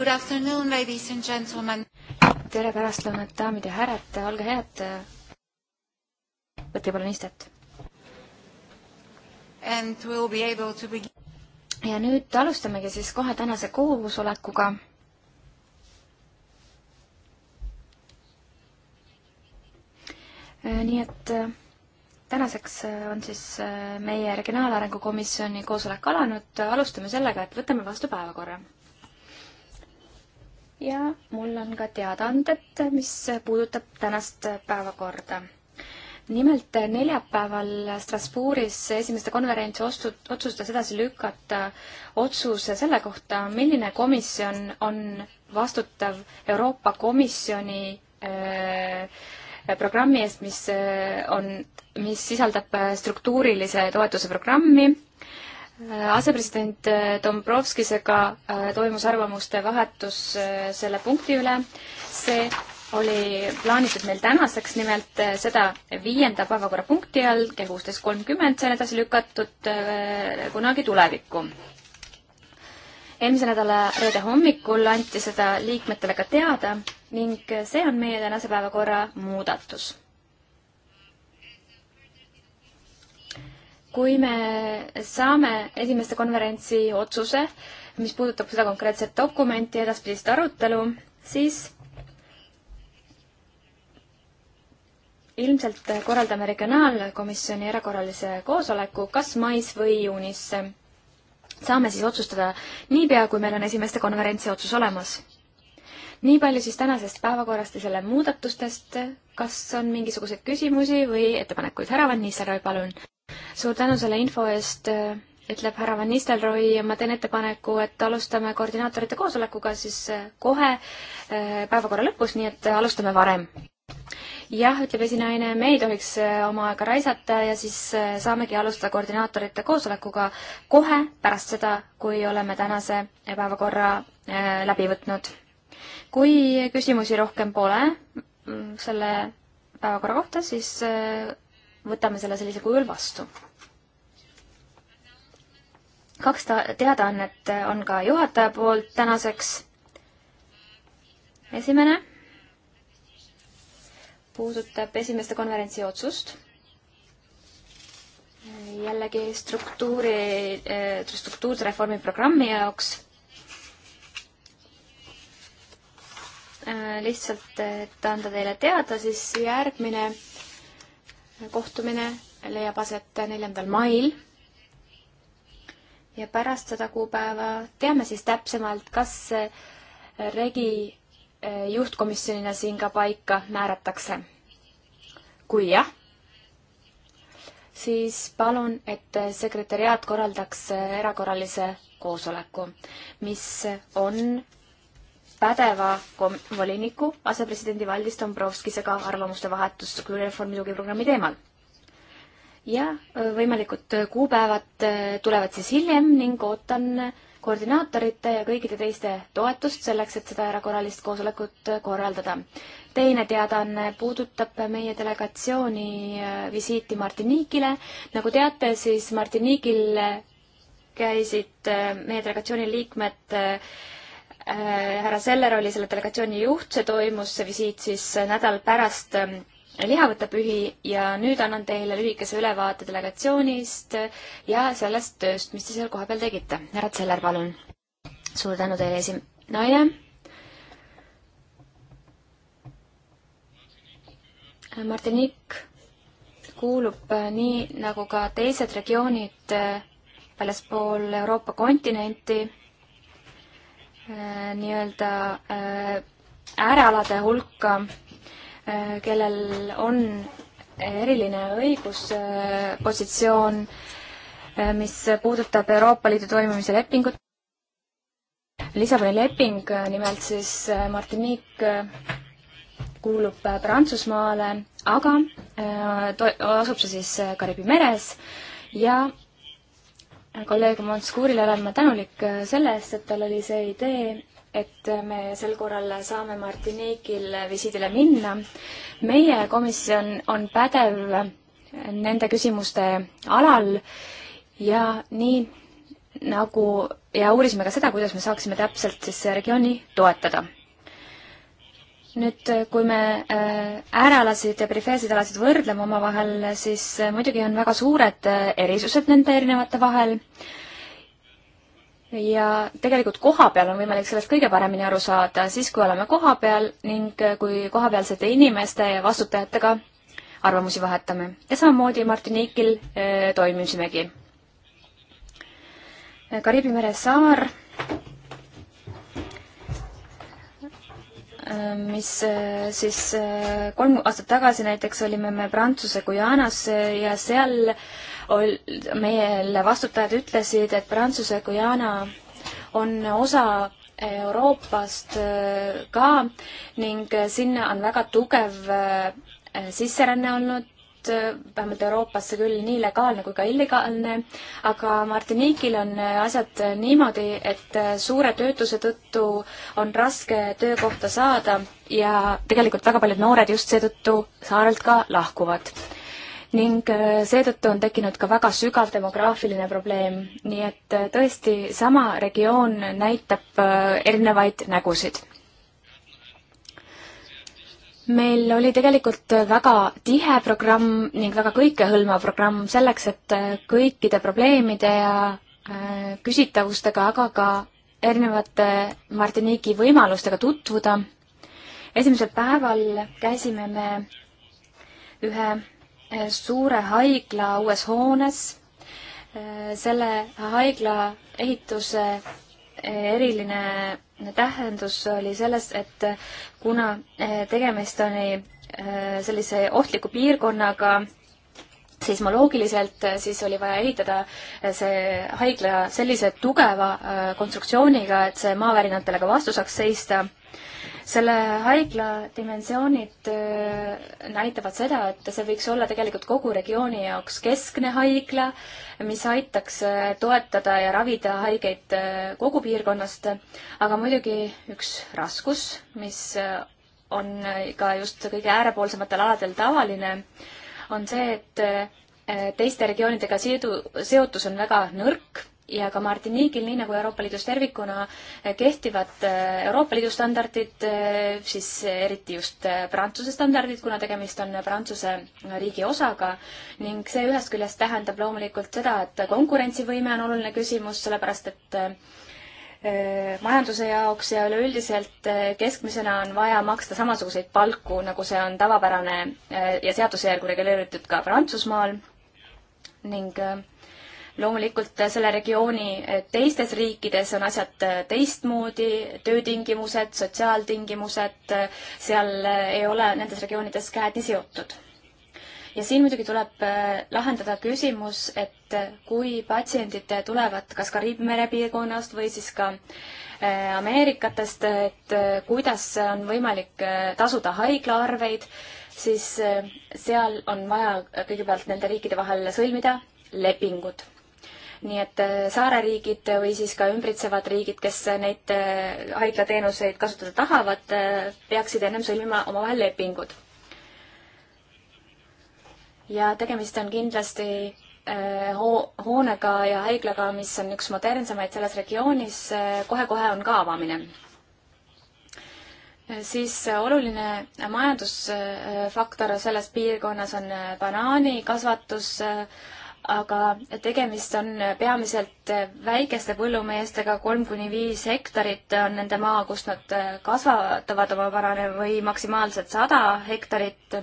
Good afternoon, ladies and gentlemen. tere pärastlõunat, daamid ja härrad, olge head. võtke palun istet. And we'll be able to begin. ja nüüd alustamegi siis kohe tänase koosolekuga äh, nii et äh, tänaseks äh, on siis meie Regionaalarengu Komisjoni koosolek alanud, alustame sellega, et võtame vastu päevakorra ja mul on ka teadaanded, mis puudutab tänast päevakorda. nimelt neljapäeval Strasbourgis esimeste konverentsi ostu-, otsustas edasi lükata otsuse selle kohta, milline komisjon on vastutav Euroopa Komisjoni öö, äh, programmi eest, mis äh, on, mis sisaldab struktuurilise toetuse programmi asepresident Dombrovskisega äh, toimus arvamuste vahetus äh, selle punkti üle. see oli plaanitud meil tänaseks, nimelt äh, seda viienda päevakorrapunkti all kell kuusteist kolmkümmend, see on edasi lükatud kunagi tulevikku. eelmise nädala reede hommikul anti seda liikmetele ka teada ning see on meie tänase päevakorra muudatus kui me saame esimeste konverentsi otsuse, mis puudutab seda konkreetset dokumenti, edaspidist arutelu, siis ilmselt korraldame regionaalkomisjoni erakorralise koosoleku kas mais või juunis. saame siis otsustada niipea, kui meil on esimeste konverentsi otsus olemas. nii palju siis tänasest päevakorrast ja selle muudatustest. kas on mingisuguseid küsimusi või ettepanekuid? härra Van Nistelrooy, palun suur tänu selle info eest, äh, ütleb härra Van Nistelrooy ja ma teen ettepaneku, et alustame koordinaatorite koosolekuga siis äh, kohe äh, päevakorra lõpus, nii et alustame varem. jah, ütleb esinaine, me ei tohiks oma aega raisata ja siis saamegi alustada koordinaatorite koosolekuga kohe pärast seda, kui oleme tänase päevakorra läbi võtnud. kui küsimusi rohkem pole mm, selle päevakorra kohta, siis võtame selle sellise kujul vastu. kaks ta-, teadaannet on ka juhataja poolt tänaseks. esimene puudutab esimeste konverentsi otsust. jällegi struktuuri, struktuurse reformi programmi jaoks lihtsalt, et anda teile teada, siis järgmine kohtumine leiab aset neljandal mail. ja pärast seda kuupäeva teame siis täpsemalt, kas regi eh, juhtkomisjonina siin ka paika määratakse. kui jah, siis palun, et sekretäriaat korraldaks erakorralise koosoleku, mis on pädeva kom-, voliniku, asepresidendi Valdis Dombrovskisega arvamuste vahetust kultuurireformi tugiprogrammi teemal. ja võimalikud kuupäevad tulevad siis hiljem ning ootan koordinaatorite ja kõikide teiste toetust selleks, et seda erakorralist koosolekut korraldada. teine teadaanne puudutab meie delegatsiooni visiiti Martiniikile. nagu teate, siis Martiniigil käisid meie delegatsiooni liikmed Äh, härra Seller oli selle delegatsiooni juht, see toimus, see visiit siis nädal pärast ähm, lihavõttepühi ja nüüd annan teile lühikese ülevaate delegatsioonist ja sellest tööst, mis te seal kohapeal tegite. härra Zeller, palun. suur tänu teile, esinaine. Äh, Martinique kuulub äh, nii nagu ka teised regioonid väljaspool Euroopa kontinenti Äh, nii-öelda äärealade äh, hulka, äh, kellel on eriline õiguspositsioon, mis puudutab Euroopa Liidu toimimise lepingut. Lissaboni leping, nimelt siis Martinique kuulub Prantsusmaale, aga asub see siis Kariibi meres ja kolleeg Monskuurile olen ma tänulik äh, selle eest, et tal oli see idee, et me sel korral saame Martiniikil visiidile minna. meie komisjon on pädev nende küsimuste alal ja nii nagu ja uurisime ka seda, kuidas me saaksime täpselt siis regiooni toetada nüüd, äh, kui me äh, ääralasid ja perifeerseid alasid võrdleme omavahel, siis äh, muidugi on väga suured erisused nende erinevate vahel. ja tegelikult kohapeal on võimalik sellest kõige paremini aru saada siis, kui oleme kohapeal ning kui kohapealsete inimeste ja vastutajatega arvamusi vahetame. ja samamoodi Martiniikil toimisimegi. Kariibi mere saar mis äh, siis äh, kolm aastat tagasi näiteks olime me Prantsuse Guyanas äh, ja seal ol-, meile vastutajad ütlesid, et Prantsuse Guyana on osa Euroopast ka ning sinna on väga tugev sisseränne olnud, Äh, vähemalt Euroopas see küll nii legaalne kui ka illegaalne, aga Martiniikil on äh, asjad äh, niimoodi, et suure töötuse tõttu on raske töökohta saada ja tegelikult väga paljud noored just seetõttu saarelt ka lahkuvad. ning seetõttu on tekkinud ka väga sügav demograafiline probleem, nii et tõesti sama regioon näitab erinevaid nägusid meil oli tegelikult väga tihe programm ning väga kõikehõlmav programm selleks, et äh, kõikide probleemide ja äh, küsitavustega, aga ka erinevate Martiniigi võimalustega tutvuda. esimesel päeval käisime me ühe äh, suure haigla uues hoones. selle haigla ehituse eriline tähendus oli selles, et kuna eh, tegemist oli eh, sellise ohtliku piirkonnaga, seismoloogiliselt, siis oli vaja ehitada eh, see haigla sellise tugeva konstruktsiooniga, et see maavärinatele ka vastu saaks seista selle haigla dimensioonid äh, näitavad seda, et see võiks olla tegelikult kogu regiooni jaoks keskne haigla, mis aitaks äh, toetada ja ravida haigeid äh, kogu piirkonnast. aga muidugi üks raskus, mis on ka just kõige äärepoolsematel aladel tavaline, on see, et teiste regioonidega seotus on väga nõrk ja ka Martiniigil, nii nagu Euroopa Liidus tervikuna, eh, kehtivad eh, Euroopa Liidu standardid, eh, siis eriti just Prantsuse standardid, kuna tegemist on Prantsuse riigi osaga. ning see ühest küljest tähendab loomulikult seda, et konkurentsivõime on oluline küsimus, sellepärast et majanduse jaoks ja üleüldiselt keskmisena on vaja maksta samasuguseid palku, nagu see on tavapärane ja seaduse järgi reguleeritud ka Prantsusmaal ning äh, loomulikult selle regiooni teistes riikides on asjad teistmoodi, töötingimused, sotsiaaltingimused, seal ei ole nendes regioonides käed nii seotud. ja siin muidugi tuleb äh, lahendada küsimus, et kui patsiendid tulevad kas Kariibi mere piirkonnast või siis ka äh, Ameerikatest, et äh, kuidas on võimalik tasuda haiglaarveid, siis seal on vaja kõigepealt nende riikide vahel sõlmida lepingud nii et äh, saareriigid või siis ka ümbritsevad riigid, kes neid äh, haiglateenuseid kasutada tahavad, äh, peaksid ennem sõlmima omavahel lepingud. ja tegemist on kindlasti hoo-, hoonega ja haiglaga, mis on üks modernsemaid selles regioonis, kohe-kohe on ka avamine siis oluline majandusfaktor selles piirkonnas on banaanikasvatus, aga tegemist on peamiselt väikeste põllumeestega, kolm kuni viis hektarit on nende maa, kus nad kasvatavad oma varane või maksimaalselt sada hektarit.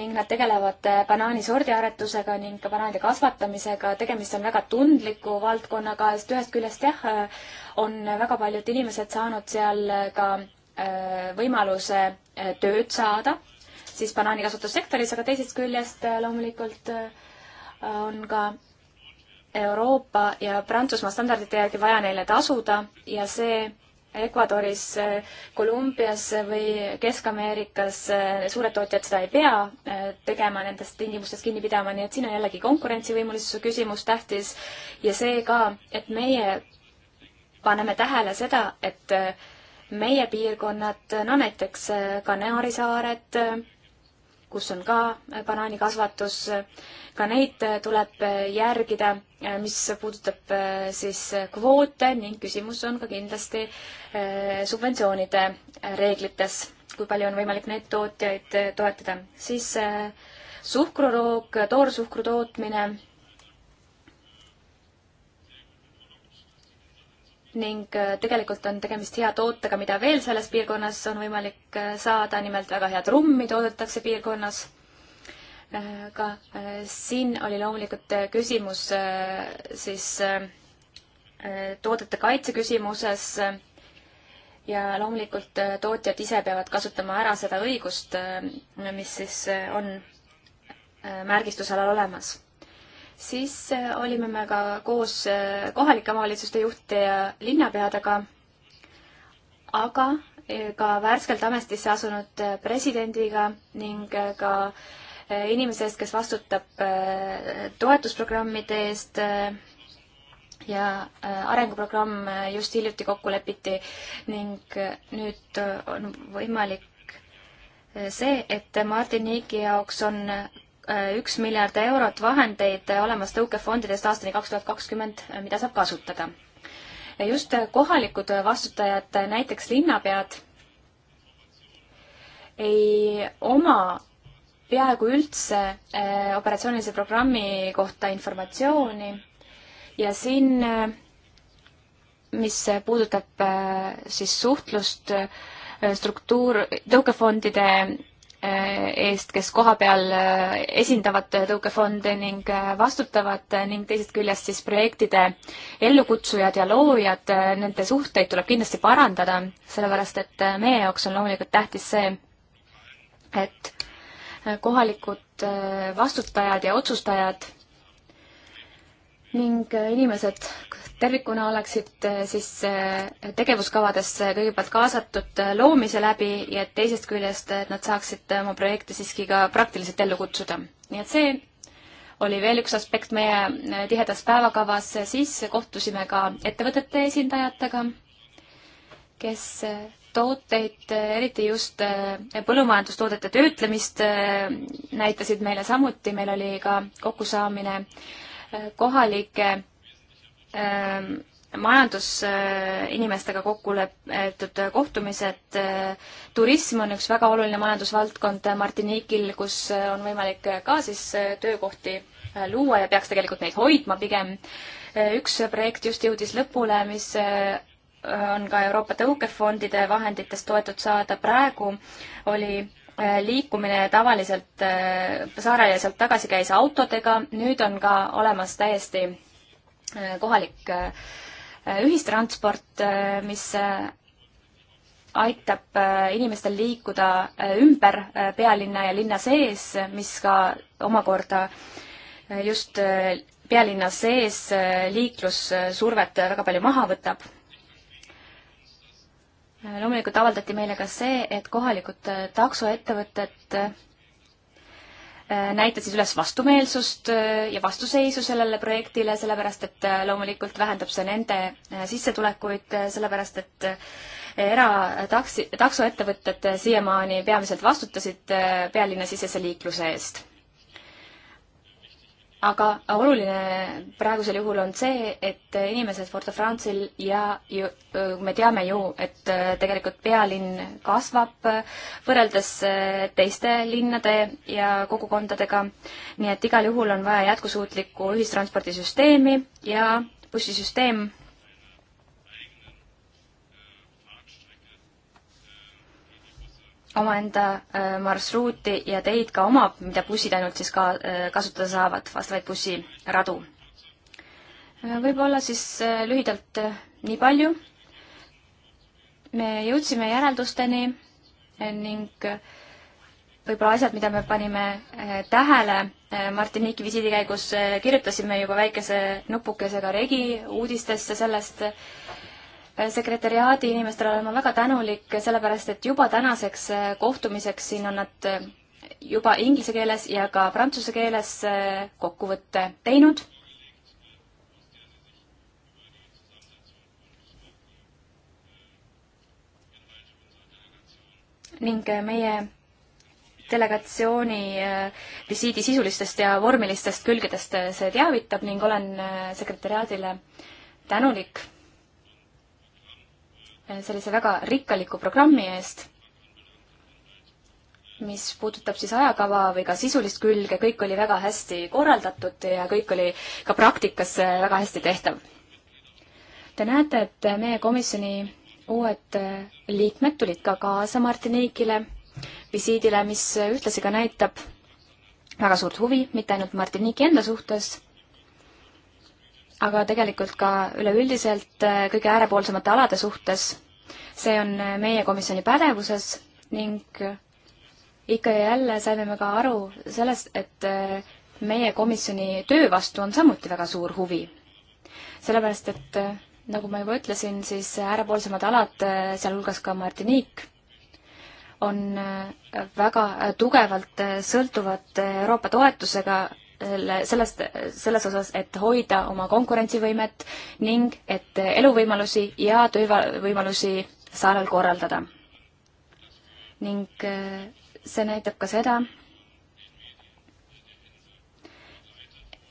ning nad tegelevad banaani sordiaretusega ning ka banaanide kasvatamisega, tegemist on väga tundliku valdkonnaga, sest ühest küljest jah, on väga paljud inimesed saanud seal ka äh, võimaluse äh, tööd saada siis banaanikasvatussektoris, aga teisest küljest äh, loomulikult äh, on ka Euroopa ja Prantsusmaa standardite järgi vaja neile tasuda ja see Ecuadoris, äh, Kolumbias või Kesk-Ameerikas suured tootjad seda ei pea tegema, nendest tingimustest kinni pidama, nii et siin on jällegi konkurentsivõimelisuse küsimus tähtis ja see ka, et meie paneme tähele seda, et meie piirkonnad, no näiteks Kanaari saared, kus on ka banaanikasvatus. ka neid tuleb järgida, mis puudutab eh, siis kvoote ning küsimus on ka kindlasti eh, subventsioonide reeglites, kui palju on võimalik neid tootjaid toetada. siis eh, suhkruroog, toorsuhkru tootmine ning äh, tegelikult on tegemist hea tootega, mida veel selles piirkonnas on võimalik äh, saada, nimelt väga head rummi toodetakse piirkonnas. Äh, ka siin oli loomulikult küsimus siis toodete kaitse küsimuses ja loomulikult tootjad ise peavad kasutama ära seda õigust, mis siis on märgistusalal olemas siis äh, olime me ka koos äh, kohalike omavalitsuste juhtide ja linnapeadega, aga äh, ka värskelt ametisse asunud presidendiga ning ka inimese eest, kes vastutab toetusprogrammide eest ja arenguprogramm just hiljuti kokku lepiti ning nüüd on võimalik see, et Martin Niigi jaoks on Äh, üks miljard eurot vahendeid olemas tõukefondidest aastani kaks tuhat kakskümmend, äh, mida saab kasutada. just kohalikud vastutajad, näiteks linnapead, ei oma peaaegu üldse äh, operatsioonilise programmi kohta informatsiooni ja siin, mis puudutab siis suhtlust struktuur, tõukefondide Eh, eest, kes kohapeal eh, esindavad eh, tõukefonde ning vastutavad ning teisest küljest siis projektide ellukutsujad ja loojad, nende suhteid tuleb kindlasti parandada, sellepärast et meie jaoks on loomulikult tähtis see, et kohalikud vastutajad ja otsustajad ning äh, inimesed tervikuna oleksid äh, siis äh, tegevuskavadesse kõigepealt kaasatud loomise läbi ja teisest küljest, et nad saaksid oma projekte siiski ka praktiliselt ellu kutsuda. nii et see oli veel üks aspekt meie tihedas päevakavas, siis kohtusime ka ettevõtete esindajatega, kes tooteid, eriti just põllumajandustoodete töötlemist näitasid meile samuti, meil oli ka kokkusaamine äh, kohalike ähm, majandusinimestega kokkulepetud kohtumised. turism on üks väga oluline majandusvaldkond Martiniikil, kus on võimalik ka siis töökohti äh, luua ja peaks tegelikult neid hoidma pigem. üks projekt just jõudis lõpule, mis äh, on ka Euroopa tõukefondide vahenditest toetust saada. praegu oli Äh, liikumine tavaliselt äh, saarel ja sealt tagasi käis autodega, nüüd on ka olemas täiesti äh, kohalik ühistransport, mis aitab inimestel liikuda ümber pealinna ja linna sees, mis ka omakorda just pealinna sees liiklussurvet väga palju maha võtab loomulikult avaldati meile ka see, et kohalikud äh, taksoettevõtted äh, näitasid üles vastumeelsust äh, ja vastuseisu sellele projektile, sellepärast et loomulikult vähendab see nende sissetulekuid, sellepärast et erataksi, taksoettevõtted siiamaani peamiselt vastutasid pealinnasisese liikluse eest aga oluline praegusel juhul on see, et inimesed Fort de France'il ja ju, me teame ju, et tegelikult pealinn kasvab võrreldes teiste linnade ja kogukondadega. nii et igal juhul on vaja jätkusuutlikku ühistranspordisüsteemi ja bussisüsteem omaenda äh, marsruuti ja teid ka omab, mida bussid ainult siis ka äh, kasutada saavad, vastavaid bussiradu. Äh, võib-olla siis lühidalt nii palju. me jõudsime järeldusteni ning võib-olla asjad, mida me panime tähele Martiniiki visiidi käigus, kirjutasime juba väikese nupukesega regi uudistesse sellest sekretäriaadi inimestele olen ma väga tänulik, sellepärast et juba tänaseks äh, kohtumiseks siin on nad äh, juba inglise keeles ja ka prantsuse keeles äh, kokkuvõtte teinud. ning meie delegatsiooni visiidi sisulistest ja vormilistest külgedest see teavitab ning olen sekretäriaadile tänulik Eh, sellise väga rikkaliku programmi eest, mis puudutab siis ajakava või ka sisulist külge, kõik oli väga hästi korraldatud ja kõik oli ka praktikas väga hästi tehtav. Te näete, et meie komisjoni uued eh, liikmed tulid ka kaasa Martiniikile visiidile, mis ühtlasi ka näitab väga suurt huvi mitte ainult Martiniiki enda suhtes, aga tegelikult ka üleüldiselt äh, kõige äärepoolsemate alade suhtes. see on äh, meie komisjoni pädevuses ning äh, ikka ja jälle saime me ka aru sellest, et meie komisjoni töö vastu on samuti väga suur huvi. sellepärast, et nagu ma juba ütlesin, siis äärepoolsemad alad, sealhulgas ka Martinique, on väga tugevalt sõltuvad Euroopa toetusega selle, sellest, selles osas, et hoida oma konkurentsivõimet ning et eluvõimalusi ja töövõimalusi saarel korraldada. ning äh, see näitab ka seda,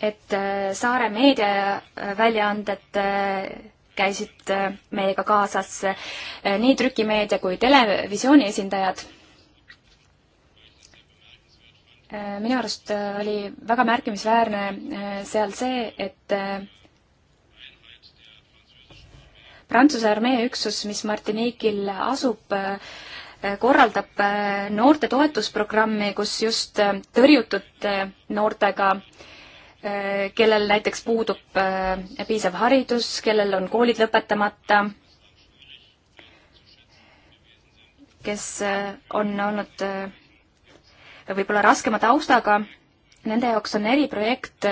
et äh, saare meediaväljaanded äh, käisid meiega kaasas, nii trükimeedia kui televisiooni esindajad Äh, minu arust äh, oli väga märkimisväärne äh, seal see, et Prantsuse armee üksus, mis Martiniikil asub, korraldab noorte toetusprogrammi, kus just tõrjutud noortega, kellel näiteks puudub piisav haridus, kellel on koolid lõpetamata, kes on olnud võib-olla raskema taustaga, nende jaoks on eriprojekt,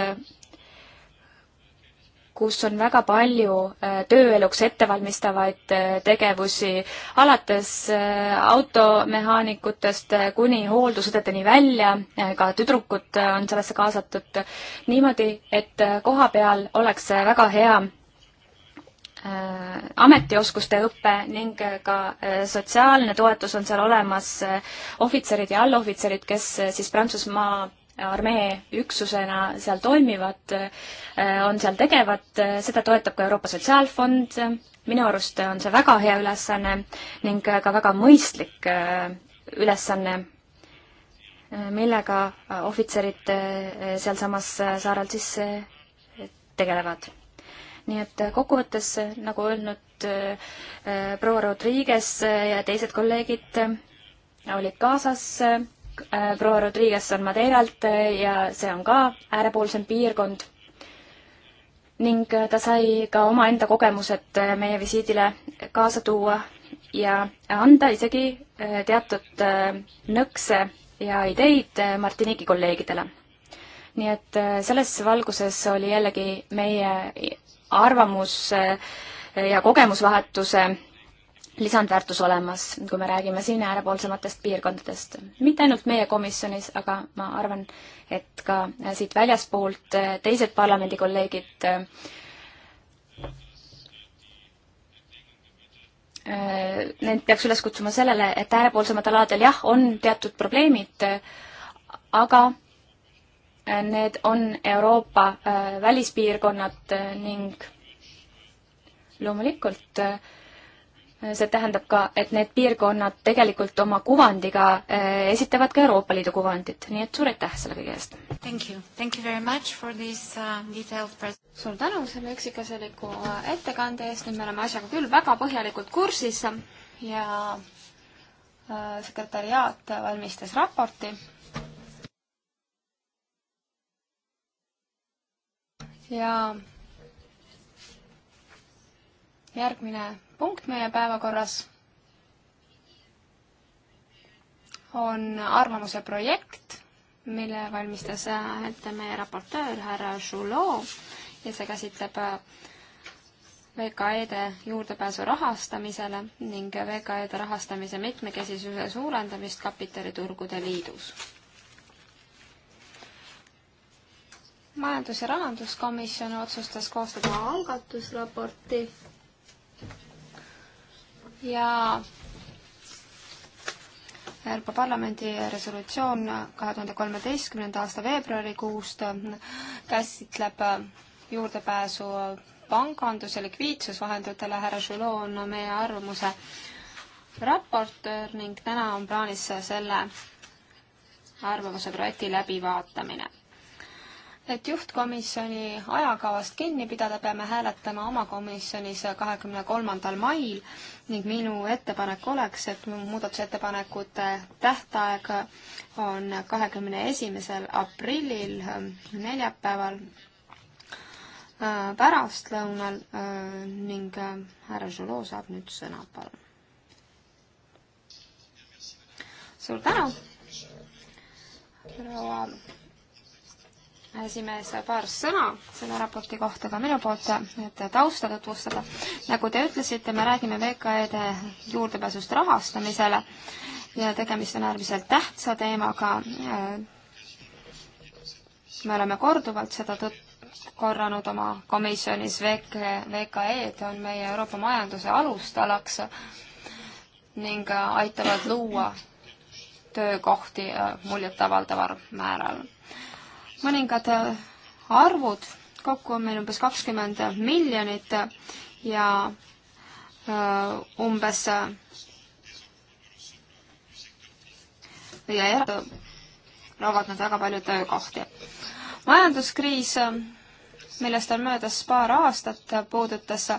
kus on väga palju äh, tööeluks ettevalmistavaid äh, tegevusi, alates äh, automehaanikutest kuni hooldusõdedeni välja, ka tüdrukud on sellesse kaasatud, niimoodi, et koha peal oleks väga hea Äh, ametioskuste õpe ning äh, ka äh, sotsiaalne toetus on seal olemas, ohvitserid ja allohvitserid, kes siis Prantsusmaa armee üksusena seal toimivad, on seal tegevad, seda toetab ka Euroopa Sotsiaalfond, minu arust on see väga hea ülesanne ning ka väga mõistlik ülesanne, millega ohvitserid sealsamas saarel siis tegelevad nii et äh, kokkuvõttes, äh, nagu öelnud äh, proua Rodriguez ja teised kolleegid olid kaasas, proua Rodriguez on Madeiralt ja see on ka äärepoolsem piirkond ning ta sai ka omaenda kogemused meie visiidile kaasa tuua ja anda isegi teatud nõkse ja ideid Martiniki kolleegidele. nii et selles valguses oli jällegi meie arvamus ja kogemusvahetuse lisandväärtus olemas, kui me räägime siin äärepoolsematest piirkondadest. mitte ainult meie komisjonis, aga ma arvan, et ka siit väljaspoolt teised parlamendikolleegid Neid peaks üles kutsuma sellele, et äärepoolsematel aladel jah, on teatud probleemid, aga need on Euroopa äh, välispiirkonnad äh, ning loomulikult äh, see tähendab ka, et need piirkonnad tegelikult oma kuvandiga esitavad ka Euroopa Liidu kuvandit, nii et suur aitäh selle kõige eest! Uh, suur tänu selle üksikasjaliku ettekande eest, nüüd me oleme asjaga küll väga põhjalikult kursis ja sekretäriaat valmistas raporti ja järgmine punkt meie päevakorras on arvamuse projekt, mille valmistas ette meie raportöör härra Žulo ja see käsitleb VKE-de juurdepääsu rahastamisele ning VKE-de rahastamise mitmekesisuse suurendamist kapitaliturgude liidus majandus- ja rahanduskomisjon otsustas koostada algatusraporti ja Euroopa Parlamendi resolutsioon kahe tuhande kolmeteistkümnenda aasta veebruarikuust käsitleb juurdepääsu pangandus- ja likviidsusvahenditele, härra Žulov on meie arvamuse raportöör ning täna on plaanis selle arvamuse projekti läbivaatamine et juhtkomisjoni ajakavast kinni pidada, peame hääletama oma komisjonis kahekümne kolmandal mail ning minu ettepanek oleks, et muudatusettepanekute tähtaeg on kahekümne esimesel aprillil, neljapäeval äh, pärastlõunal äh, ning äh, härra Žulov saab nüüd sõna, palun. suur tänu, proua esimees, paar sõna selle raporti kohta ka minu poolt, et tausta tutvustada. nagu te ütlesite, me räägime VKE-de juurdepääsust rahastamisele ja tegemist on äärmiselt tähtsa teemaga. me oleme korduvalt seda korranud oma komisjonis, VK, VKE-d on meie Euroopa majanduse alustalaks ning aitavad luua töökohti eh, muljetavaldaval määral mõningad äh, arvud, kokku on meil umbes kakskümmend miljonit ja äh, umbes äh, ja eraldi loovad nad väga palju töökohti. majanduskriis, millest on möödas paar aastat, puudutas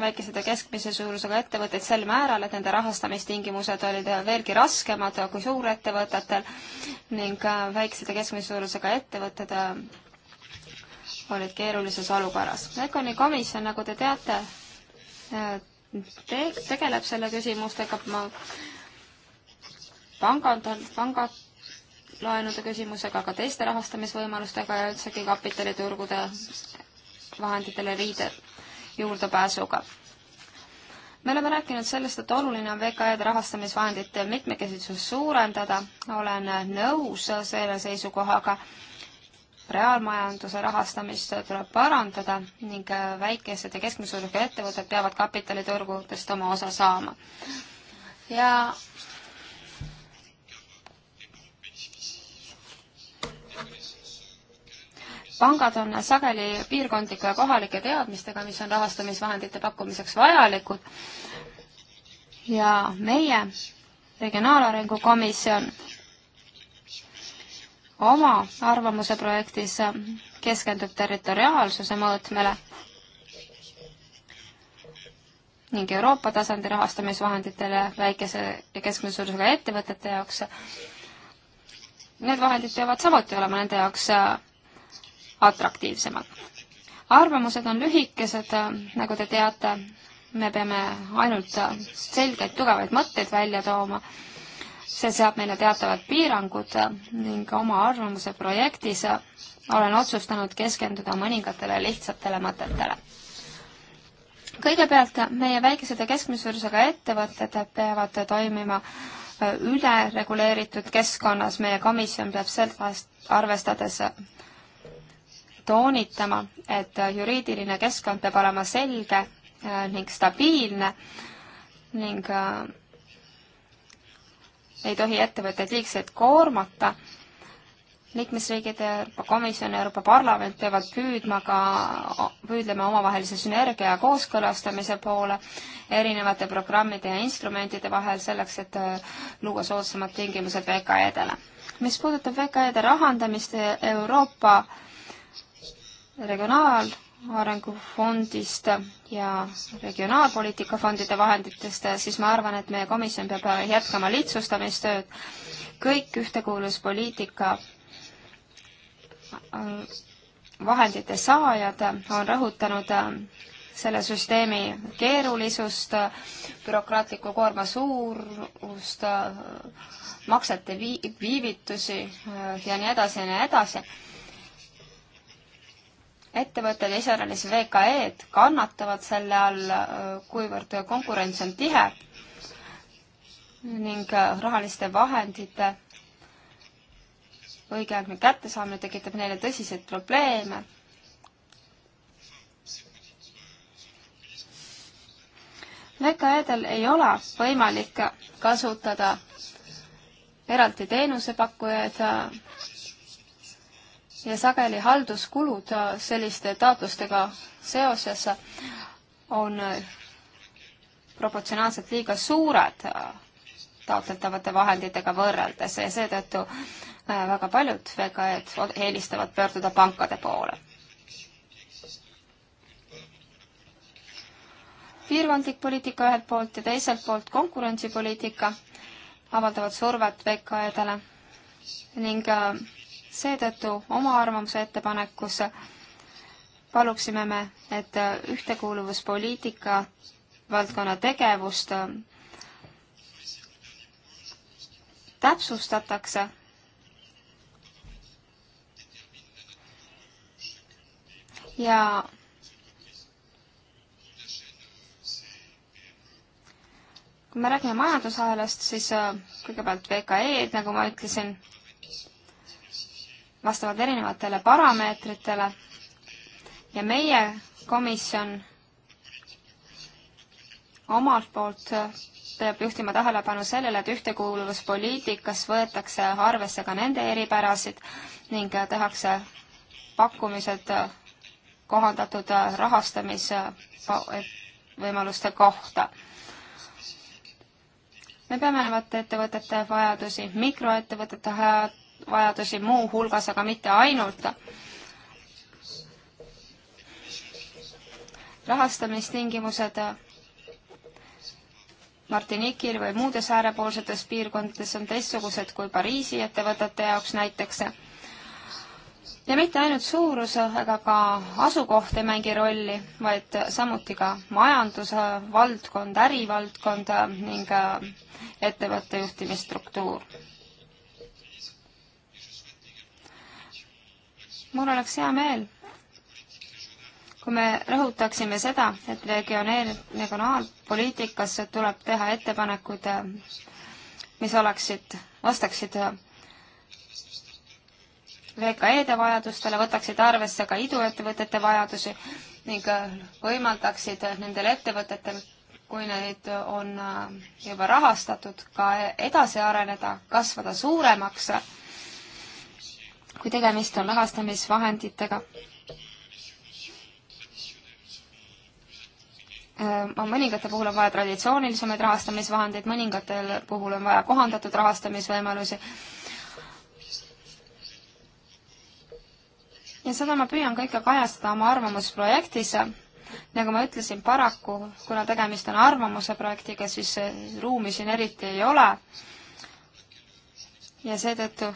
väikesed ja keskmise suurusega ettevõtteid sel määral, et nende rahastamistingimused olid veelgi raskemad kui suurettevõtetel ning äh, väiksed ja keskmise suurusega ettevõtted äh, olid keerulises olukorras. Econi komisjon, nagu te teate, äh, te tegeleb selle küsimustega, ma pangad on, pangad laenude küsimusega, aga teiste rahastamisvõimalustega ja üldsegi kapitaliturgude vahenditele riide, juurdepääsuga me oleme rääkinud sellest, et oluline on VKE-de rahastamisvahendite mitmekesisust suurendada, olen nõus selle seisukohaga, reaalmajanduse rahastamist tuleb parandada ning väikesed ja keskmise suurusega ettevõtted peavad kapitaliturgudest oma osa saama. ja pangad on sageli piirkondlike ja kohalike teadmistega, mis on rahastamisvahendite pakkumiseks vajalikud ja meie Regionaalarengu Komisjon oma arvamuse projektis keskendub territoriaalsuse mõõtmele ning Euroopa tasandi rahastamisvahenditele väikese ja keskmise suurusega ettevõtete jaoks. Need vahendid peavad samuti olema nende jaoks atraktiivsemad. arvamused on lühikesed, äh, nagu te teate, me peame ainult äh, selgeid tugevaid mõtteid välja tooma, see seab meile teatavad piirangud äh, ning oma arvamuse projektis olen otsustanud keskenduda mõningatele lihtsatele mõtetele. kõigepealt meie väikesed ja keskmise suurusega ettevõtted peavad toimima ülereguleeritud keskkonnas meie komisjon peab sellest arvestades toonitama, et juriidiline keskkond peab olema selge äh, ning stabiilne ning äh, ei tohi ettevõtteid liigselt koormata. liikmesriigid, Euroopa Komisjon ja Euroopa Parlament peavad püüdma ka, püüdlema omavahelise sünergia ja kooskõlastamise poole erinevate programmide ja instrumentide vahel selleks, et äh, luua soodsamad tingimused VKE-dele. mis puudutab VKE-de rahandamist Euroopa regionaalarengu fondist ja regionaalpoliitika fondide vahenditest, siis ma arvan, et meie komisjon peab jätkama lihtsustamistööd. kõik ühtekuuluvuspoliitika äh, vahendite saajad on rõhutanud äh, selle süsteemi keerulisust, bürokraatliku koorma suurust, äh, maksete viivitusi ja nii edasi ja nii edasi ettevõtted, iseäranis VKE-d kannatavad selle all, kuivõrd konkurents on tihe ning rahaliste vahendite õigeaegne kättesaamine tekitab neile tõsiseid probleeme. VKE-del ei ole võimalik kasutada eraldi teenusepakkujaid ja sageli halduskulud äh, selliste taotlustega seoses on äh, proportsionaalselt liiga suured äh, taotletavate vahenditega võrreldes ja seetõttu väga paljud VKE-d eelistavad pöörduda pankade poole. piirkondlik poliitika ühelt poolt ja teiselt poolt konkurentsipoliitika avaldavad survet VKE-dele ning seetõttu oma arvamuse ettepanekus paluksime me, et ühtekuuluvuspoliitika valdkonna tegevust täpsustatakse ja kui me räägime majandusahelast, siis äh, kõigepealt VKE-d, nagu ma ütlesin, vastavalt erinevatele parameetritele ja meie komisjon omalt poolt peab juhtima tähelepanu sellele, et ühtekuuluvuspoliitikas võetakse arvesse ka nende eripärasid ning tehakse pakkumised kohandatud rahastamisvõimaluste kohta. me peame nägema ettevõtete vajadusi, mikroettevõtete vajadusi muuhulgas, aga mitte ainult. rahastamistingimused Martinikil või muudes äärepoolsetes piirkondades on teistsugused kui Pariisi ettevõtete jaoks näiteks. ja mitte ainult suurus, aga ka asukoht ei mängi rolli, vaid samuti ka majandusvaldkond, ärivaldkond ning ettevõtte juhtimisstruktuur mul oleks hea meel, kui me rõhutaksime seda, et regioneer-, regionaalpoliitikasse tuleb teha ettepanekud, mis oleksid, vastaksid VKE-de vajadustele, võtaksid arvesse ka iduettevõtete vajadusi ning võimaldaksid nendel ettevõtetel, kui neid on juba rahastatud, ka edasi areneda, kasvada suuremaks kui tegemist on rahastamisvahenditega. Äh, mõningate puhul on vaja traditsioonilisemaid rahastamisvahendeid, mõningatel puhul on vaja kohandatud rahastamisvõimalusi. ja seda ma püüan kõike kajastada oma arvamusprojektis nagu ma ütlesin, paraku, kuna tegemist on arvamuse projektiga, siis ruumi siin eriti ei ole. ja seetõttu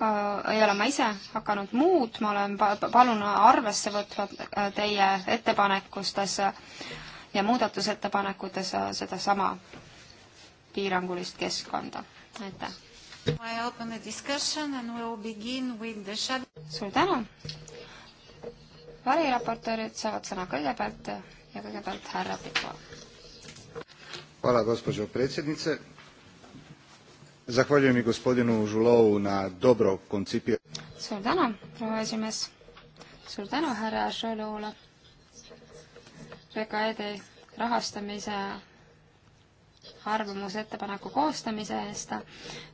Äh, ei ole ma ise hakanud muutma, olen palun arvesse võtma äh, teie ettepanekustes ja muudatusettepanekutes äh, sedasama piirangulist keskkonda. aitäh! suur tänu! variraportöörid saavad sõna kõigepealt ja kõigepealt härra Pikva. Hvala gospođo predsjednice. Zahvaljujem i gospodinu Žulovu na dobro koncipi-. suur tänu, proua esimees. suur tänu härra Žulovule. VKE-de rahastamise arvamusettepaneku koostamise eest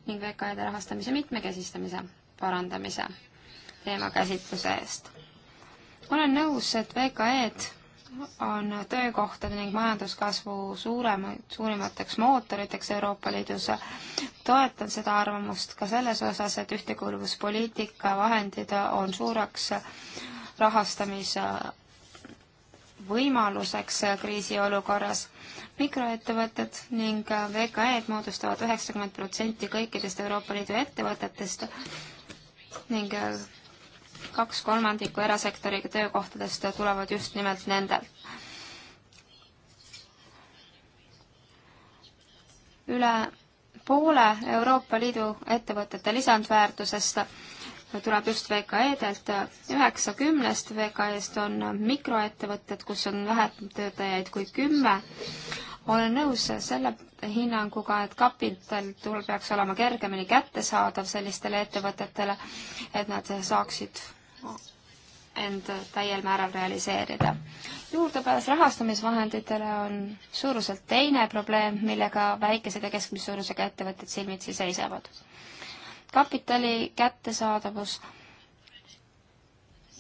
ning VKE-de rahastamise mitmekesistamise parandamise teema käsitluse eest. olen nõus, et VKE-d on töökohtade ning majanduskasvu suurem, suurimateks mootoriteks Euroopa Liidus. toetan seda arvamust ka selles osas, et ühtekuuluvuspoliitika vahendid on suureks rahastamise võimaluseks kriisiolukorras. mikroettevõtted ning VKE-d moodustavad üheksakümmend protsenti kõikidest Euroopa Liidu ettevõtetest ning kaks kolmandikku erasektori töökohtadest tulevad just nimelt nendel. üle poole Euroopa Liidu ettevõtete lisandväärtusest tuleb just VKE-delt, üheksa kümnest VKE-st on mikroettevõtted, kus on vähem töötajaid kui kümme olen nõus selle hinnanguga, et kapital tul peaks olema kergemini kättesaadav sellistele ettevõtetele, et nad saaksid end täiel määral realiseerida. juurdepääs rahastamisvahenditele on suuruselt teine probleem, millega väikesed ja keskmise suurusega ettevõtted silmitsi seisavad. kapitali kättesaadavus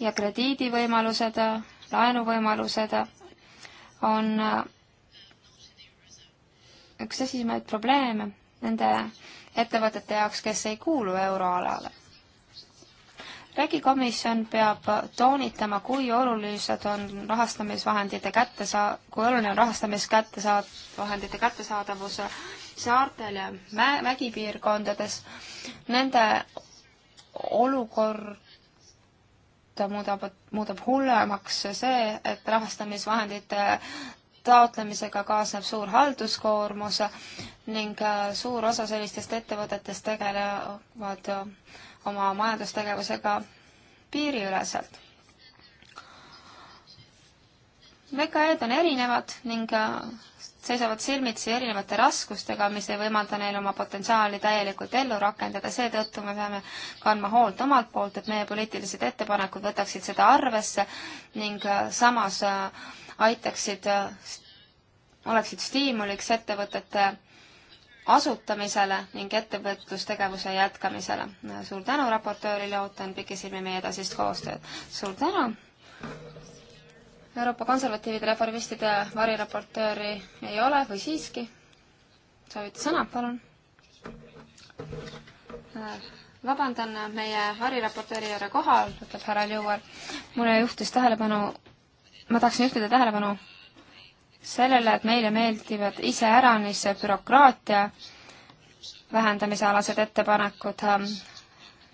ja krediidivõimalused, laenuvõimalused on üks esimeid probleeme nende ettevõtete jaoks, kes ei kuulu euroalale. regikomisjon peab toonitama, kui olulised on rahastamisvahendite kättesa-, kui oluline on rahastamis kättesaad-, vahendite kättesaadavus saartel ja mä-, mägipiirkondades. Nende olukorda muudab, muudab hullemaks see, et rahastamisvahendite taotlemisega kaasneb suur halduskoormus ning äh, suur osa sellistest ettevõtetest tegelevad äh, oma majandustegevusega piiriüleselt. VKE-d on erinevad ning äh, seisavad silmitsi erinevate raskustega, mis ei võimalda neil oma potentsiaali täielikult ellu rakendada, seetõttu me peame kandma hoolt omalt poolt, et meie poliitilised ettepanekud võtaksid seda arvesse ning samas äh, aitaksid, äh, oleksid stiimuliks ettevõtete asutamisele ning ettevõtlustegevuse jätkamisele. suur tänu raportöörile, ootan pikisilmi meie edasist koostööd. suur tänu! Euroopa konservatiivide reformistide variraportööri ei ole või siiski? soovite sõna, palun? vabandan, meie variraportööri ei ole kohal, ütleb härra Liuar. mulle juhtis tähelepanu ma tahaksin juhtida tähelepanu sellele, et meile meeldivad iseäranis bürokraatia vähendamise alased ettepanekud, ähm,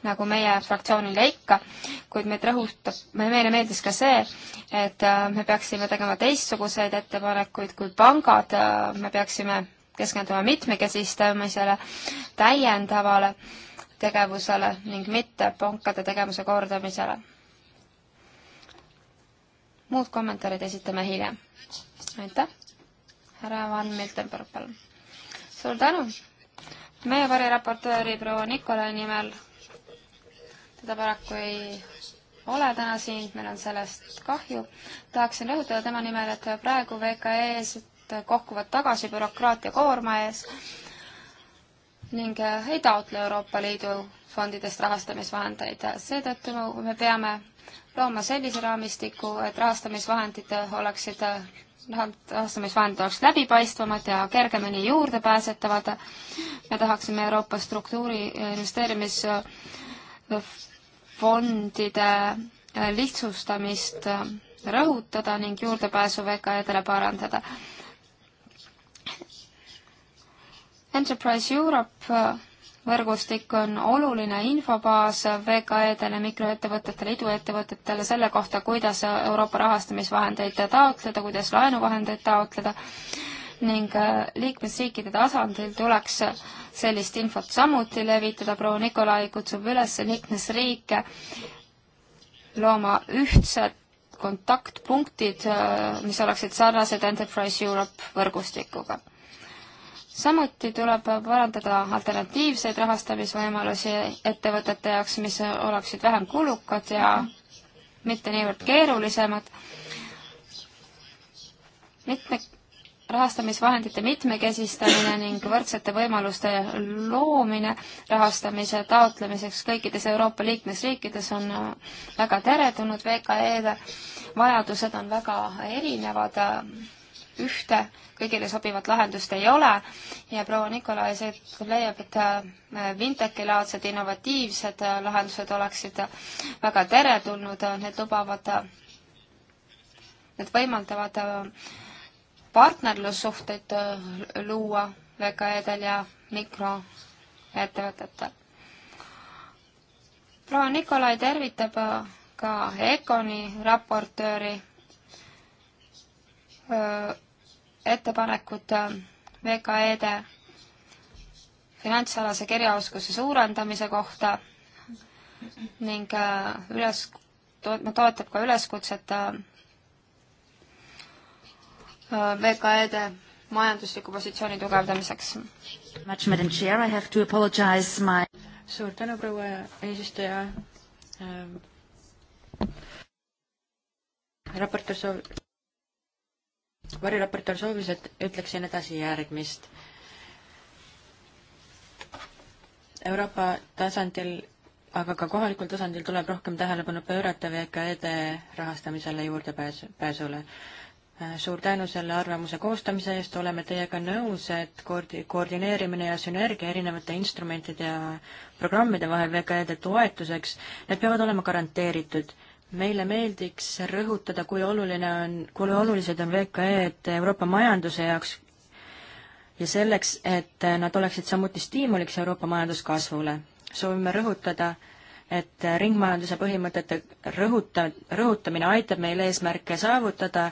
nagu meie fraktsioonile ikka, kuid meid rõhutab, meile meeldis ka see, et äh, me peaksime tegema teistsuguseid ettepanekuid kui pangad, äh, me peaksime keskenduma mitmekesistamisele, täiendavale tegevusele ning mitte pankade tegevuse kordamisele muud kommentaarid esitame hiljem. aitäh, härra Van Miltenberg, palun. suur tänu. meie variraportööri proua Nikolai nimel, teda paraku ei ole täna siin, meil on sellest kahju. tahaksin rõhutada tema nimel, et praegu VKE-s kohkuvad tagasi bürokraatia koorma ees ning ei taotle Euroopa Liidu fondidest rahastamisvahendeid. seetõttu me peame looma sellise raamistiku, et rahastamisvahendid oleksid, rahastamisvahendid oleks läbipaistvamad ja kergemini juurdepääsetavad. me tahaksime Euroopa struktuuri investeerimisfondide lihtsustamist rõhutada ning juurdepääsu VKE-dele parandada. Enterprise Europe võrgustik on oluline infobaas VKE-dele, mikroettevõtetele, iduettevõtetele selle kohta, kuidas Euroopa rahastamisvahendeid taotleda, kuidas laenuvahendeid taotleda ning äh, liikmesriikide tasandil tuleks sellist infot samuti levitada. proua Nikolai kutsub üles liikmesriike looma ühtsed kontaktpunktid, äh, mis oleksid sarnased Enterprise Europe võrgustikuga samuti tuleb parandada alternatiivseid rahastamisvõimalusi ettevõtete jaoks, mis oleksid vähem kulukad ja mitte niivõrd keerulisemad. mitme, rahastamisvahendite mitmekesistamine ning võrdsete võimaluste loomine rahastamise taotlemiseks kõikides Euroopa liikmesriikides on väga teretulnud, VKE-de vajadused on väga erinevad ühte kõigile sobivat lahendust ei ole ja proua Nikolai seetõttu leiab, et äh, Vinteki laadsed innovatiivsed äh, lahendused oleksid väga teretulnud, need lubavad, need võimaldavad äh, partnerlussuhteid luua VKE-del ja mikroettevõtetel. proua Nikolai tervitab ka EKONi raportööri öö, ettepanekud äh, VKE-de finantsalase kirjaoskuse suurendamise kohta ning äh, üles, toetab ka üleskutset äh, VKE-de majandusliku positsiooni tugevdamiseks. My... suur tänu, proua eesistuja ähm,. raportöör soov- variraportöör soovis, et ütleksin edasi järgmist. Euroopa tasandil, aga ka kohalikul tasandil tuleb rohkem tähelepanu pöörata VKE-de rahastamisele juurdepääsu, pääsule äh, suur tänu selle arvamuse koostamise eest, oleme teiega nõus, et koordi-, koordineerimine ja sünergia erinevate instrumentide ja programmide vahel VKE-de toetuseks, need peavad olema garanteeritud meile meeldiks rõhutada, kui oluline on, kui olulised on VKE-d Euroopa majanduse jaoks ja selleks, et nad oleksid samuti stiimuliks Euroopa majanduskasvule. soovime rõhutada, et ringmajanduse põhimõtete rõhuta, rõhutamine aitab meil eesmärke saavutada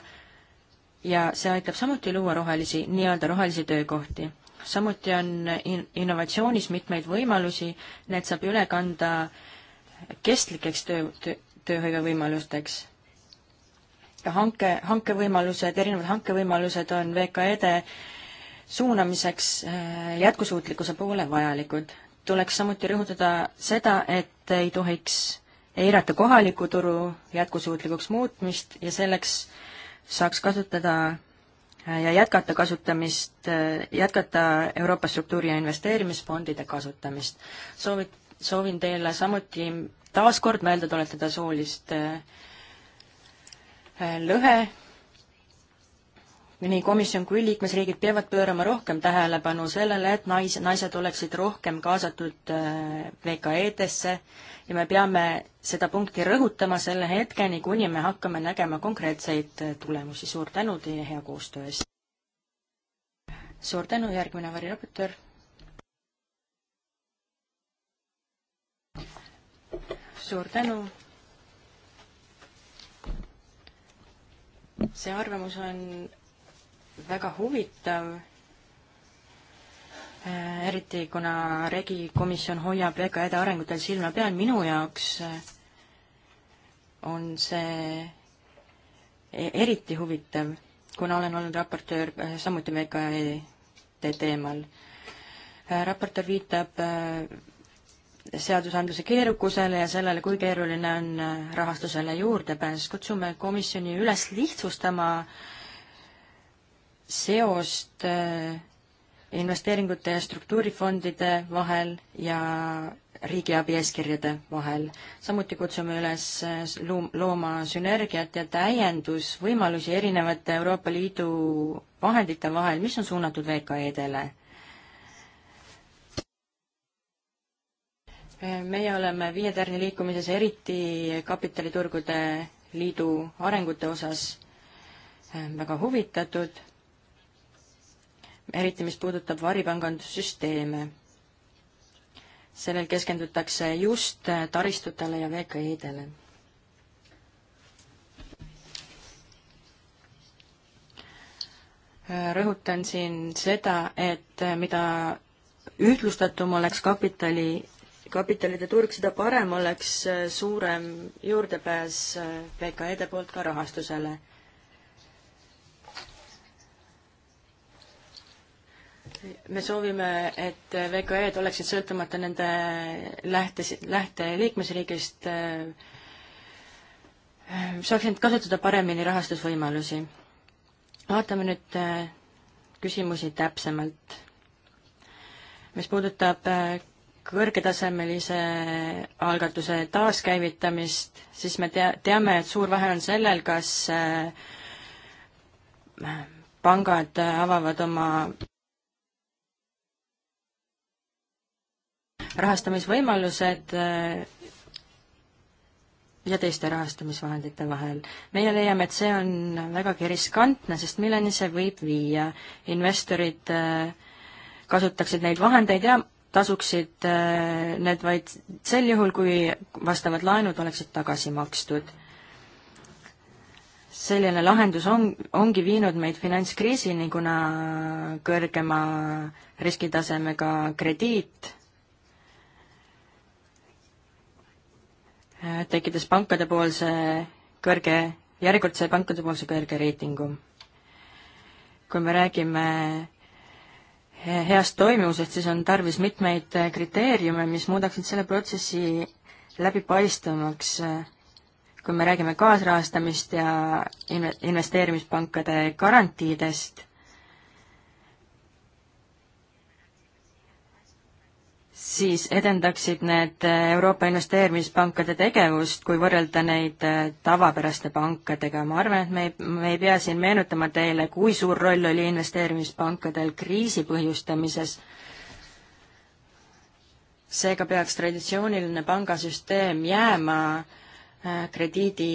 ja see aitab samuti luua rohelisi, nii-öelda rohelisi töökohti. samuti on in-, innovatsioonis mitmeid võimalusi, need saab üle kanda kestlikeks töö, töö, tööhõivevõimalusteks. ja hanke, hankevõimalused, erinevad hankevõimalused on VKE-de suunamiseks äh, jätkusuutlikkuse poole vajalikud. tuleks samuti rõhutada seda, et ei tohiks eirata kohaliku turu jätkusuutlikuks muutmist ja selleks saaks kasutada äh, ja jätkata kasutamist, äh, jätkata Euroopa struktuuri- ja investeerimisfondide kasutamist. soovid, soovin teile samuti taaskord meelde tuletada soolist äh, lõhe nii komisjon kui liikmesriigid peavad pöörama rohkem tähelepanu sellele, et nais, naised oleksid rohkem kaasatud äh, VKE-desse ja me peame seda punkti rõhutama selle hetkeni, kuni me hakkame nägema konkreetseid äh, tulemusi. suur tänu teie hea koostöö eest! suur tänu, järgmine variraportöör suur tänu. see arvamus on väga huvitav, eh, eriti kuna Regi komisjon hoiab EKA-de arengutel silma peal, minu jaoks eh, on see eh, eriti huvitav, kuna olen olnud raportöör samuti VKE teemal. raportöör viitab seadusandluse keerukusele ja sellele, kui keeruline on äh, rahastusele juurdepääs. kutsume komisjoni üles lihtsustama seost äh, investeeringute ja struktuurifondide vahel ja riigiabi eeskirjade vahel. samuti kutsume üles äh, looma sünergiat ja täiendusvõimalusi erinevate Euroopa Liidu vahendite vahel, mis on suunatud VKE-dele meie oleme Viie Tärni liikumises eriti kapitaliturgude liidu arengute osas eh, väga huvitatud, eriti mis puudutab varipangandussüsteeme. sellel keskendutakse just taristutele ja VKI-dele rõhutan siin seda, et mida ühtlustatum oleks kapitali kapitalide turg, seda parem oleks äh, suurem juurdepääs äh, VKE-de poolt ka rahastusele. me soovime, et VKE-d oleksid sõltumata nende lähte, lähteliikmesriigist, äh, saaksid kasutada paremini rahastusvõimalusi. vaatame nüüd küsimusi täpsemalt. mis puudutab kõrgetasemelise algatuse taaskäivitamist, siis me tea, teame, et suur vahe on sellel, kas äh, pangad avavad oma rahastamisvõimalused äh, ja teiste rahastamisvahendite vahel. meie leiame, et see on vägagi riskantne, sest milleni see võib viia. investorid äh, kasutaksid neid vahendeid ja tasuksid äh, need vaid sel juhul, kui vastavad laenud oleksid tagasi makstud. selline lahendus on, ongi viinud meid finantskriisini, kuna kõrgema riskitasemega krediit äh, tekkides pankadepoolse kõrge, järjekordse pankadepoolse kõrge reitingu. kui me räägime heast toimivusest, siis on tarvis mitmeid eh, kriteeriume, mis muudaksid selle protsessi läbipaistvamaks, eh, kui me räägime kaasrahastamist ja investeerimispankade garantiidest siis edendaksid need äh, Euroopa investeerimispankade tegevust, kui võrrelda neid äh, tavapäraste pankadega. ma arvan, et me ei, me ei pea siin meenutama teile, kui suur roll oli investeerimispankadel kriisi põhjustamises. seega peaks traditsiooniline pangasüsteem jääma äh, krediidi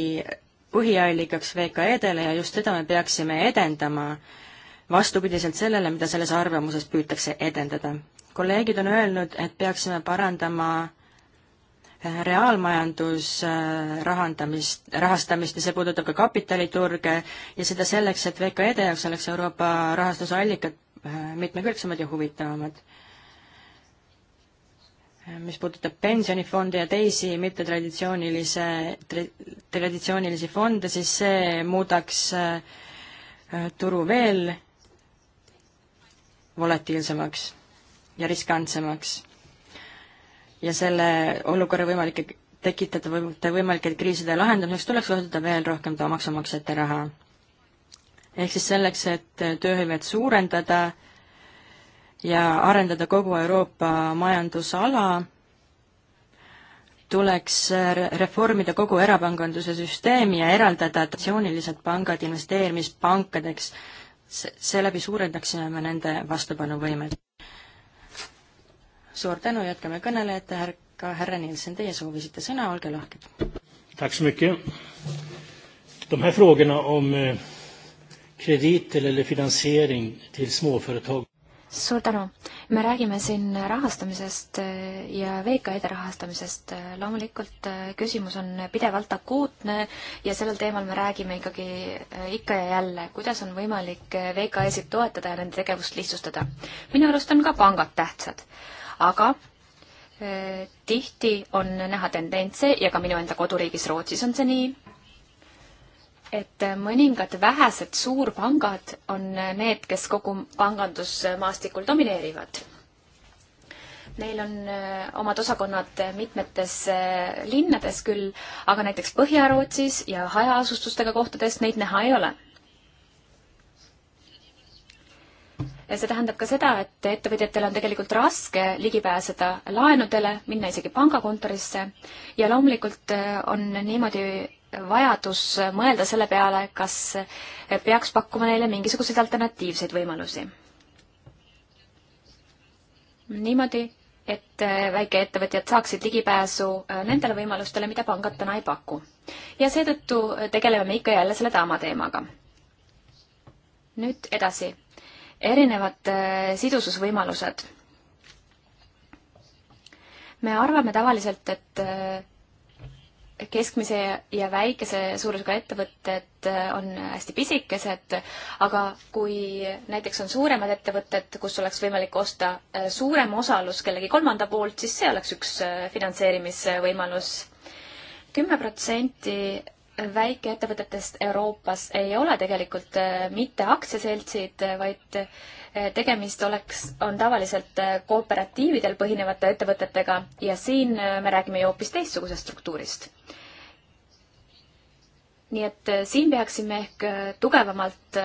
põhiallikaks VKE-dele ja just seda me peaksime edendama, vastupidiselt sellele, mida selles arvamuses püütakse edendada kolleegid on öelnud, et peaksime parandama eh, reaalmajandus rahandamist, rahastamist ja see puudutab ka kapitaliturge ja seda selleks, et VKE-de jaoks oleks Euroopa rahastusallikad eh, mitmekülgsemad ja huvitavamad. Eh, mis puudutab pensionifonde ja teisi mittetraditsioonilise, traditsioonilisi fonde, siis see muudaks turu veel volatiilsemaks ja riskantsemaks. ja selle olukorra võimalike tekitada võimalike, võimalike kriiside lahendamiseks tuleks kasutada veel rohkem maksumaksjate raha. ehk siis selleks, et tööhõivet suurendada ja arendada kogu Euroopa majandusala, tuleks reformida kogu erapanganduse süsteemi ja eraldada traditsioonilised pangad investeerimispankadeks, seeläbi suurendaksime me nende vastupanuvõimet suur tänu, jätkame kõnelejate härka, härra Nielsen, teie soovisite sõna, olge lahked. Tack så mycket. De här frågorna om eh, krediter eller finansiering till småföretag. suur tänu. me räägime siin rahastamisest eh, ja VKE-de rahastamisest. Eh, loomulikult küsimus on pidevalt akuutne ja sellel teemal me räägime ikkagi ikka ja jälle, kuidas on võimalik VKE-sid toetada ja nende tegevust lihtsustada. minu arust on ka pangad tähtsad aga äh, tihti on näha tendentse ja ka minu enda koduriigis Rootsis on see nii, et äh, mõningad vähesed suurpangad on äh, need, kes kogu pangandusmaastikul domineerivad. Neil on omad osakonnad mitmetes linnades küll, aga näiteks Põhja-Rootsis ja hajaasustustega kohtades neid näha ei ole see tähendab ka seda, et ettevõtjatel on tegelikult raske ligi pääseda laenudele, minna isegi pangakontorisse ja loomulikult eh, on niimoodi vajadus mõelda selle peale, kas peaks pakkuma neile mingisuguseid alternatiivseid võimalusi. niimoodi, et eh, väikeettevõtjad saaksid ligipääsu eh, nendele võimalustele, mida pangad täna ei paku. ja seetõttu tegeleme me ikka jälle selle taama teemaga. nüüd edasi erinevad äh, sidususvõimalused. me arvame tavaliselt, et äh, keskmise ja väikese suurusega ettevõtted äh, on hästi pisikesed, aga kui näiteks on suuremad ettevõtted, kus oleks võimalik osta suurem osalus kellegi kolmanda poolt, siis see oleks üks finantseerimisvõimalus. kümme protsenti väikeettevõtetest Euroopas ei ole tegelikult äh, mitte aktsiaseltsid, äh, vaid äh, tegemist oleks, on tavaliselt kooperatiividel põhinevate ettevõtetega ja siin me räägime ju hoopis teistsugusest struktuurist. nii et siin peaksime ehk tugevamalt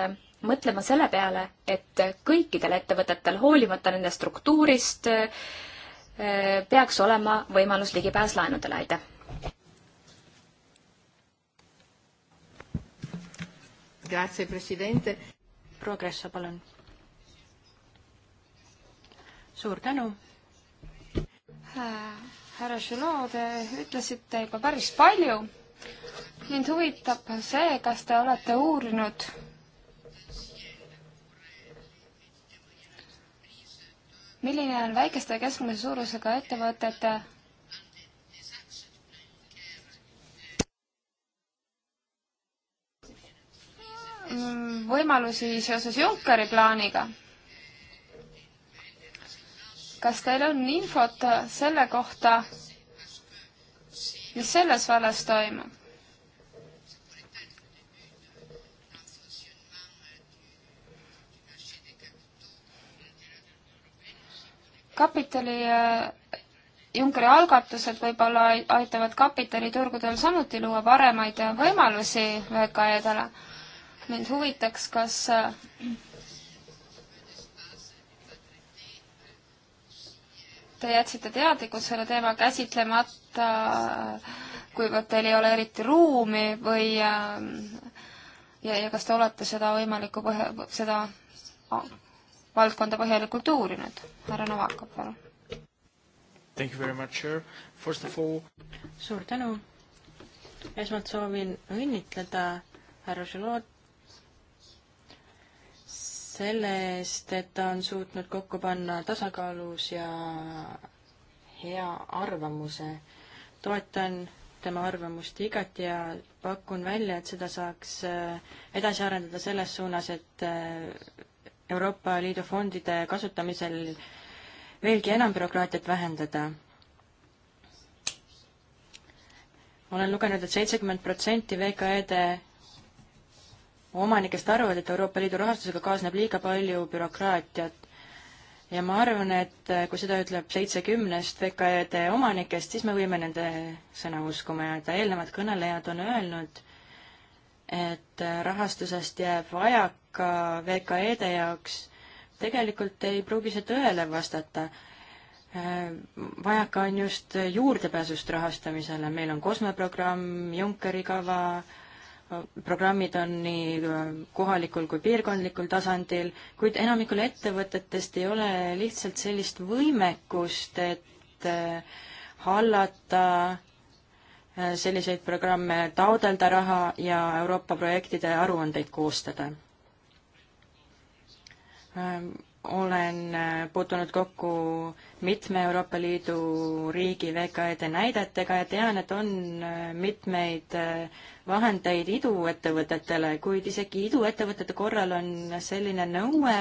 mõtlema selle peale, et kõikidel ettevõtetel, hoolimata nende struktuurist, peaks olema võimalus ligipääs laenudele, aitäh! Grazie, president. Progressa, palun. suur tänu. härra Žilov, te ütlesite juba päris palju. mind huvitab see, kas te olete uurinud milline on väikeste ja keskmise suurusega ettevõtete võimalusi seoses Junckeri plaaniga. kas teil on infot selle kohta, mis selles vallas toimub? kapitali äh, Junckeri algatused võib-olla aitavad kapitaliturgudel samuti luua paremaid võimalusi VKE-dele mind huvitaks, kas äh, te jätsite teadlikult selle teema käsitlemata, kuivõrd teil ei ole eriti ruumi või äh, ja, ja kas te olete seda võimalikku põhja, seda oh, valdkonda põhjalikult uurinud? härra Novakov, palun. Thank you very much, sir. First of all. suur tänu. esmalt soovin õnnitleda härra Žilot selle eest, et ta on suutnud kokku panna tasakaalus ja hea arvamuse. toetan tema arvamust igati ja pakun välja, et seda saaks äh, edasi arendada selles suunas, et äh, Euroopa Liidu fondide kasutamisel veelgi enam bürokraatiat vähendada. olen lugenud et, et seitsekümmend protsenti VKE-de omanikest arvavad, et Euroopa Liidu rahastusega kaasneb liiga palju bürokraatiat. ja ma arvan, et eh, kui seda ütleb seitse kümnest VKE-de omanikest, siis me võime nende sõna uskuma jääda. eelnevad kõnelejad on öelnud, et eh, rahastusest jääb vajaka VKE-de jaoks. tegelikult ei pruugi see tõele vastata eh, vajaka on just juurdepääsust rahastamisele, meil on kosmoprogramm, Junckeri kava, programmid on nii äh, kohalikul kui piirkondlikul tasandil, kuid enamikul ettevõtetest ei ole lihtsalt sellist võimekust, et äh, hallata äh, selliseid programme, taodelda raha ja Euroopa projektide aruandeid koostada ähm, olen äh, puutunud kokku mitme Euroopa Liidu riigi VKE-de näidetega ja tean, et on äh, mitmeid äh, vahendeid iduettevõtetele, kuid isegi iduettevõtete korral on selline nõue,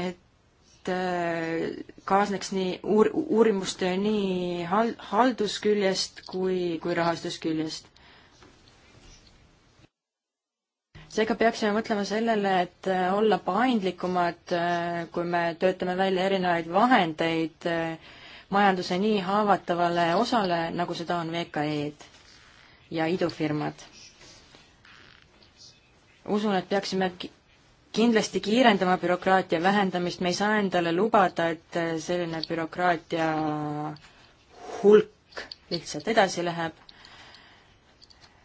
et kaasneks nii uur-, uurimustöö nii hal-, haldusküljest kui, kui rahastusküljest seega peaksime mõtlema sellele, et äh, olla paindlikumad, äh, kui me töötame välja erinevaid vahendeid äh, majanduse nii haavatavale osale, nagu seda on VKE-d ja idufirmad. usun, et peaksime kindlasti kiirendama bürokraatia vähendamist, me ei saa endale lubada, et selline bürokraatia hulk lihtsalt edasi läheb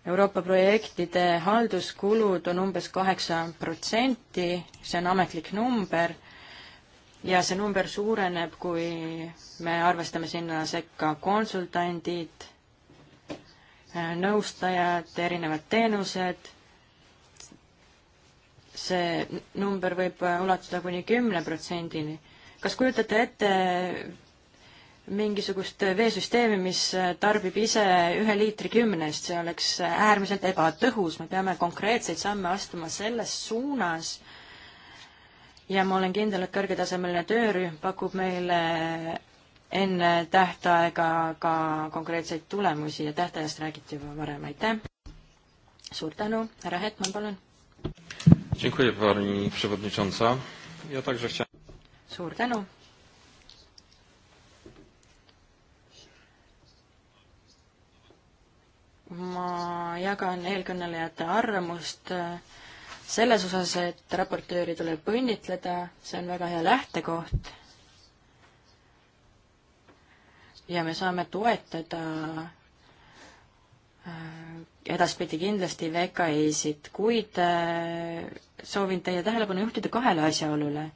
Euroopa projektide halduskulud on umbes kaheksa protsenti, see on ametlik number ja see number suureneb, kui me arvestame sinna sekka konsultandid, nõustajad, erinevad teenused, see number võib ulatuda kuni kümne protsendini. kas kujutate ette mingisugust veesüsteemi, mis tarbib ise ühe liitri kümnest, see oleks äärmiselt ebatõhus, me peame konkreetseid samme astuma selles suunas ja ma olen kindel, et kõrgetasemeline töörühm pakub meile enne tähtaega ka konkreetseid tulemusi ja tähtajast räägiti juba varem, aitäh! suur tänu, härra Hetman, palun! suur tänu! ma jagan eelkõnelejate arvamust äh, selles osas, et raportööri tuleb õnnitleda, see on väga hea lähtekoht. ja me saame toetada äh, edaspidi kindlasti VKE-sid, kuid äh, soovin teie tähelepanu juhtida kahele asjaolule.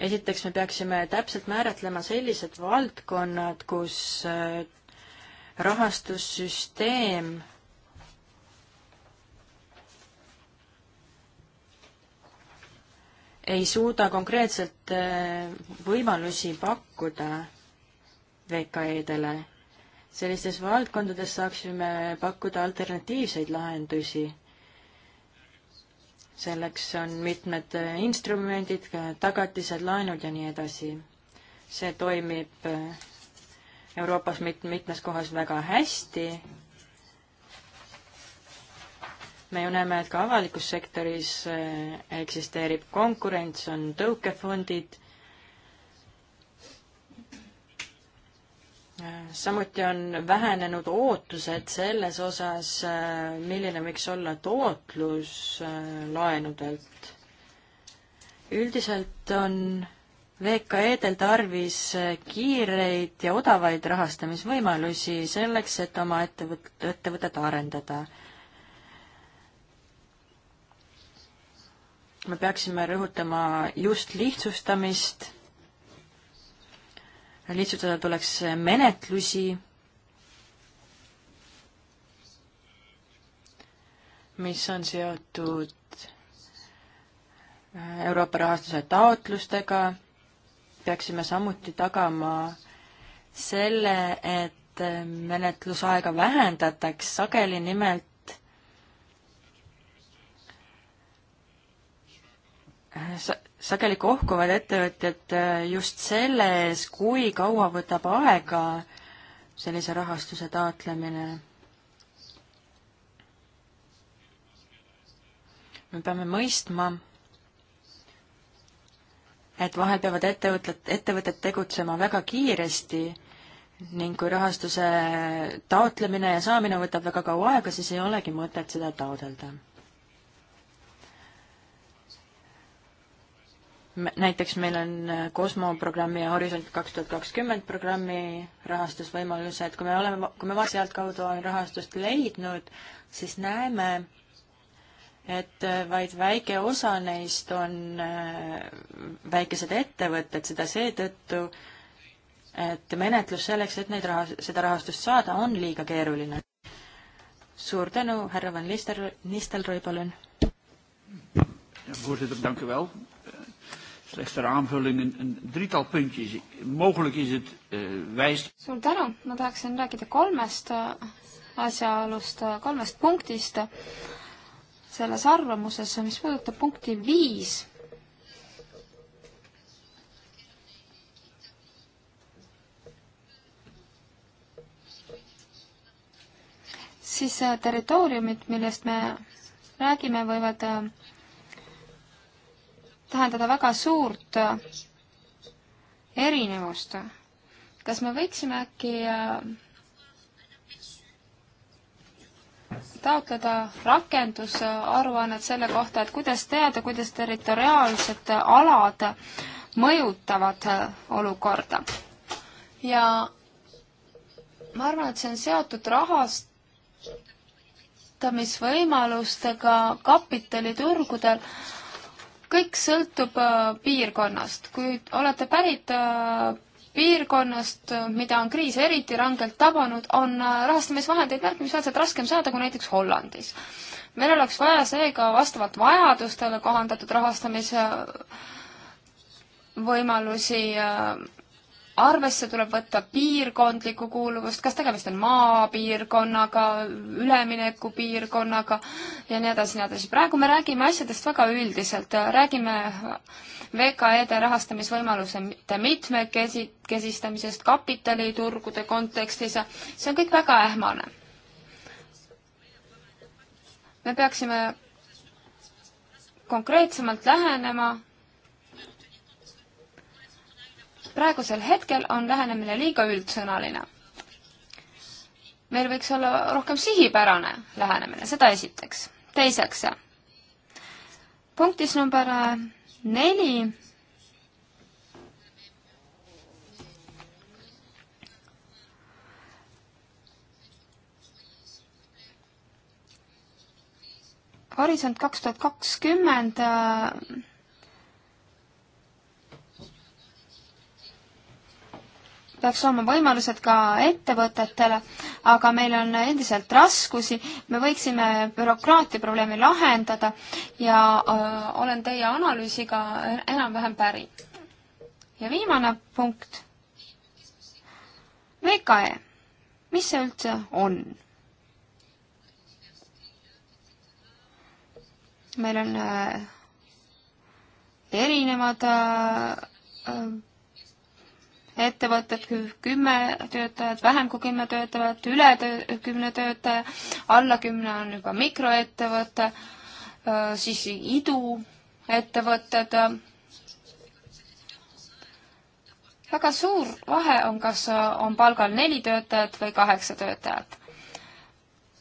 esiteks me peaksime täpselt määratlema sellised valdkonnad, kus rahastussüsteem ei suuda konkreetselt äh, võimalusi pakkuda VKE-dele. sellistes valdkondades saaksime pakkuda alternatiivseid lahendusi. selleks on mitmed äh, instrumendid, tagatised, laenud ja nii edasi. see toimib äh, Euroopas mit-, mitmes kohas väga hästi. me ju näeme, et ka avalikus sektoris eh, eksisteerib konkurents, on tõukefondid, eh, samuti on vähenenud ootused selles osas, eh, milline võiks olla tootlus laenudelt. üldiselt on VKE-del tarvis eh, kiireid ja odavaid rahastamisvõimalusi selleks, et oma ettevõt-, ettevõtet arendada. me peaksime rõhutama just lihtsustamist, lihtsustada tuleks menetlusi, mis on seotud eh, Euroopa rahastuse taotlustega peaksime samuti tagama selle, et menetlusaega vähendataks, sageli nimelt sa-, sageli kohkuvad ettevõtjad äh, just selle ees, kui kaua võtab aega sellise rahastuse taotlemine. me peame mõistma et vahel peavad ettevõtted, ettevõtted tegutsema väga kiiresti ning kui rahastuse taotlemine ja saamine võtab väga kaua aega, siis ei olegi mõtet seda taodelda. näiteks meil on Kosmo programmi ja Horisont kaks tuhat kakskümmend programmi rahastusvõimalused, kui me oleme, kui me sealtkaudu on rahastust leidnud, siis näeme, et äh, vaid väike osa neist on äh, väikesed ettevõtted, seda seetõttu, et menetlus selleks, et neid raha, seda rahastust saada, on liiga keeruline. suur tänu, härra Van Lister, Nistelrooy, palun. Voorzitter, dank u wel. Slechts ter aanvulling een, een drietal puntjes. Mogelijk is het uh, eh, wijst... Suur tänu. Ma tahaksin rääkida kolmest äh, asjaolust, kolmest punktist. Uh, selles arvamuses, mis puudutab punkti viis siis äh, territooriumid, millest me räägime, võivad äh, tähendada väga suurt äh, erinevust. kas me võiksime äkki taotleda rakendusaruannet selle kohta, et kuidas teada, kuidas territoriaalsed alad mõjutavad olukorda. ja ma arvan, et see on seotud rahastamisvõimalustega kapitaliturgudel kõik sõltub äh, piirkonnast. kui olete pärit äh, piirkonnast, mida on kriis eriti rangelt tabanud, on äh, rahastamisvahendeid märkimisväärselt raskem saada kui näiteks Hollandis. meil oleks vaja seega vastavalt vajadustele kohandatud rahastamise äh, võimalusi äh, arvesse tuleb võtta piirkondlikku kuuluvust, kas tegemist on maapiirkonnaga, üleminekupiirkonnaga ja nii edasi, nii edasi. praegu me räägime asjadest väga üldiselt, räägime VKE-de rahastamisvõimaluste mitmekesistamisest kapitaliturgude kontekstis ja see on kõik väga ähmane. me peaksime konkreetsemalt lähenema praegusel hetkel on lähenemine liiga üldsõnaline. meil võiks olla rohkem sihipärane lähenemine, seda esiteks. teiseks, punktis number äh, neli Horisont kaks tuhat kakskümmend äh, peaks olema võimalused ka ettevõtetele, aga meil on endiselt raskusi, me võiksime bürokraatia probleemi lahendada ja öö, äh, olen teie analüüsiga enam-vähem päri. ja viimane punkt. VKE, mis see üldse on? meil on öö, äh, erinevad öö, äh, ettevõtted kümme töötajat, vähem kui kümme töötajat, üle töö, kümne töötaja, alla kümne on juba mikroettevõte, siis iduettevõtted. väga suur vahe on, kas on palgal neli töötajat või kaheksa töötajat.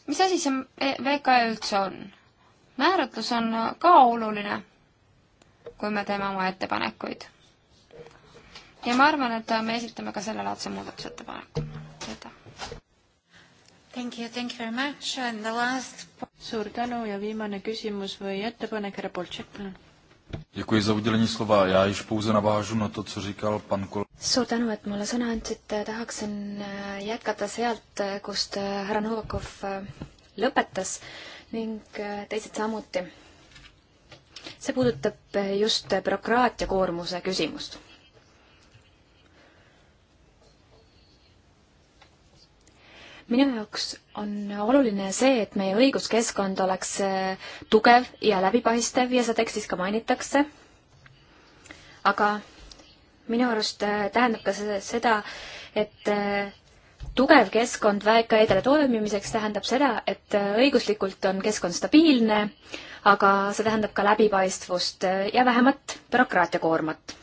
mis asi see VKE üldse on? määratlus on ka oluline, kui me teeme oma ettepanekuid ja ma arvan, et me esitame ka sellelaadse muudatusettepaneku. aitäh! Thank you, thank you very much and the last suur tänu ja viimane küsimus või ettepanek, härra Poltšek, palun. Děkuji za udělení slova. Já již pouze navážu na to, co říkal pan kolega. Suur tänu, et mulle sõna andsite. Tahaksin äh, jätkata sealt, äh, kust äh, härra Novakov lõpetas ning teised samuti. See puudutab just bürokraatia koormuse küsimust minu jaoks on oluline see, et meie õiguskeskkond oleks eh, tugev ja läbipaistev ja seda tekstis ka mainitakse. aga minu arust eh, tähendab ka see, seda, et eh, tugev keskkond väikeedele toimimiseks tähendab seda, et õiguslikult on keskkond stabiilne, aga see tähendab ka läbipaistvust ja vähemat bürokraatiakoormat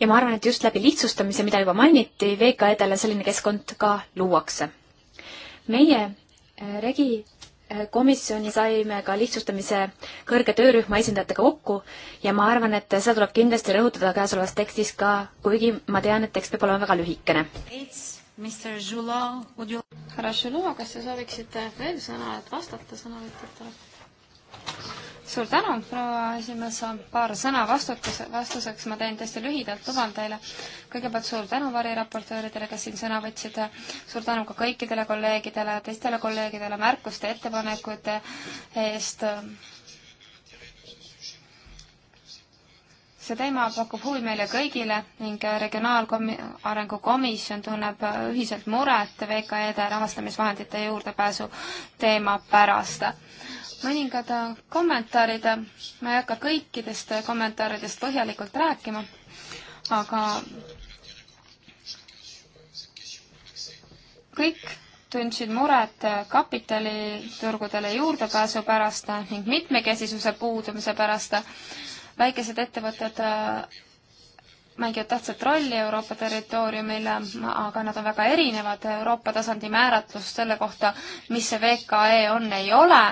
ja ma arvan, et just läbi lihtsustamise, mida juba mainiti, VKE-dele selline keskkond ka luuakse. meie äh, regi äh, komisjoni saime ka lihtsustamise kõrge töörühma esindajatega kokku ja ma arvan, et seda tuleb kindlasti rõhutada käesolevas tekstis ka, kuigi ma tean, et tekst peab olema väga lühikene. härra Žulova, kas te sooviksite veel sõna, et vastata sõnavõtjatele? suur tänu, proua esimees, paar sõna vastutuse, vastuseks ma teen tõesti lühidalt, luban teile. kõigepealt suur tänu variraportööridele, kes siin sõna võtsid, suur tänu ka kõikidele kolleegidele, teistele kolleegidele märkuste, ettepanekute eest see teema pakub huvi meile kõigile ning Regionaalarengu Komisjon tunneb ühiselt muret VKE-de rahastamisvahendite juurdepääsu teema pärast mõningad äh, kommentaarid, ma ei hakka kõikidest äh, kommentaaridest põhjalikult rääkima, aga kõik tundsid muret äh, kapitaliturgudele juurdepääsu pärast ning mitmekesisuse puudumise pärast. väikesed ettevõtted mängivad tähtsat rolli Euroopa territooriumil, aga nad on väga erinevad. Euroopa tasandi määratlus selle kohta, mis see VKE on, ei ole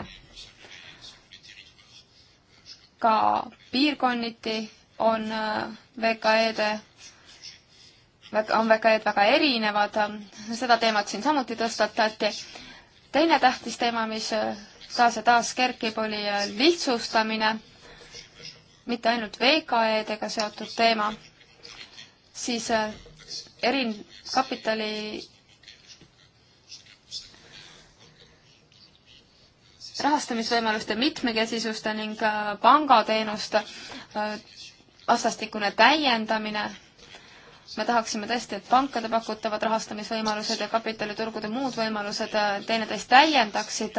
ka piirkonniti on äh, VKE-de on VKE-d väga erinevad, seda teemat siin samuti tõstatati. teine tähtis teema, mis äh, taas ja taas kerkib, oli äh, lihtsustamine, mitte ainult VKE-dega seotud teema, siis erin-, kapitali rahastamisvõimaluste mitmekesisuste ning pangateenuste äh, vastastikune täiendamine. me tahaksime tõesti, et pankade pakutavad rahastamisvõimalused ja kapitaliturgude muud võimalused äh, teineteist täiendaksid.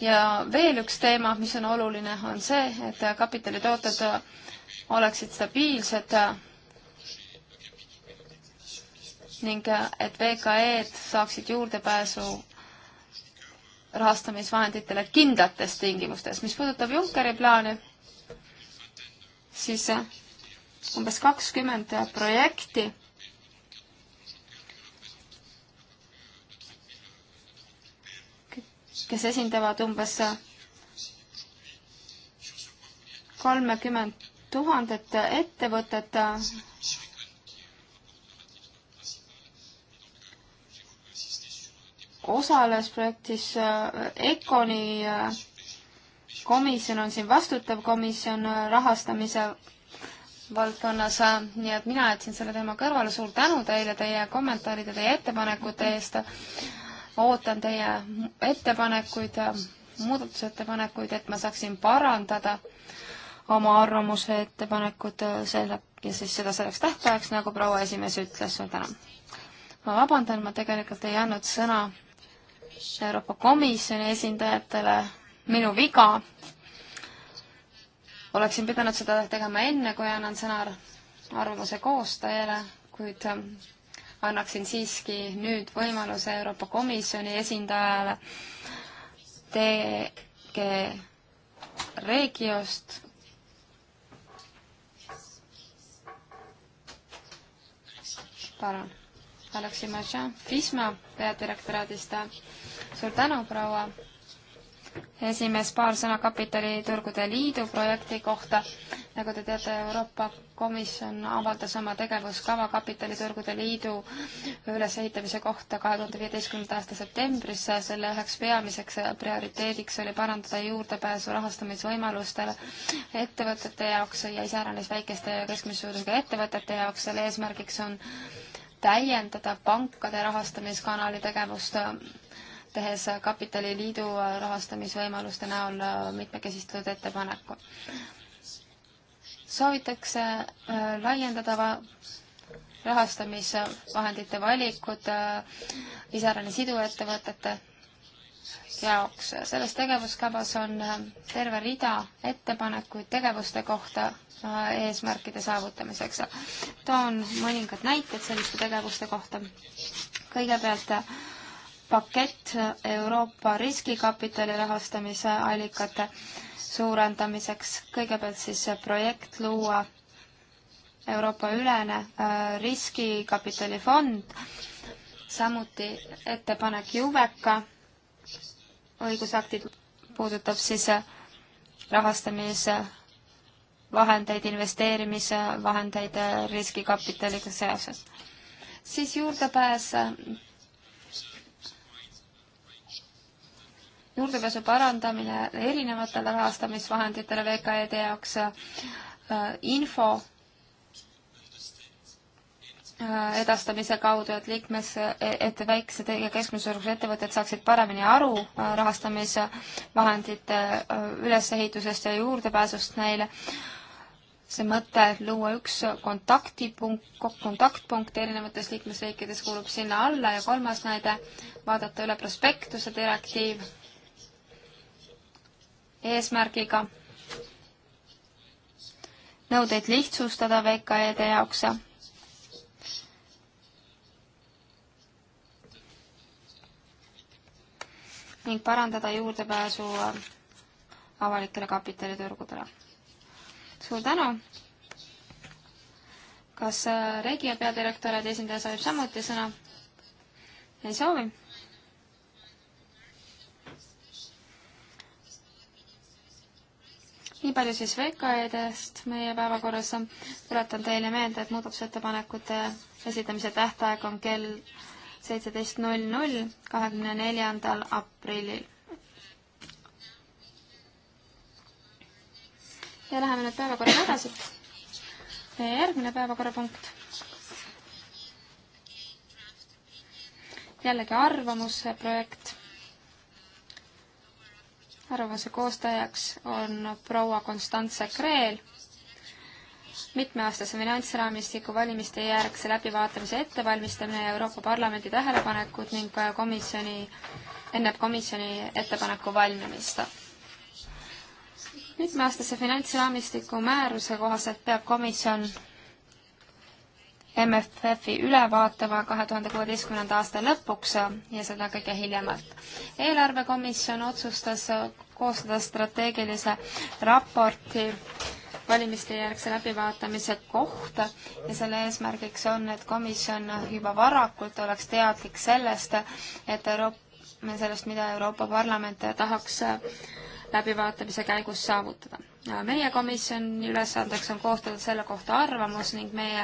ja veel üks teema, mis on oluline, on see, et äh, kapitalitooted oleksid stabiilsed ning et VKE-d saaksid juurdepääsu rahastamisvahenditele kindlates tingimustes. mis puudutab Junckeri plaani, siis äh, umbes kakskümmend äh, projekti kes esindavad umbes äh, kolmekümmend tuhandet ettevõtet osales projektis äh, ECONi äh, komisjon on siin vastutav komisjon äh, rahastamise valdkonnas, nii et mina jätsin selle teema kõrvale, suur tänu teile teie kommentaaride, teie ettepanekute eest, ootan teie ettepanekuid, muudatusettepanekuid, et ma saaksin parandada oma arvamuse ettepanekud selle ja siis seda selleks tähtajaks, nagu proua esimees ütles, suur tänu. ma vabandan, ma tegelikult ei andnud sõna Euroopa Komisjoni esindajatele minu viga. oleksin pidanud seda tegema enne, kui annan sõna arvamuse koostajale, kuid ähm, annaksin siiski nüüd võimaluse Euroopa Komisjoni esindajale TG Regiost palun Aleksei Mažan FISMA peadirektoraadist. suur tänu, proua esimees, paar sõna Kapitaliturgude Liidu projekti kohta. nagu te teate, Euroopa Komisjon avaldas oma tegevuskava Kapitaliturgude Liidu ülesehitamise kohta kahe tuhande viieteistkümnenda aasta septembris. selle üheks peamiseks prioriteediks oli parandada juurdepääsu rahastamisvõimalustele ettevõtete jaoks ja iseäranis väikeste ja keskmise suurusega ettevõtete jaoks. selle eesmärgiks on täiendada pankade rahastamiskanali tegevust, tehes Kapitaliliidu rahastamisvõimaluste näol äh, mitmekesistatud ettepaneku. soovitakse äh, laiendada rahastamisvahendite valikut äh, iseärani siduettevõtete jaoks. selles tegevuskavas on äh, terve rida ettepanekuid tegevuste kohta äh, eesmärkide saavutamiseks. toon mõningad näited selliste tegevuste kohta. kõigepealt äh, pakett Euroopa riskikapitali rahastamise allikate suurendamiseks, kõigepealt siis projekt luua Euroopa ülene riskikapitalifond, samuti ettepanek Juveka õigusaktid puudutab siis äh, rahastamisvahendeid, investeerimisvahendeid äh, riskikapitaliga seoses. siis juurdepääs, äh, juurdepääsu parandamine erinevatele rahastamisvahenditele VKE-de jaoks, info Äh, edastamise kaudu, et liikmes, e-, et väiksed ja keskmise suurusega ettevõtted saaksid paremini aru äh, rahastamisvahendite äh, ülesehitusest ja juurdepääsust neile. see mõte, et luua üks kontaktipunkt, kontaktpunkt erinevates liikmesriikides kuulub sinna alla ja kolmas näide, vaadata üle prospektuse direktiiv eesmärgiga nõudeid lihtsustada VKE-de jaoks ning parandada juurdepääsu äh, avalikele kapitaliturgudele. suur tänu! kas äh, Regia peadirektoraadi esindaja soovib samuti sõna? ei soovi? nii palju siis VKE-dest meie päevakorras. tuletan teile meelde, et muudatusettepanekute esitamise tähtaeg on kell seitseteist null null kahekümne neljandal aprillil. ja läheme nüüd päevakorraga edasi. järgmine päevakorrapunkt. jällegi arvamuse projekt. arvamuse koostajaks on proua Konstantse Kreel mitmeaastase finantsraamistiku valimiste järgse läbivaatamise ettevalmistamine ja Euroopa Parlamendi tähelepanekud ning äh, komisjoni, enne komisjoni ettepaneku valmimist. mitmeaastase finantsraamistiku määruse kohaselt peab komisjon MFF-i üle vaatama kahe tuhande kuueteistkümnenda aasta lõpuks ja seda kõige hiljemalt. eelarvekomisjon otsustas koostada strateegilise raporti valimiste järgse läbivaatamise kohta ja selle eesmärgiks on, et komisjon juba varakult oleks teadlik sellest, et Euroop-, sellest, mida Euroopa Parlament tahaks läbivaatamise käigus saavutada. meie komisjoni ülesandeks on koostada selle kohta arvamus ning meie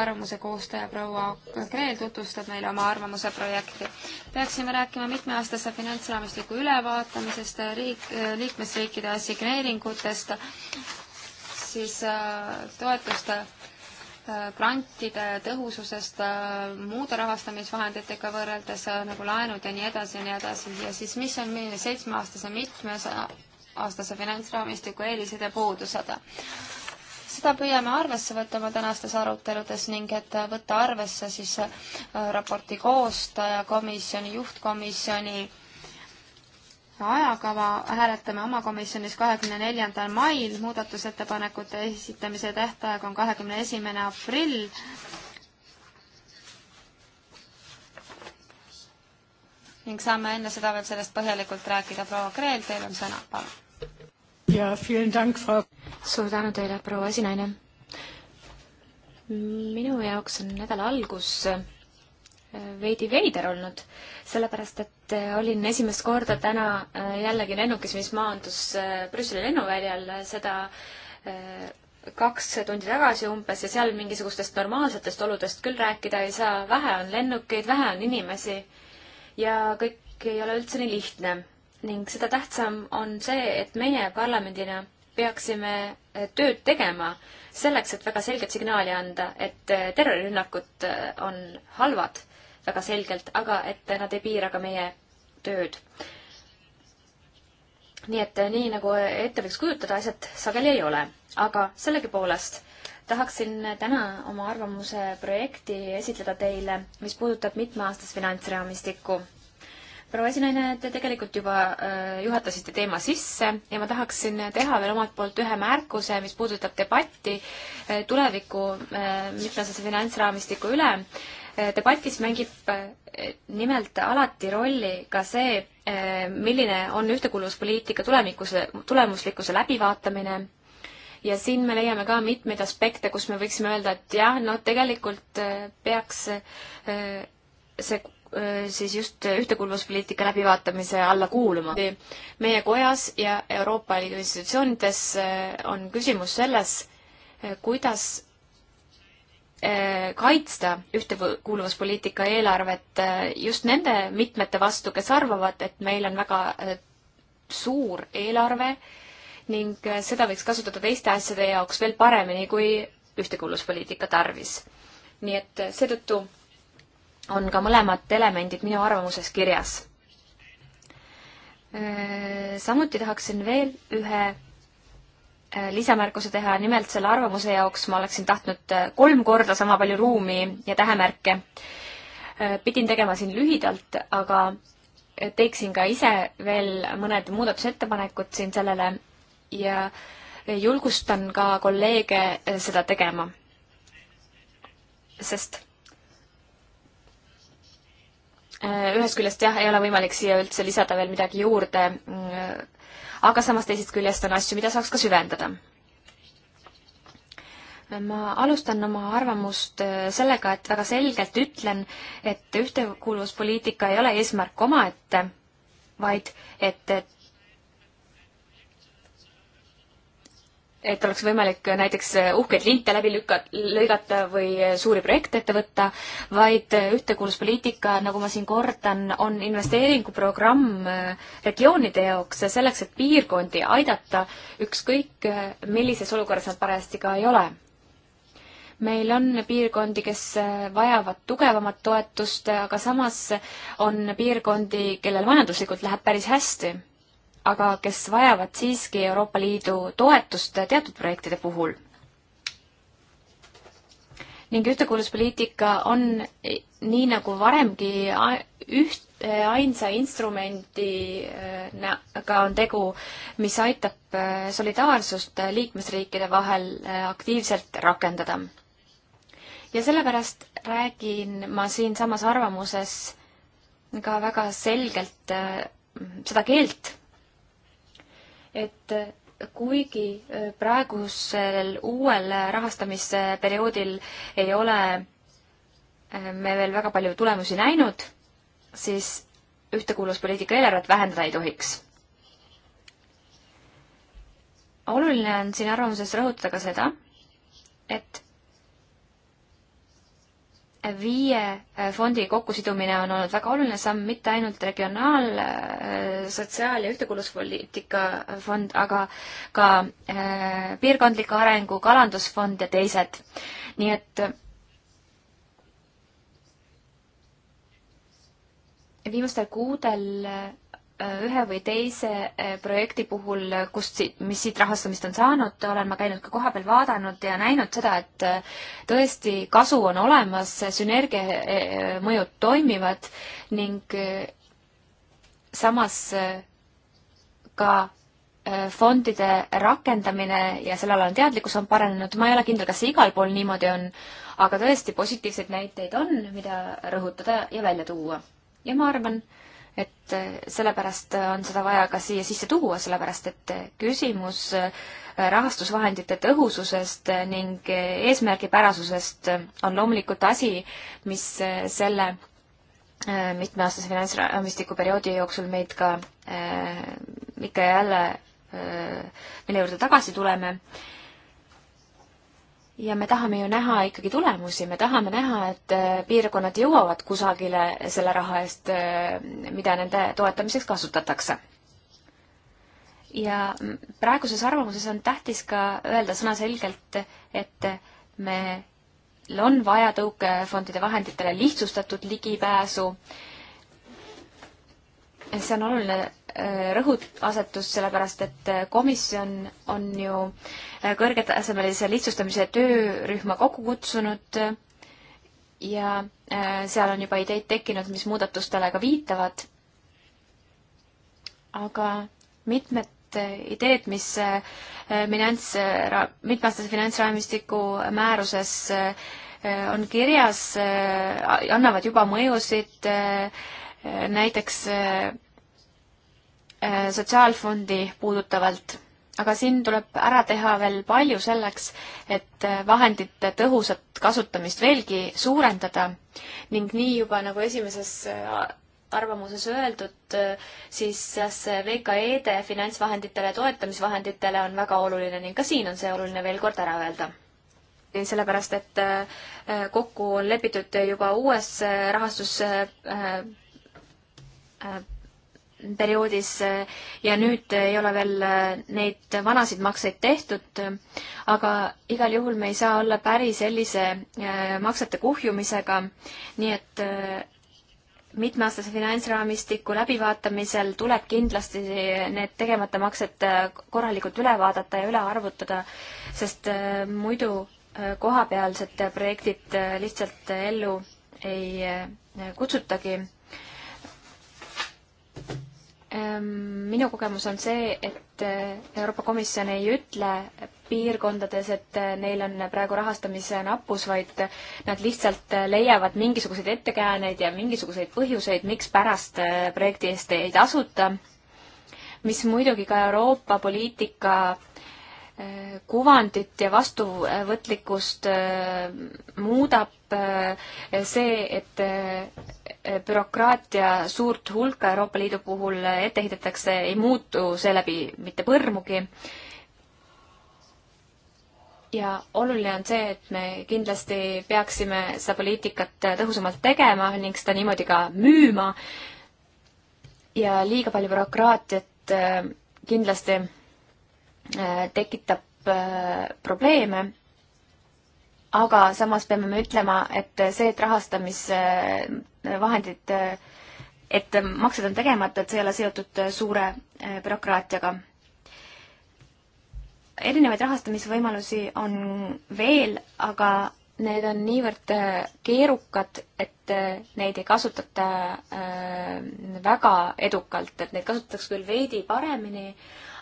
arvamuse koostaja proua Kreel tutvustab meile oma arvamuse projekti. peaksime rääkima mitmeaastase finantsraamistiku ülevaatamisest, riik, liikmesriikide assigneeringutest siis äh, toetuste äh, grantide tõhususest äh, muude rahastamisvahenditega võrreldes, nagu laenud ja nii edasi ja nii edasi ja siis mis on milline seitsmeaastase mitmeaastase finantsraamistiku eelised ja puudused? seda püüame arvesse võtta oma tänastes aruteludes ning et võtta arvesse siis raporti koostaja, komisjoni, juhtkomisjoni ajakava hääletame oma komisjonis kahekümne neljandal mail, muudatusettepanekute esitamise tähtaeg on kahekümne esimene aprill. ning saame enne seda veel sellest põhjalikult rääkida. proua Kreel, teil on sõna, palun. suur tänu teile, proua esinaine. minu jaoks on nädala algus veidi veider olnud äh, sellepärast et äh, olin esimest korda täna äh, jällegi lennukis, mis maandus äh, Brüsseli lennuväljal, seda kaks tundi tagasi umbes ja seal mingisugustest normaalsetest oludest küll rääkida ei saa, vähe on lennukeid, vähe on inimesi ja kõik ei ole üldse nii lihtne. ning seda tähtsam on see, et meie parlamendina peaksime tööd tegema selleks, et väga selget signaali anda, et terrorirünnakud on halvad väga selgelt, aga et nad ei piira ka meie tööd. nii et eh, nii, nagu ette võiks kujutada, asjad sageli ei ole, aga sellegipoolest tahaksin täna oma arvamuse projekti esitleda teile, mis puudutab mitmeaastast finantsraamistikku. proua esinaine, te tegelikult juba eh, juhatasite teema sisse ja ma tahaksin teha veel omalt poolt ühe märkuse, mis puudutab debatti eh, tuleviku mitmeaastase finantsraamistiku üle Äh, debatis mängib äh, nimelt alati rolli ka see, äh, milline on ühtekuuluvuspoliitika tulemikuse, tulemuslikkuse läbivaatamine ja siin me leiame ka mitmeid aspekte, kus me võiksime öelda, et jah, no tegelikult peaks see siis just ühtekuuluvuspoliitika läbivaatamise alla kuuluma. meie kojas ja Euroopa Liidu institutsioonides on küsimus selles, kuidas Äh, kaitsta ühtekuuluvuspoliitika eelarvet äh, just nende mitmete vastu, kes arvavad, et meil on väga äh, suur eelarve ning seda võiks kasutada teiste asjade jaoks veel paremini kui ühtekuuluvuspoliitika tarvis. nii et seetõttu on ka mõlemad elemendid minu arvamuses kirjas. samuti tahaksin veel ühe Äh, lisamärkuse teha, nimelt selle arvamuse jaoks ma oleksin tahtnud äh, kolm korda sama palju ruumi ja tähemärke. Äh, pidin tegema siin lühidalt, aga teeksin ka ise veel mõned muudatusettepanekud siin sellele ja julgustan ka kolleege seda tegema. sest ühest küljest jah, ei ole võimalik siia üldse lisada veel midagi juurde mm, aga samas teisest küljest on asju, mida saaks ka süvendada. ma alustan oma arvamust äh, sellega, et väga selgelt ütlen, et ühtekuuluvuspoliitika ei ole eesmärk omaette, vaid et, et et oleks võimalik näiteks uhkeid linte läbi lükata, lõigata või suuri projekte ette võtta, vaid ühtekuuluvuspoliitika, nagu ma siin kordan, on investeeringuprogramm äh, regioonide jaoks selleks, et piirkondi aidata, ükskõik äh, millises olukorras nad parajasti ka ei ole. meil on piirkondi, kes äh, vajavad tugevamat toetust, aga samas on piirkondi, kellel majanduslikult läheb päris hästi aga kes vajavad siiski Euroopa Liidu toetust teatud projektide puhul. ning ühtekuuluvuspoliitika on nii nagu varemgi üht, ainsa instrumendina äh, ka on tegu, mis aitab äh, solidaarsust liikmesriikide vahel äh, aktiivselt rakendada. ja sellepärast räägin ma siinsamas arvamuses ka väga selgelt seda keelt, et kuigi äh, praegusel uuel rahastamisperioodil ei ole äh, me veel väga palju tulemusi näinud, siis ühtekuuluvuspoliitika eelarvet vähendada ei tohiks. oluline on siin arvamuses rõhutada ka seda, et viie äh, fondi kokkusidumine on olnud väga oluline samm, mitte ainult regionaal-, äh, sotsiaal- ja ühtekuuluvuspoliitika fond, aga ka äh, piirkondliku arengu kalandusfond ja teised. nii et viimastel kuudel Äh, ühe või teise äh, projekti puhul, äh, kust, mis siit rahastamist on saanud, olen ma käinud ka kohapeal vaadanud ja näinud seda, et tõesti kasu on olemas, sünergia mõjud toimivad ning samas ka fondide rakendamine ja selle alane teadlikkus on paranenud, ma ei ole kindel, kas see igal pool niimoodi on, aga tõesti positiivseid näiteid on, mida rõhutada ja välja tuua. ja ma arvan, et et eh, sellepärast on seda vaja ka siia sisse tuua, sellepärast et eh, küsimus eh, rahastusvahendite tõhususest ning eesmärgipärasusest on loomulikult asi, mis selle mitmeaastase finantsraamistiku perioodi jooksul meid ka ikka ja jälle, mille juurde tagasi tuleme ja me tahame ju näha ikkagi tulemusi, me tahame näha, et äh, piirkonnad jõuavad kusagile selle raha eest, äh, mida nende toetamiseks kasutatakse. ja praeguses arvamuses on tähtis ka öelda sõnaselgelt, et me on vaja tõukefondide vahenditele lihtsustatud ligipääsu äh, see on oluline äh, rõhuasetus, sellepärast et äh, komisjon on ju äh, kõrgetasemelise lihtsustamise töörühma kokku kutsunud ja seal on juba ideid tekkinud, mis muudatustele ka viitavad. aga mitmed ideed, mis finants, mitmeaastase finantsraamistiku määruses on kirjas, annavad juba mõjusid äh, näiteks äh, äh, sotsiaalfondi puudutavalt, aga siin tuleb ära teha veel palju selleks, et äh, vahendite tõhusat kasutamist veelgi suurendada ning nii juba nagu esimeses arvamuses öeldud, siis see VKE-de finantsvahenditele ja toetamisvahenditele on väga oluline ning ka siin on see oluline veel kord ära öelda. sellepärast, et kokku on lepitud juba uues rahastus Äh, perioodis äh, ja nüüd ei ole veel äh, neid vanasid makseid tehtud, aga igal juhul me ei saa olla päri sellise maksete kuhjumisega, nii et mitmeaastase finantsraamistiku läbivaatamisel tuleb kindlasti need tegemata maksed korralikult üle vaadata ja üle arvutada, sest muidu kohapealsed projektid lihtsalt ellu ei kutsutagi Ehm, minu kogemus on see, et eh, Euroopa Komisjon ei ütle piirkondades, et eh, neil on praegu rahastamise nappus, vaid eh, nad lihtsalt leiavad mingisuguseid ettekääneid ja mingisuguseid põhjuseid, mikspärast projekti eest ei tasuta, mis muidugi ka Euroopa poliitika kuvandit ja vastuvõtlikkust äh, muudab äh, see, et äh, bürokraatia suurt hulka Euroopa Liidu puhul ette heidetakse, ei muutu seeläbi mitte põrmugi. ja oluline on see, et me kindlasti peaksime seda poliitikat tõhusamalt tegema ning seda niimoodi ka müüma ja liiga palju bürokraatiat kindlasti Äh, tekitab äh, probleeme, aga samas peame me ütlema, et see, et rahastamisvahendid, äh, et maksed on tegemata, et see ei ole seotud suure bürokraatiaga. erinevaid rahastamisvõimalusi on veel, aga need on niivõrd keerukad, et neid ei kasutata väga edukalt, et neid kasutatakse küll veidi paremini,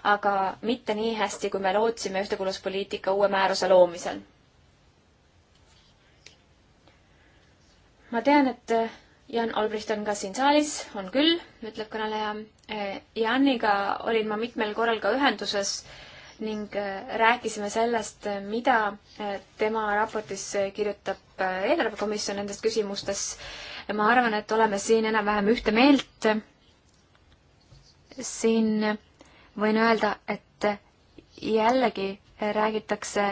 aga mitte nii hästi, kui me lootsime ühtekuuluvuspoliitika uue määruse loomisel. ma tean, et äh, Jan Olbricht on ka siin saalis, on küll, ütleb kõneleja. Äh, Janiga olin ma mitmel korral ka ühenduses ning äh, rääkisime sellest, mida tema raportis kirjutab eelarvekomisjon nendes küsimustes. ma arvan, et oleme siin enam-vähem ühte meelt. siin võin öelda, et jällegi räägitakse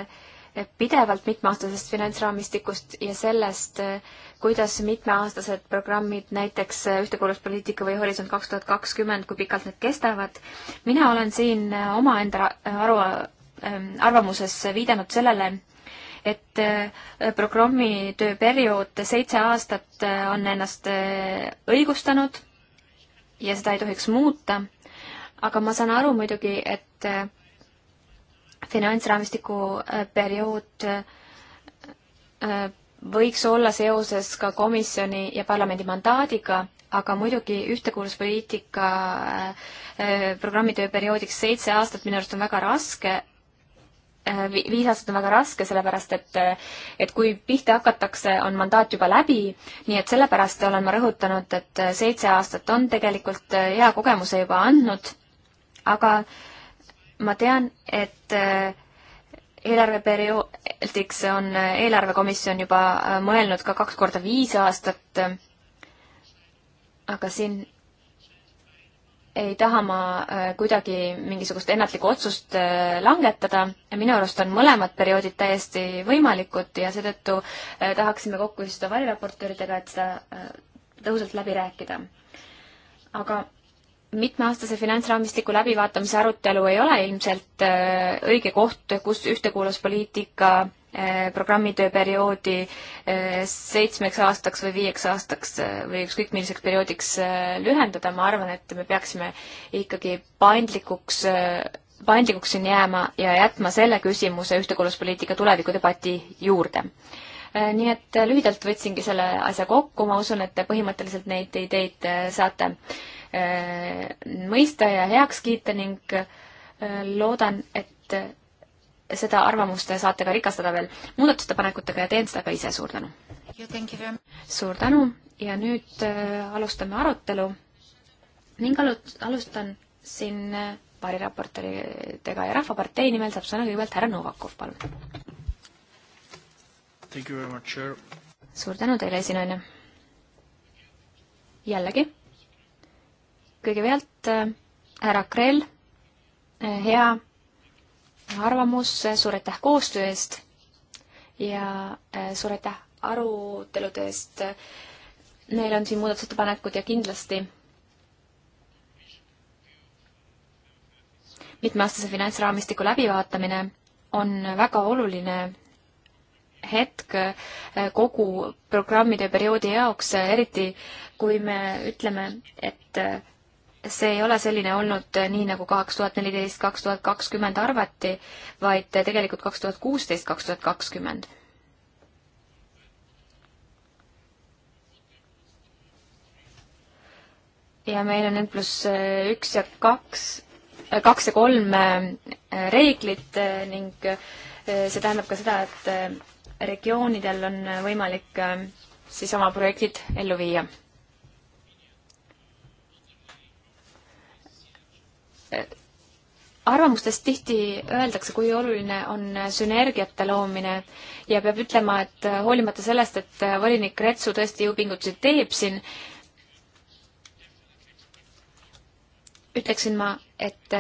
pidevalt mitmeaastasest finantsraamistikust ja sellest, kuidas mitmeaastased programmid, näiteks ühtekuuluvuspoliitika või Horisont kaks tuhat kakskümmend, kui pikalt need kestavad. mina olen siin omaenda aru, ähm, arvamuses viidanud sellele, et äh, programmi tööperiood seitse aastat äh, on ennast äh, õigustanud ja seda ei tohiks muuta aga ma saan aru muidugi, et äh, finantsraamistiku äh, periood äh, võiks olla seoses ka komisjoni ja parlamendi mandaadiga, aga muidugi ühtekuuluvuspoliitika programmi tööperioodiks seitse aastat minu arust on väga raske, viis aastat on väga raske, sellepärast et, et kui pihta hakatakse, on mandaat juba läbi, nii et sellepärast olen ma rõhutanud, et seitse aastat on tegelikult hea kogemuse juba andnud aga ma tean, et äh, eelarveperioodiks on äh, eelarvekomisjon juba äh, mõelnud ka kaks korda viis aastat, aga siin ei taha ma kuidagi mingisugust ennatlikku otsust langetada. minu arust on mõlemad perioodid täiesti võimalikud ja seetõttu tahaksime kokku istuda variraportööridega, et seda tõhusalt läbi rääkida. aga mitmeaastase finantsraamistiku läbivaatamise arutelu ei ole ilmselt äh, õige koht, kus ühtekuuluvuspoliitika äh, programmi tööperioodi äh, seitsmeks aastaks või viieks aastaks või ükskõik milliseks perioodiks lühendada, ma arvan, et me peaksime ikkagi paindlikuks, paindlikuks siin jääma ja jätma selle küsimuse ühtekuuluvuspoliitika tulevikudebati juurde nii et lühidalt võtsingi selle asja kokku, ma usun, et te põhimõtteliselt neid ideid saate äh, Äh, mõista ja heaks kiita ning äh, loodan, et seda arvamust saate ka rikastada veel muudatustepanekutega ja teen seda ka ise, suur tänu! suur tänu ja nüüd äh, alustame arutelu ning alu-, alustan siin variraportoritega ja Rahvapartei nimel saab sõna kõigepealt härra Novakov, palun! suur tänu teile, esinaine! jällegi kõigepealt äh, härra Krell, äh, hea arvamus, äh, suur aitäh koostöö eest ja suur aitäh arutelude eest. Neil on siin muudatusettepanekud ja kindlasti mitmeaastase finantsraamistiku läbivaatamine on väga oluline hetk kogu programmide perioodi jaoks, eriti kui me ütleme, et see ei ole selline olnud eh, nii, nagu kaks tuhat neliteist, kaks tuhat kakskümmend arvati, vaid eh, tegelikult kaks tuhat kuusteist, kaks tuhat kakskümmend. ja meil on N pluss eh, üks ja kaks, kaks ja kolm reeglit ning see tähendab ka seda, et regioonidel on võimalik siis oma projektid ellu viia arvamustes tihti öeldakse, kui oluline on sünergiate loomine ja peab ütlema, et hoolimata sellest, et volinik Retsu tõesti jõupingutusi teeb siin, ütleksin ma, et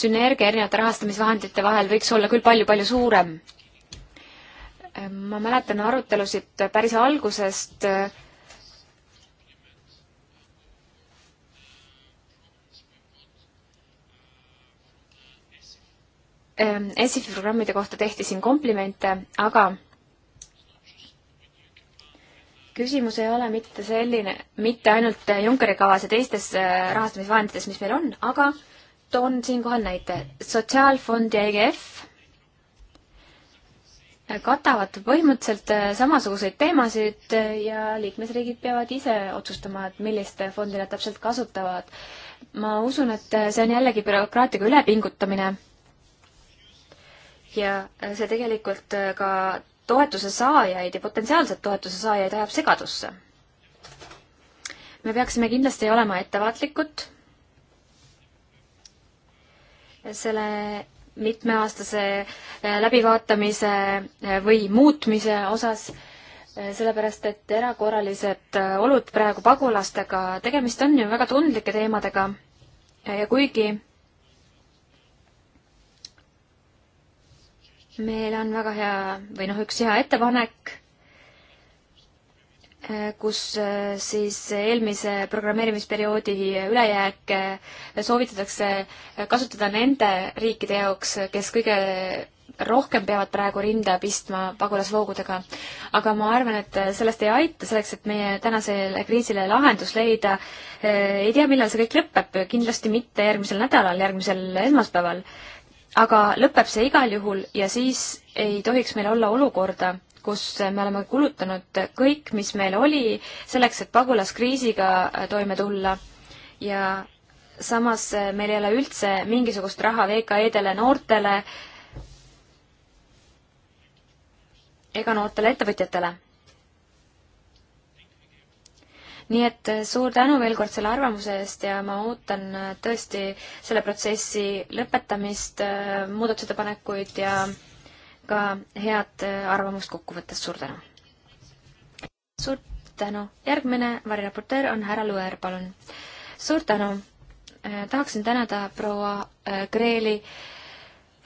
sünergia erinevate rahastamisvahendite vahel võiks olla küll palju-palju suurem. ma mäletan arutelusid päris algusest äh, Ehm, ESIF-i programmide kohta tehti siin komplimente, aga küsimus ei ole mitte selline, mitte ainult Junckeri kavas ja teistes äh, rahastamisvahendites, mis meil on, aga toon siinkohal näite. sotsiaalfond ja EGF katavad põhimõtteliselt äh, samasuguseid teemasid äh, ja liikmesriigid peavad ise otsustama, et millist fondi nad täpselt kasutavad. ma usun, et see on jällegi bürokraatiaga ülepingutamine ja see tegelikult äh, ka toetuse saajaid ja potentsiaalset toetuse saajaid ajab segadusse. me peaksime kindlasti olema ettevaatlikud selle mitmeaastase äh, läbivaatamise äh, või muutmise osas, sellepärast et erakorralised olud praegu pagulastega, tegemist on ju väga tundlike teemadega ja kuigi meil on väga hea või noh, üks hea ettepanek, eh, kus eh, siis eelmise programmeerimisperioodi ülejääke soovitatakse kasutada nende riikide jaoks, kes kõige rohkem peavad praegu rinda pistma pagulasvoogudega. aga ma arvan, et sellest ei aita, selleks, et meie tänasele kriisile lahendus leida. Eh, ei tea, millal see kõik lõpeb, kindlasti mitte järgmisel nädalal, järgmisel esmaspäeval aga lõpeb see igal juhul ja siis ei tohiks meil olla olukorda, kus me oleme kulutanud kõik, mis meil oli, selleks, et pagulaskriisiga äh, toime tulla ja samas äh, meil ei ole üldse mingisugust raha VKE-dele, noortele ega noortele ettevõtjatele nii et äh, suur tänu veel kord selle arvamuse eest ja ma ootan äh, tõesti selle protsessi lõpetamist, äh, muudatusettepanekuid ja ka head arvamust kokkuvõttes, suur tänu! suur tänu! järgmine variraportöör on härra Luer, palun! suur tänu! tahaksin tänada proua Kreeli äh,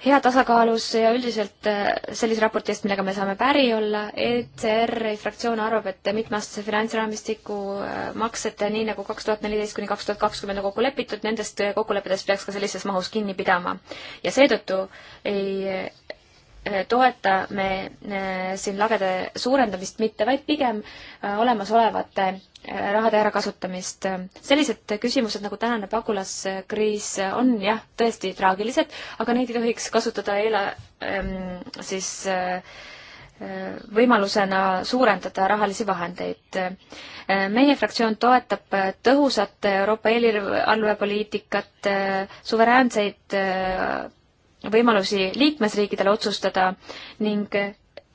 hea tasakaalus ja üldiselt äh, sellise raporti eest, millega me saame päri olla, ECR-i fraktsioon arvab, et mitmeaastase finantsraamistiku äh, maksete, nii nagu kaks tuhat neliteist kuni kaks tuhat kakskümmend on kokku lepitud, nendest kokkulepetest peaks ka sellises mahus kinni pidama. ja seetõttu ei Eh, toeta me eh, siin lagede suurendamist mitte, vaid pigem eh, olemasolevate rahade ärakasutamist. sellised küsimused nagu tänane pagulaskriis on jah, tõesti traagilised, aga neid ei tohiks kasutada eela-, ehm, siis võimalusena suurendada rahalisi vahendeid. meie fraktsioon toetab tõhusat Euroopa eelarvepoliitikat, suveräänseid võimalusi liikmesriikidele otsustada ning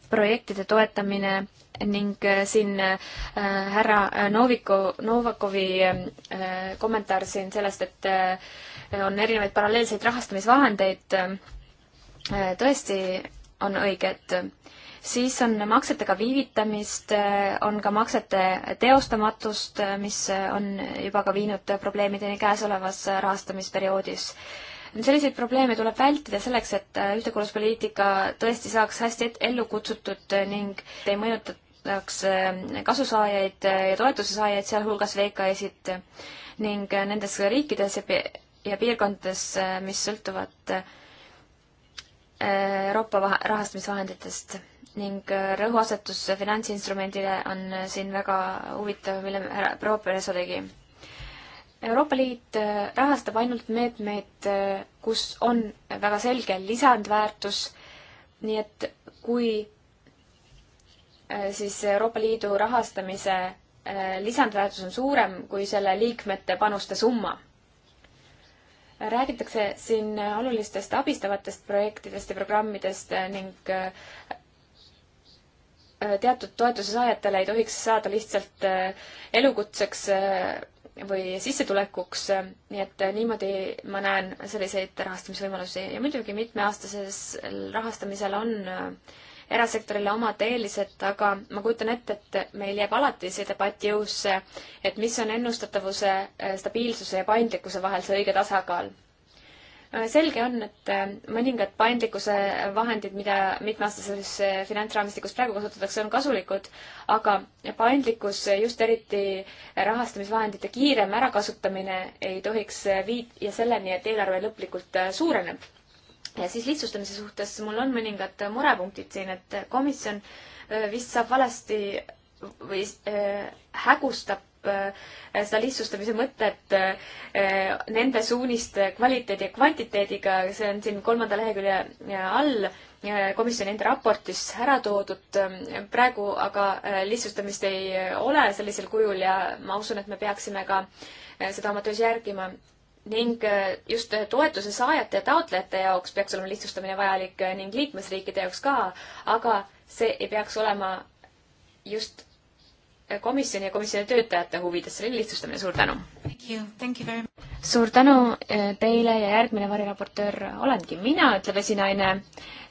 projektide toetamine ning äh, siin äh, härra Noviko, Novakovi äh, kommentaar siin sellest, et on erinevaid paralleelseid rahastamisvahendeid, tõesti on õige, et siis on maksetega viivitamist, on ka maksete teostamatust, mis on juba ka viinud probleemideni käesolevas rahastamisperioodis selliseid probleeme tuleb vältida selleks, et äh, ühtekuuluvuspoliitika tõesti saaks hästi ellu kutsutud äh, ning ei mõjutaks äh, kasusaajaid ja toetuse saajaid, sealhulgas VKS-id ning nendes riikides ja piirkondades, mis sõltuvad Euroopa rahastamisvahenditest ning rõhuasetus finantsinstrumendile on siin väga huvitav, mille härra proua Pereso tegi Euroopa Liit äh, rahastab ainult meetmeid, äh, kus on väga selge lisandväärtus, nii et kui äh, siis Euroopa Liidu rahastamise lisandväärtus on suurem kui selle liikmete panuste summa. räägitakse siin olulistest abistavatest projektidest ja programmidest ning teatud toetuse saajatele ei tohiks saada lihtsalt elukutseks või sissetulekuks, nii et niimoodi ma näen selliseid rahastamisvõimalusi ja muidugi mitmeaastases rahastamisel on äh, erasektorile omad eelised, aga ma kujutan ette, et meil jääb alati see debatt jõusse, et mis on ennustatavuse, äh, stabiilsuse ja paindlikkuse vahel see õige tasakaal. Äh, selge on, et äh, mõningad paindlikkuse vahendid, mida mitmeaastases äh, finantsraamistikus praegu kasutatakse, on kasulikud, aga paindlikkus, just eriti rahastamisvahendite kiirem ärakasutamine ei tohiks viia selleni, et eelarve lõplikult suureneb. ja siis lihtsustamise suhtes mul on mõningad murepunktid siin, et komisjon vist saab valesti või äh, hägustab Äh, seda lihtsustamise mõtet äh, nende suuniste kvaliteedi ja kvantiteediga, see on siin kolmanda lehekülje äh, all komisjoni enda raportis ära toodud. praegu aga lihtsustamist ei ole sellisel kujul ja ma usun, et me peaksime ka seda oma töös järgima ning just toetuse saajate ja taotlejate jaoks peaks olema lihtsustamine vajalik ning liikmesriikide jaoks ka, aga see ei peaks olema just komisjoni ja komisjoni töötajate huvides, selle lihtsustamine, suur tänu! suur tänu eh, teile ja järgmine variraportöör olengi mina, ütleb esinaine.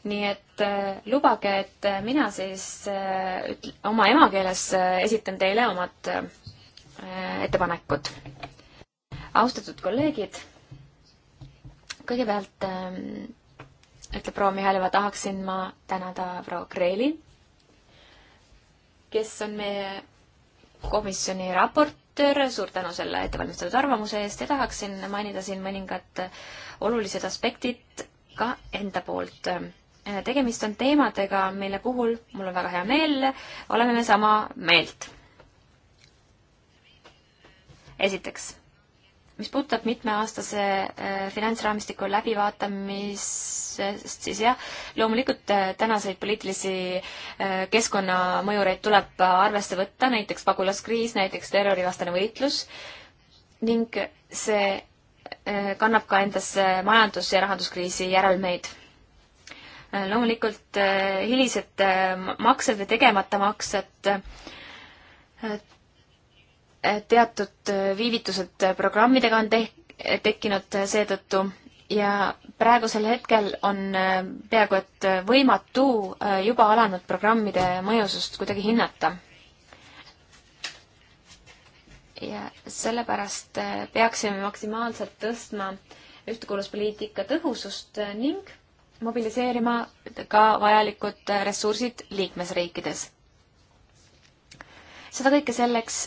nii et äh, lubage, et mina siis äh, eh, ütle, oma emakeeles äh, esitan teile omad äh, ettepanekud. austatud kolleegid, kõigepealt äh, ütleb proua Mihhailova, tahaksin ma tänada proua Kreeli, kes on meie komisjoni raportöör, suur tänu selle ettevalmistatud arvamuse eest ja tahaksin mainida siin mõningad olulised aspektid ka enda poolt. tegemist on teemadega, mille puhul mul on väga hea meel, oleme me sama meelt. esiteks mis puudutab mitmeaastase äh, finantsraamistiku läbivaatamisest, siis jah, loomulikult äh, tänaseid poliitilisi äh, keskkonnamõjureid tuleb arvesse võtta, näiteks pagulaskriis, näiteks terrorivastane võitlus ning see kannab ka endas majandus- ja rahanduskriisi järelmeid loomulikult hilised maksed või tegemata maksed teatud viivitused programmidega on teh-, tekkinud seetõttu ja praegusel hetkel on äh, peaaegu et võimatu äh, juba alanud programmide mõjusust kuidagi hinnata. ja sellepärast äh, peaksime maksimaalselt tõstma ühtekuuluvuspoliitika tõhusust ning mobiliseerima ka vajalikud ressursid liikmesriikides. seda kõike selleks,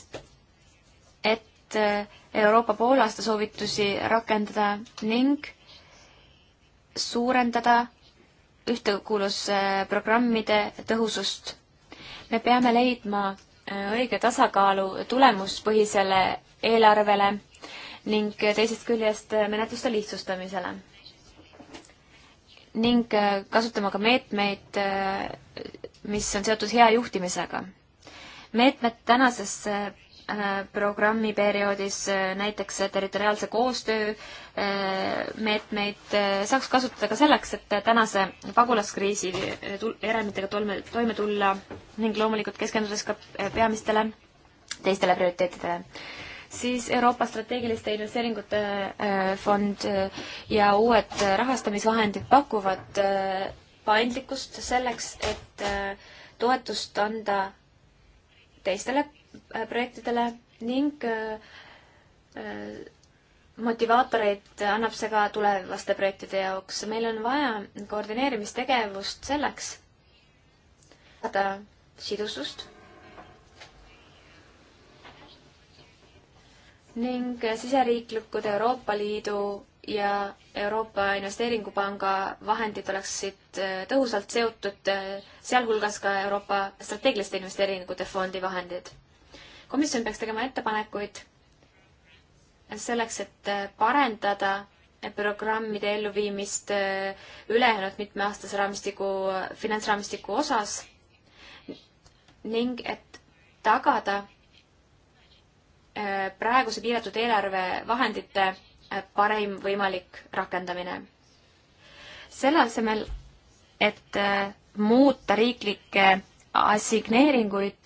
et äh, Euroopa poolaasta soovitusi rakendada ning suurendada ühtekuuluvusprogrammide tõhusust. me peame leidma äh, õige tasakaalu tulemuspõhisele eelarvele ning teisest küljest menetluste lihtsustamisele. ning äh, kasutama ka meetmeid, mis on seotud hea juhtimisega. meetmed tänases Äh, programmiperioodis äh, näiteks territoriaalse koostöö äh, meetmeid saaks kasutada ka selleks, et tänase pagulaskriisi järelmitega toime, toime tulla ning loomulikult keskendudes ka peamistele teistele prioriteetidele. siis Euroopa strateegiliste investeeringute fond ja uued rahastamisvahendid pakuvad paindlikkust selleks, et toetust anda teistele Äh, projektidele ning äh, äh, motivaatoreid annab see ka tulevaste projektide jaoks. meil on vaja koordineerimistegevust selleks, saada sidusust ning siseriiklikud Euroopa Liidu ja Euroopa Investeeringupanga vahendid oleksid tõhusalt seotud, sealhulgas ka Euroopa strateegiliste investeeringute fondi vahendid komisjon peaks tegema ettepanekuid selleks, et parendada programmide elluviimist äh, ülejäänud mitmeaastase raamistiku, finantsraamistiku osas ning et tagada äh, praeguse piiratud eelarvevahendite äh, parim võimalik rakendamine. selle asemel, et muuta riiklikke assigneeringuid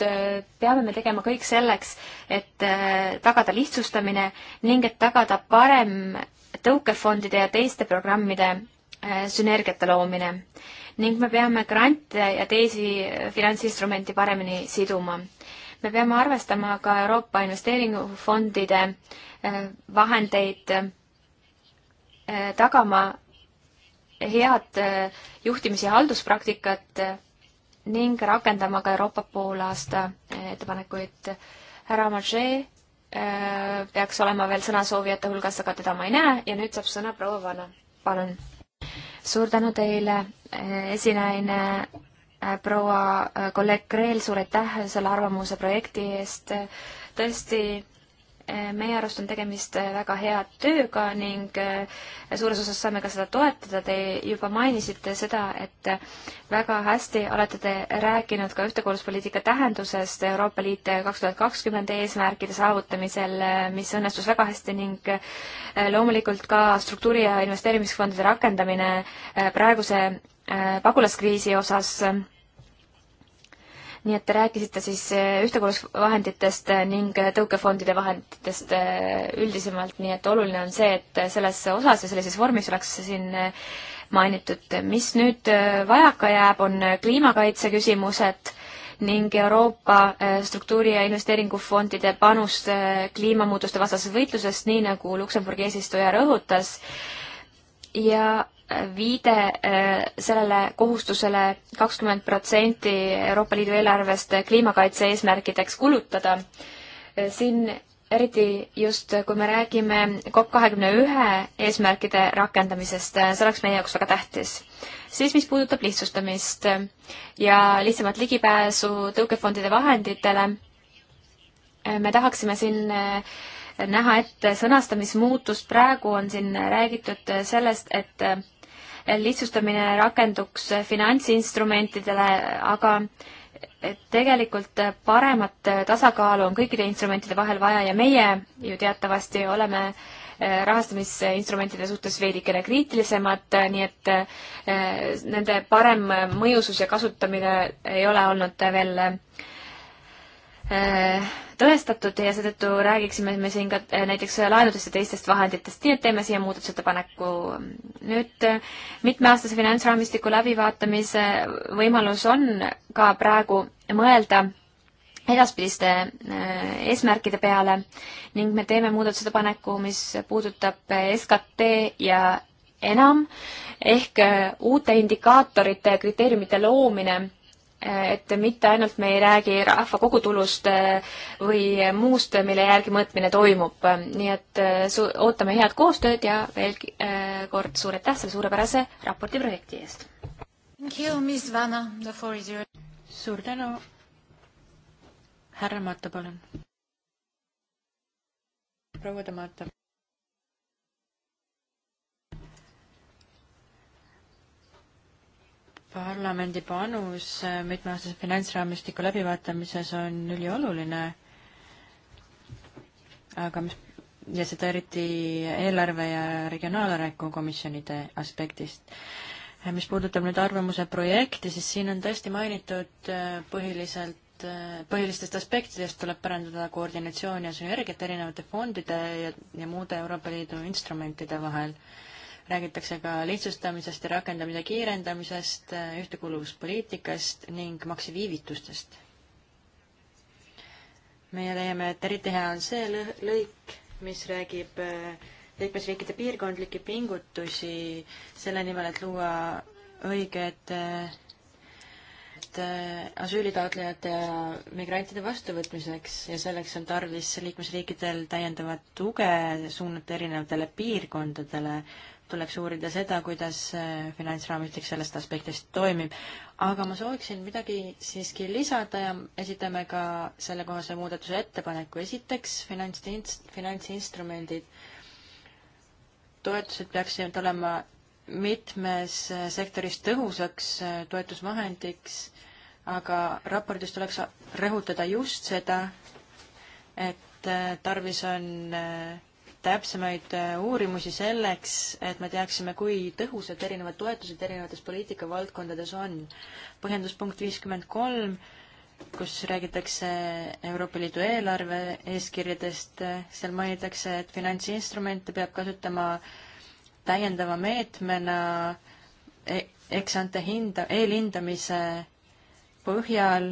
peame me tegema kõik selleks, et äh, tagada lihtsustamine ning et tagada parem tõukefondide ja teiste programmide äh, sünergiate loomine. ning me peame grante ja teisi äh, finantsinstrumenti paremini siduma. me peame arvestama ka Euroopa investeeringufondide vahendeid tagama head juhtimis- ja halduspraktikat ning rakendama ka Euroopa poolaasta eh, ettepanekuid. härra Omažee eh, peaks olema veel sõnasoovijate hulgas, aga teda ma ei näe ja nüüd saab sõna proua Vana, palun. suur tänu teile, eh, esinaine proua kolleeg Kreel, suur aitäh selle arvamuse projekti eest. tõesti Eh, meie arust on tegemist eh, väga hea tööga ning eh, suures osas saame ka seda toetada. Te juba mainisite seda, et väga hästi olete te rääkinud ka ühtekooluspoliitika tähendusest Euroopa Liit kaks tuhat kakskümmend eesmärkide saavutamisel, mis õnnestus väga hästi ning loomulikult ka struktuuri- ja investeerimisfondide rakendamine praeguse pagulaskriisi osas nii et te rääkisite siis eh, ühtekuuluvusvahenditest ning eh, tõukefondide vahenditest eh, üldisemalt, nii et oluline on see, et selles osas ja sellises vormis oleks siin mainitud. mis nüüd vajaka jääb, on kliimakaitse küsimused ning Euroopa struktuuri- ja investeeringufondide panus kliimamuutuste vastases võitluses, nii nagu Luksemburgi eesistuja rõhutas. ja viide äh, sellele kohustusele kakskümmend protsenti Euroopa Liidu eelarvest kliimakaitse eesmärkideks kulutada. Äh, siin eriti just, kui me räägime COP kahekümne ühe eesmärkide rakendamisest, äh, see oleks meie jaoks väga tähtis. siis, mis puudutab lihtsustamist ja lihtsamat ligipääsu tõukefondide vahenditele, me tahaksime siin näha ette sõnastamismuutust, praegu on siin räägitud sellest, et lihtsustamine rakenduks finantsinstrumentidele, aga tegelikult paremat tasakaalu on kõikide instrumentide vahel vaja ja meie ju teatavasti oleme eh, rahastamisinstrumentide suhtes veidikene kriitilisemad, nii et eh, nende parem mõjusus ja kasutamine ei ole olnud veel eh, tõestatud ja seetõttu räägiksime me siin ka äh, näiteks laenudest ja teistest vahenditest, nii et teeme siia muudatusettepaneku. nüüd äh, mitmeaastase finantsraamistiku läbivaatamise võimalus on ka praegu mõelda edaspidiste äh, eesmärkide peale ning me teeme muudatusettepaneku, mis puudutab SKT ja enam ehk uute indikaatorite ja kriteeriumite loomine et mitte ainult me ei räägi rahva kogutulust äh, või muust, mille järgi mõõtmine toimub. nii et äh, su-, ootame head koostööd ja veel äh, kord suur aitäh selle suurepärase raporti projekti eest! suur tänu, härra Matta, palun! proua Tamata. parlamendi panus äh, mitmeaastase finantsraamistiku läbivaatamises on ülioluline, aga mis, ja seda eriti eelarve ja regionaalarengu komisjonide aspektist. Äh, mis puudutab nüüd arvamuse projekti, siis siin on tõesti mainitud äh, põhiliselt põhilistest aspektidest tuleb parandada koordinatsiooni ja sünergiat erinevate fondide ja, ja muude Euroopa Liidu instrumentide vahel räägitakse ka lihtsustamisest ja rakendamise kiirendamisest, eh, ühtekuuluvuspoliitikast ning makseviivitustest. meie leiame, et eriti hea on see lõik, mis räägib eh, liikmesriikide piirkondlikke pingutusi selle nimel, et luua õiged eh, asüülitaotlejate ja migrantide vastuvõtmiseks ja selleks on tarvis liikmesriikidel täiendavat tuge suunata erinevatele piirkondadele, tuleks uurida seda, kuidas finantsraamistik sellest aspektist toimib. aga ma sooviksin midagi siiski lisada ja esitame ka sellekohase muudatuse ettepaneku. esiteks, finantsinst-, finantsinstrumendid, toetused peaksid olema mitmes sektoris tõhusaks toetusvahendiks, aga raportis tuleks rõhutada just seda, et tarvis on täpsemaid äh, uurimusi selleks, et me teaksime, kui tõhusad erinevad toetused erinevates poliitikavaldkondades on. põhjenduspunkt viiskümmend kolm, kus räägitakse Euroopa Liidu eelarve eeskirjadest, seal mainitakse, et finantsinstrumente peab kasutama täiendava meetmena e-, eksante hinda, eelhindamise põhjal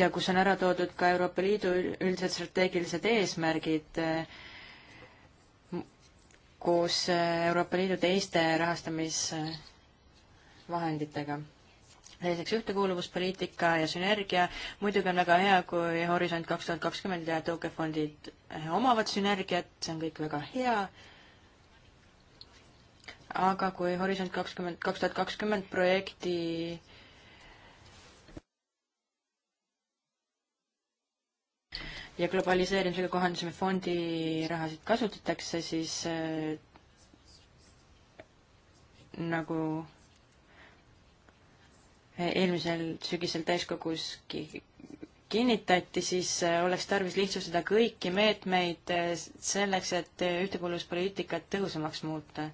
ja kus on ära toodud ka Euroopa Liidu üldised strateegilised eesmärgid koos äh, Euroopa Liidu teiste rahastamisvahenditega. teiseks ühtekuuluvuspoliitika ja sünergia, muidugi on väga hea, kui Horisont kaks tuhat kakskümmend ja tõukefondid äh, omavad sünergiat, see on kõik väga hea, aga kui Horisont kakskümmend, kaks tuhat kakskümmend projekti ja globaliseerimisega kohandusime fondi rahasid kasutatakse, siis äh, nagu eelmisel sügisel täiskogus kinnitati, siis äh, oleks tarvis lihtsustada kõiki meetmeid äh, selleks, et äh, ühtekuuluvuspoliitikat tõhusamaks muuta.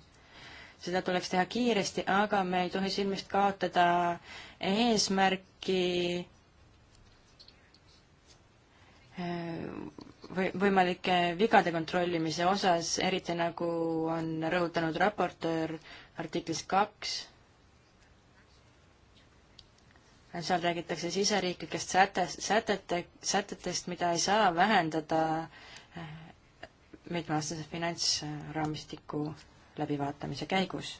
seda tuleks teha kiiresti, aga me ei tohi silmist kaotada eesmärki Äh, või võimalike vigade kontrollimise osas, eriti nagu on rõhutanud raportöör artiklis kaks, seal räägitakse siseriiklikest säte, sätete, sätetest, mida ei saa vähendada äh, mitmeaastase finantsraamistiku läbivaatamise käigus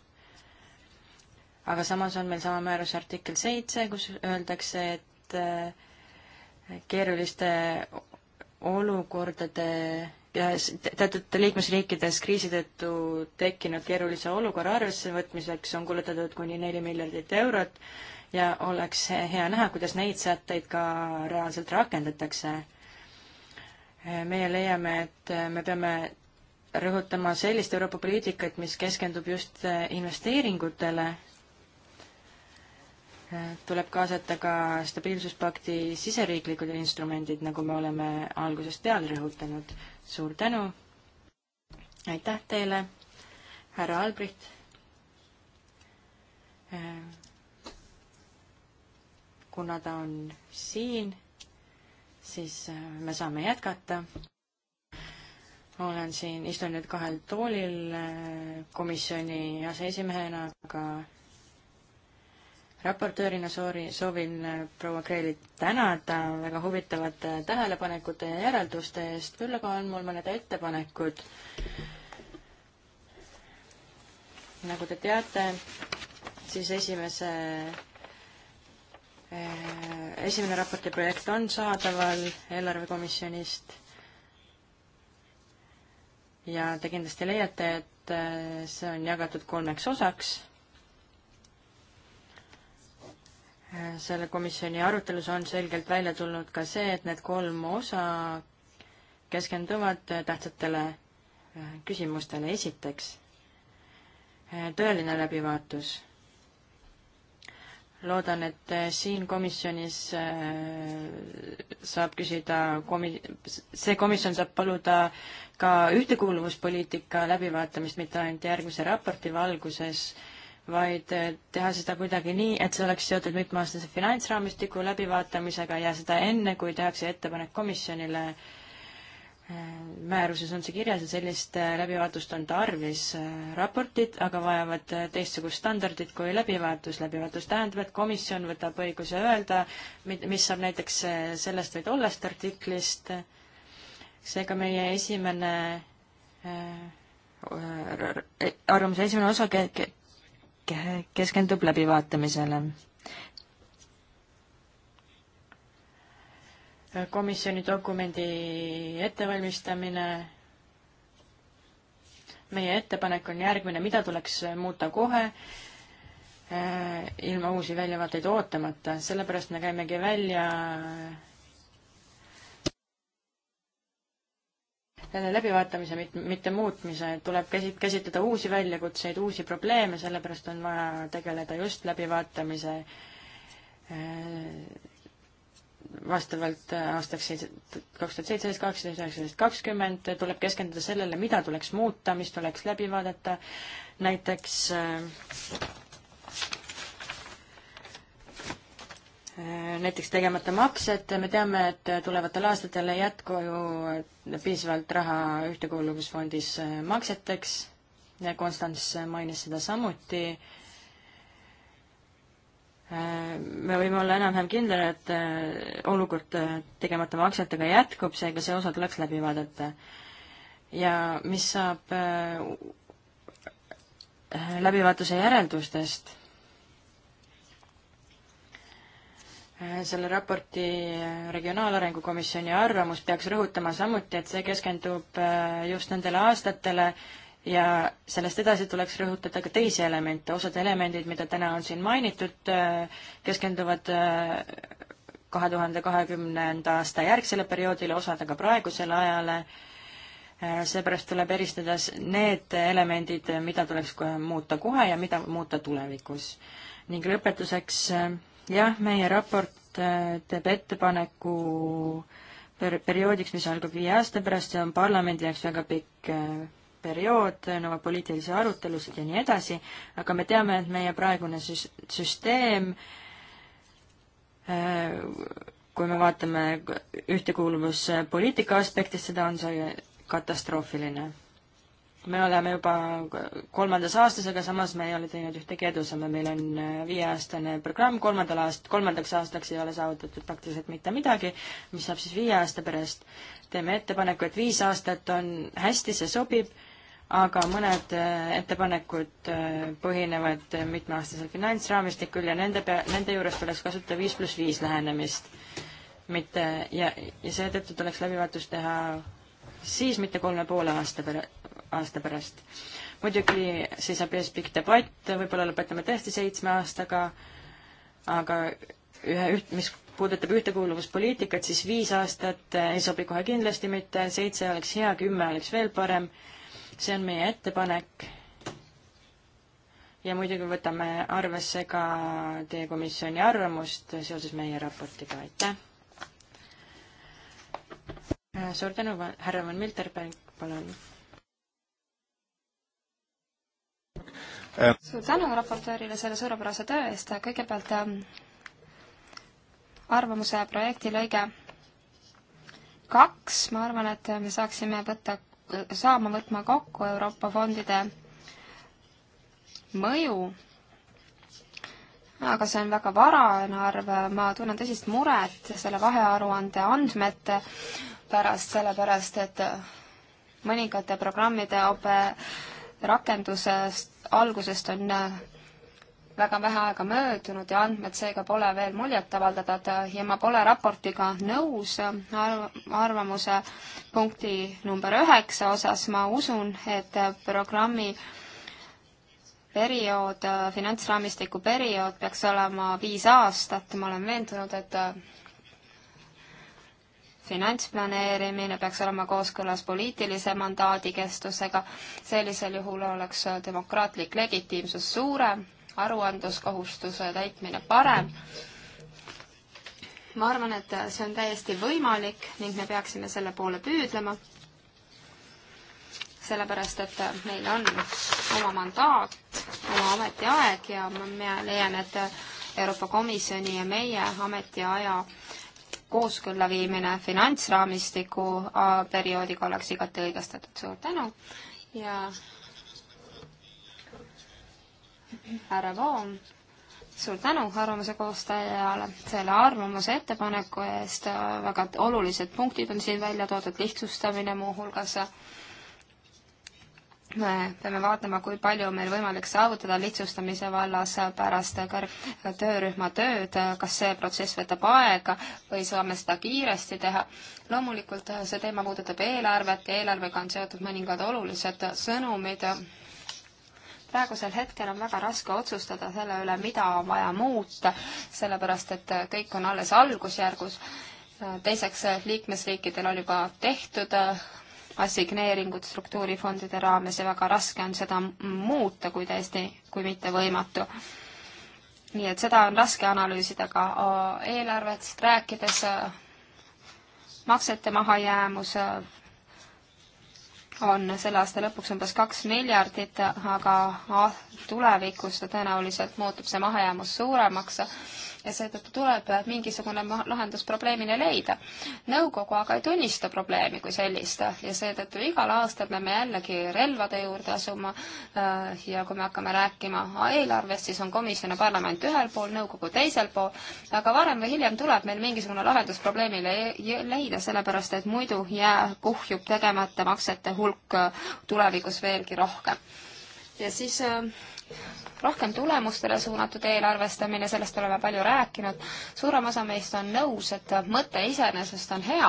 aga samas on meil sama määruse artikkel seitse, kus öeldakse, et äh, keeruliste olukordade ja teatud liikmesriikides kriisi tõttu tekkinud keerulise olukorra arvesse võtmiseks on kulutatud kuni neli miljardit eurot ja oleks hea näha, kuidas neid sätteid ka reaalselt rakendatakse. meie leiame, et me peame rõhutama sellist Euroopa poliitikat, mis keskendub just investeeringutele tuleb kaasata ka stabiilsuspakti siseriiklikud instrumendid, nagu me oleme algusest peale rõhutanud. suur tänu, aitäh teile, härra Albrecht. kuna ta on siin, siis äh, me saame jätkata olen siin, istun nüüd kahel toolil äh, komisjoni aseesimehena, aga raportöörina soori, soovin äh, proua Kreelit tänada väga huvitavate tähelepanekute ja järelduste eest, küll aga on mul mõned ettepanekud. nagu te teate, siis esimese, äh, esimene raporti projekt on saadaval eelarvekomisjonist ja te kindlasti leiate, et äh, see on jagatud kolmeks osaks selle komisjoni arutelus on selgelt välja tulnud ka see, et need kolm osa keskenduvad tähtsatele äh, küsimustele. esiteks, äh, tõeline läbivaatus. loodan, et äh, siin komisjonis saab küsida komi-, see komisjon saab paluda ka ühtekuuluvuspoliitika läbivaatamist, mitte ainult järgmise raporti valguses, vaid eh, teha seda kuidagi nii, et see oleks seotud mitmeaastase finantsraamistiku läbivaatamisega ja seda enne, kui tehakse ettepanek komisjonile. Eh, määruses on see kirjas ja sellist eh, läbivaatust on tarvis. raportid aga vajavad teistsugust standardit kui läbivaatus. läbivaatus tähendab, et komisjon võtab õiguse öelda, mis saab näiteks sellest või tollest artiklist. seega meie esimene arvamuse esimene osa keskendub läbivaatamisele. komisjoni dokumendi ettevalmistamine. meie ettepanek on järgmine, mida tuleks muuta kohe äh, ilma uusi väljavaateid ootamata, sellepärast me käimegi välja nende läbivaatamise, mitte muutmise, tuleb käsit-, käsitleda uusi väljakutseid, uusi probleeme, sellepärast on vaja tegeleda just läbivaatamise äh, vastavalt äh, aastaks seitse, kaks tuhat seitseteist, kaheksateist, üheksateist, kakskümmend, tuleb keskenduda sellele, mida tuleks muuta, mis tuleks läbi vaadata, näiteks äh, näiteks tegemata maksed, me teame, et tulevatel aastatel ei jätku ju piisavalt raha Ühtekuuluvusfondis makseteks, Konstants mainis seda samuti, me võime olla enam-vähem kindlad, et äh, olukord äh, tegemata maksetega jätkub, seega see osa tuleks läbi vaadata. ja mis saab äh, läbivaatuse järeldustest selle raporti Regionaalarengu Komisjoni arvamus peaks rõhutama samuti, et see keskendub äh, just nendele aastatele ja sellest edasi tuleks rõhutada ka teisi elemente, osad elemendid, mida täna on siin mainitud, äh, keskenduvad äh, kahe tuhande kahekümnenda aasta järgsele perioodile, osad aga praegusele ajale, seepärast tuleb eristada need elemendid, mida tuleks kohe muuta kohe ja mida muuta tulevikus. ning lõpetuseks jah, meie raport äh, teeb ettepaneku per-, perioodiks, mis algab viie aasta pärast, see on parlamendi jaoks väga pikk äh, periood, nõuab poliitilisi arutelusid ja nii edasi, aga me teame, et meie praegune süs-, süsteem äh, kui me vaatame ühtekuuluvuspoliitika aspektist, seda on see katastroofiline me oleme juba kolmandas aastas, aga samas me ei ole teinud ühtegi edusamme, meil on äh, viieaastane programm, kolmandal aast-, kolmandaks aastaks ei ole saavutatud praktiliselt mitte midagi, mis saab siis viie aasta pärast. teeme ettepaneku, et viis aastat on hästi, see sobib, aga mõned äh, ettepanekud äh, põhinevad mitmeaastasel finantsraamistikul ja nende pea, nende juures tuleks kasutada viis pluss viis lähenemist. mitte, ja, ja seetõttu tuleks läbivaatus teha siis mitte kolme poole aasta pärast aasta pärast. muidugi seisab ees pikk debatt, võib-olla lõpetame tõesti seitsme aastaga, aga ühe, üht, mis puudutab ühtekuuluvuspoliitikat, siis viis aastat ei sobi kohe kindlasti mitte, seitse oleks hea, kümme oleks veel parem. see on meie ettepanek. ja muidugi võtame arvesse ka teie komisjoni arvamust seoses meie raportiga, aitäh! suur tänu, härra Van Milterberg, palun! suur tänu raportöörile selle suurepärase töö eest, kõigepealt ähm, arvamuse projekti lõige kaks, ma arvan, et me saaksime võtta, saama võtma kokku Euroopa fondide mõju, aga see on väga varajane arv, ma tunnen tõsist muret selle vahearuande andmete pärast, sellepärast et mõningate programmide ope-, rakendusest algusest on äh, väga vähe aega möödunud ja andmed seega pole veel muljetavaldavad ja ma pole raportiga nõus arv, arvamuse punkti number üheksa osas. ma usun, et programmi periood, finantsraamistiku periood peaks olema viis aastat, ma olen veendunud, et finantsplaneerimine peaks olema kooskõlas poliitilise mandaadi kestusega, sellisel juhul oleks demokraatlik legitiimsus suurem, aruandluskohustuse täitmine parem. ma arvan, et see on täiesti võimalik ning me peaksime selle poole püüdlema, sellepärast et meil on oma mandaat, oma ametiaeg ja ma leian, et Euroopa Komisjoni ja meie ametiaja äh, kooskõlla viimine finantsraamistiku äh, perioodiga oleks igati õigestatud. suur tänu ja härra Voom, suur tänu arvamuse koostajale selle arvamuse ettepaneku eest, väga olulised punktid on siin välja toodud, lihtsustamine muuhulgas me peame vaatama, kui palju on meil võimalik saavutada lihtsustamise vallas pärast töörühma tööd, kas see protsess võtab aega või saame seda kiiresti teha. loomulikult see teema puudutab eelarvet ja eelarvega on seotud mõningad olulised sõnumid. praegusel hetkel on väga raske otsustada selle üle, mida on vaja muuta, sellepärast et kõik on alles algusjärgus. teiseks, liikmesriikidel on juba tehtud assigneeringud struktuurifondide raames ja väga raske on seda muuta, kui täiesti, kui mitte võimatu. nii et seda on raske analüüsida ka eelarvest rääkides, maksete mahajäämus on selle aasta lõpuks umbes kaks miljardit, aga tulevikus tõenäoliselt muutub see mahajäämus suuremaks ja seetõttu tuleb mingisugune lahendus probleemile leida. nõukogu aga ei tunnista probleemi kui sellist ja seetõttu igal aastal peame jällegi relvade juurde asuma äh, ja kui me hakkame rääkima eelarvest, siis on komisjon ja parlament ühel pool, nõukogu teisel pool, aga varem või hiljem tuleb meil mingisugune lahendus probleemile leida, sellepärast et muidu jää, kuhjub tegemata maksete hulk tulevikus veelgi rohkem. ja siis äh, rohkem tulemustele suunatud eelarvestamine, sellest oleme palju rääkinud, suurem osa meist on nõus, et mõte iseenesest on hea,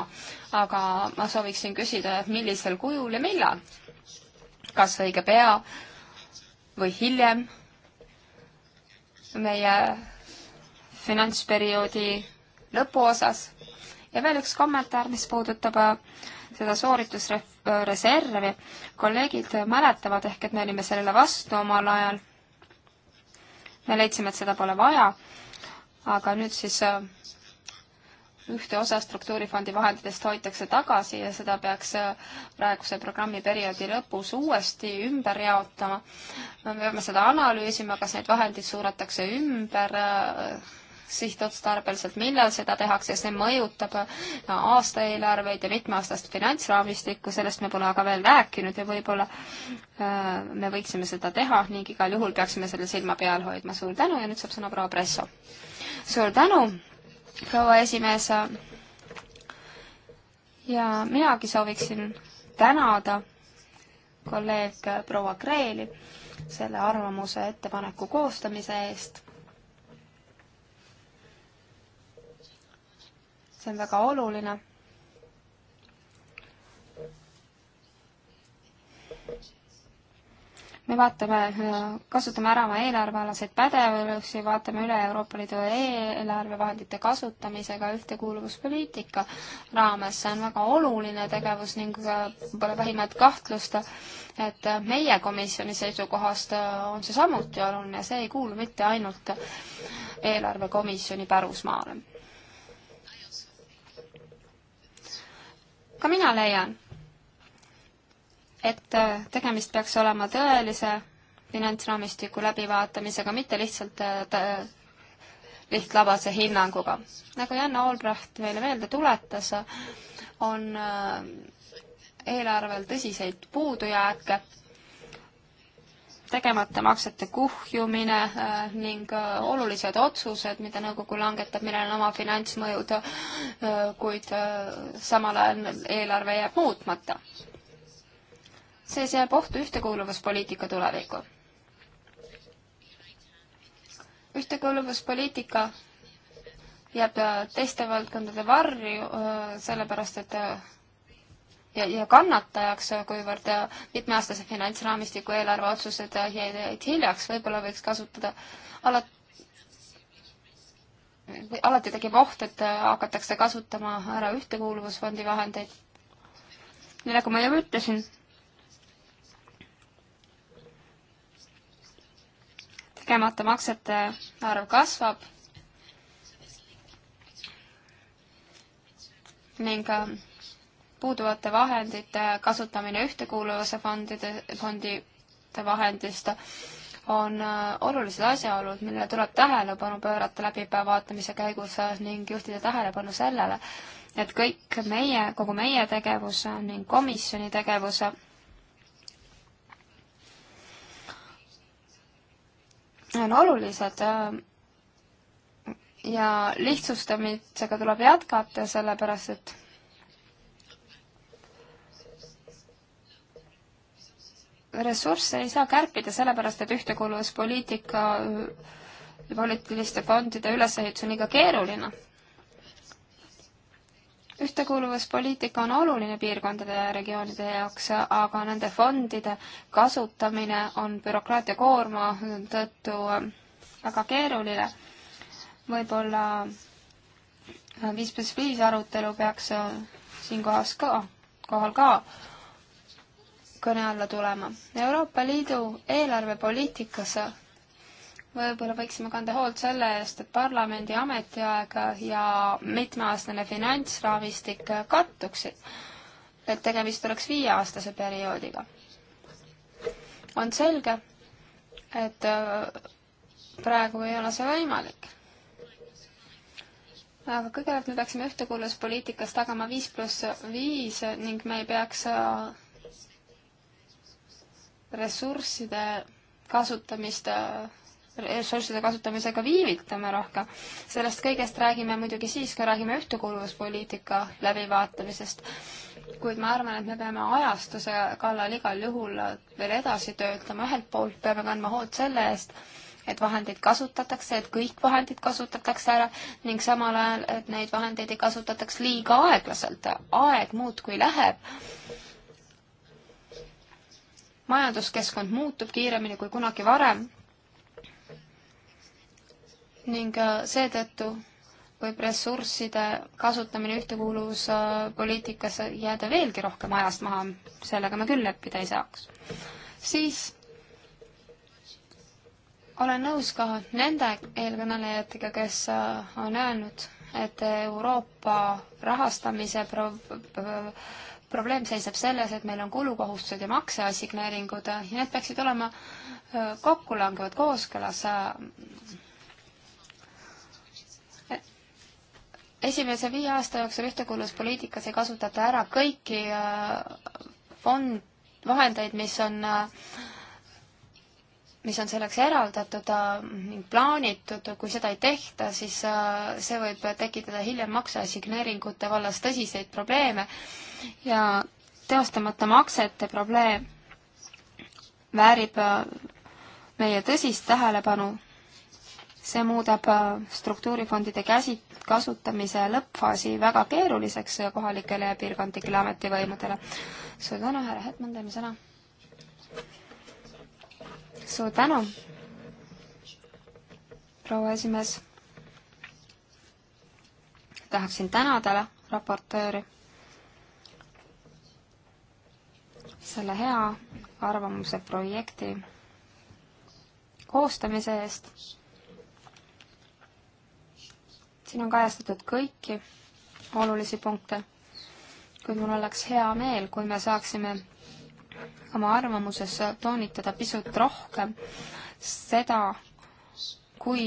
aga ma sooviksin küsida, et millisel kujul ja millal? kas õige pea või hiljem meie finantsperioodi lõpuosas ja veel üks kommentaar, mis puudutab äh, seda sooritusreservi. kolleegid mäletavad ehk, et me olime sellele vastu omal ajal me leidsime, et seda pole vaja, aga nüüd siis äh, ühte osa struktuurifondi vahenditest hoitakse tagasi ja seda peaks äh, praeguse programmi perioodi lõpus uuesti ümber jaotama. me peame seda analüüsima, kas need vahendid suunatakse ümber äh, sihtotstarbeliselt, millal seda tehakse, see mõjutab äh, aastaeelarveid ja mitmeaastast finantsraamistikku, sellest me pole aga veel rääkinud ja võib-olla äh, me võiksime seda teha ning igal juhul peaksime selle silma peal hoidma. suur tänu ja nüüd saab sõna proua Presso. suur tänu, proua esimees. ja minagi sooviksin tänada kolleeg proua Kreeli selle arvamuse ettepaneku koostamise eest see on väga oluline. me vaatame, kasutame ära oma eelarvealaseid pädevusi, vaatame üle Euroopa Liidu eelarvevahendite kasutamisega ühtekuuluvuspoliitika raames, see on väga oluline tegevus ning pole vähimat kahtlust, et meie komisjoni seisukohast on see samuti oluline, see ei kuulu mitte ainult eelarvekomisjoni pärusmaale ka mina leian, et äh, tegemist peaks olema tõelise finantsraamistiku läbivaatamisega, mitte lihtsalt äh, lihtlabase hinnanguga. nagu Jan Olbracht meile meelde tuletas, on äh, eelarvel tõsiseid puudujääke tegemata maksete kuhjumine äh, ning äh, olulised otsused, mida nõukogu langetab, millel on oma finantsmõjud, äh, kuid samal ajal eelarve jääb muutmata. see seab ohtu ühtekuuluvuspoliitika tulevikku. ühtekuuluvuspoliitika jääb teiste valdkondade varju, sellepärast et ja, ja kannatajaks, kuivõrd mitmeaastase finantsraamistiku eelarveotsused jäid hiljaks, võib-olla võiks kasutada alati alati tekib oht, et hakatakse kasutama ära ühtekuuluvusfondi vahendeid. nii nagu ma juba ütlesin, tegemata maksete arv kasvab ning ähm, puuduvate vahendite kasutamine ühtekuuluvuse fondide, fondide vahendist on äh, olulised asjaolud, millele tuleb tähelepanu pöörata läbivaatamise käigus äh, ning juhtida tähelepanu sellele, et kõik meie, kogu meie tegevus äh, ning komisjoni tegevus on olulised ja lihtsustamisega tuleb jätkata, sellepärast et ressursse ei saa kärpida, sellepärast et ühtekuuluvuspoliitika ja poliitiliste fondide ülesehitus on liiga keeruline. ühtekuuluvuspoliitika on oluline piirkondade ja regioonide jaoks, aga nende fondide kasutamine on bürokraatia koorma tõttu väga keeruline. võib-olla viis pluss viis arutelu peaks siinkohas ka, kohal ka kõne alla tulema. Euroopa Liidu eelarvepoliitikas võib-olla võiksime kanda hoolt selle eest, et parlamendi ametiaeg ja mitmeaastane finantsraamistik kattuksid, et tegemist oleks viieaastase perioodiga. on selge, et praegu ei ole see võimalik. aga kõigepealt me peaksime ühtekuuluvuspoliitikas tagama viis pluss viis ning me ei peaks ressursside kasutamist ressursside kasutamisega viivitame rohkem. sellest kõigest räägime muidugi siis, kui räägime ühtekuuluvuspoliitika läbivaatamisest, kuid ma arvan, et me peame ajastuse kallal igal juhul veel edasi töötama, ühelt poolt peame kandma hoolt selle eest, et vahendeid kasutatakse, et kõik vahendid kasutatakse ära ning samal ajal, et neid vahendeid ei kasutataks liiga aeglaselt, aeg muudkui läheb majanduskeskkond muutub kiiremini kui kunagi varem ning äh, seetõttu võib ressursside kasutamine ühtekuuluvuspoliitikas jääda veelgi rohkem ajast maha, sellega me küll leppida ei saaks. siis olen nõus ka nende eelkõnelejatega, kes äh, on öelnud, et Euroopa rahastamise pro-, probleem seisneb selles, et meil on kulukohustused ja makseassigneeringud ja need peaksid olema kokku langevad kooskõlas. Äh, e, esimese viie aasta jooksul ühtekuuluvuspoliitikas ei kasutata ära kõiki fond, vahendeid, mis on äh, mis on selleks eraldatud äh, ning plaanitud, kui seda ei tehta, siis äh, see võib tekitada hiljem makseassigneeringute vallas tõsiseid probleeme ja teostamata maksete probleem väärib äh, meie tõsist tähelepanu. see muudab struktuurifondide käsi-, kasutamise lõppfaasi väga keeruliseks kohalikele ja piirkondlikele ametivõimudele. suur tänu, härra Hetman, teeme sõna suur tänu, proua esimees. tahaksin tänada raportööri selle hea arvamuse projekti koostamise eest. siin on kajastatud kõiki olulisi punkte, kuid mul oleks hea meel, kui me saaksime oma arvamuses toonitada pisut rohkem seda, kui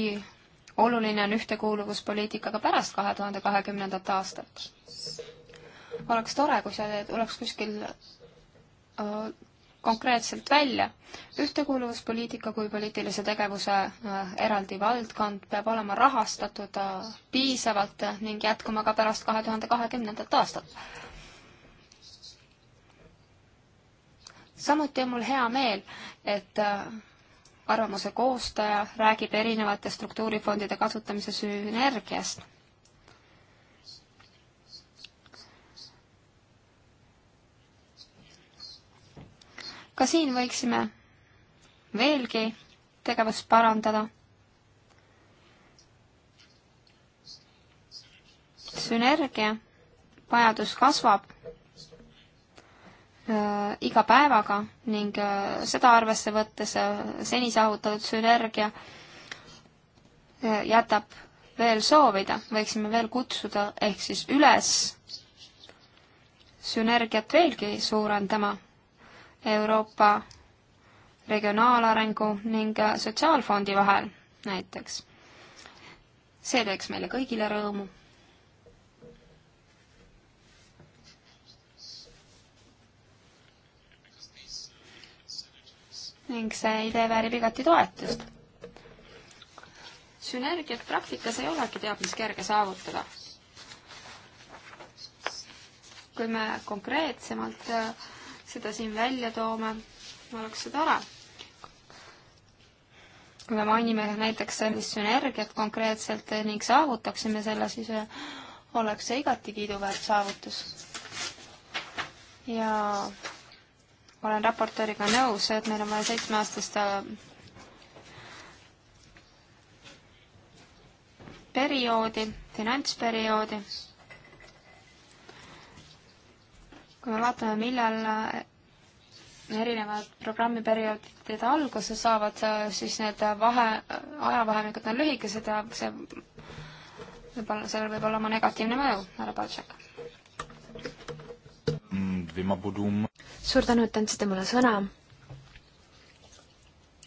oluline on ühtekuuluvuspoliitikaga pärast kahe tuhande kahekümnendat aastat. oleks tore, kui see tuleks kuskil öö, konkreetselt välja. ühtekuuluvuspoliitika kui poliitilise tegevuse eraldi valdkond peab olema rahastatud piisavalt ning jätkuma ka pärast kahe tuhande kahekümnendat aastat. samuti on mul hea meel, et äh, arvamuse koostaja räägib erinevate struktuurifondide kasutamise sünergiast. ka siin võiksime veelgi tegevust parandada. sünergia vajadus kasvab Äh, iga päevaga ning äh, seda arvesse võttes äh, seni saavutatud sünergia jätab veel soovida, võiksime veel kutsuda ehk siis üles sünergiat veelgi suurendama Euroopa regionaalarengu ning sotsiaalfondi vahel näiteks. see teeks meile kõigile rõõmu ning see idee väärib igati toetust. sünergiat praktikas ei olegi teab mis kerge saavutada. kui me konkreetsemalt äh, seda siin välja toome, oleks see tore. kui me mainime näiteks sellist äh, sünergiat konkreetselt äh, ning saavutaksime selle, siis oleks see igati kiiduväärt saavutus. ja olen raportööriga nõus, et meil on vaja seitsmeaastast äh, perioodi, finantsperioodi. kui me vaatame, millal äh, erinevad programmiperioodid alguse saavad, äh, siis need vahe, ajavahemikud on lühikesed ja see võib-olla, sellel võib olla oma negatiivne mõju, härra Paltšak. Mm, Dvěma bodům suur tänu, et andsite mulle sõna,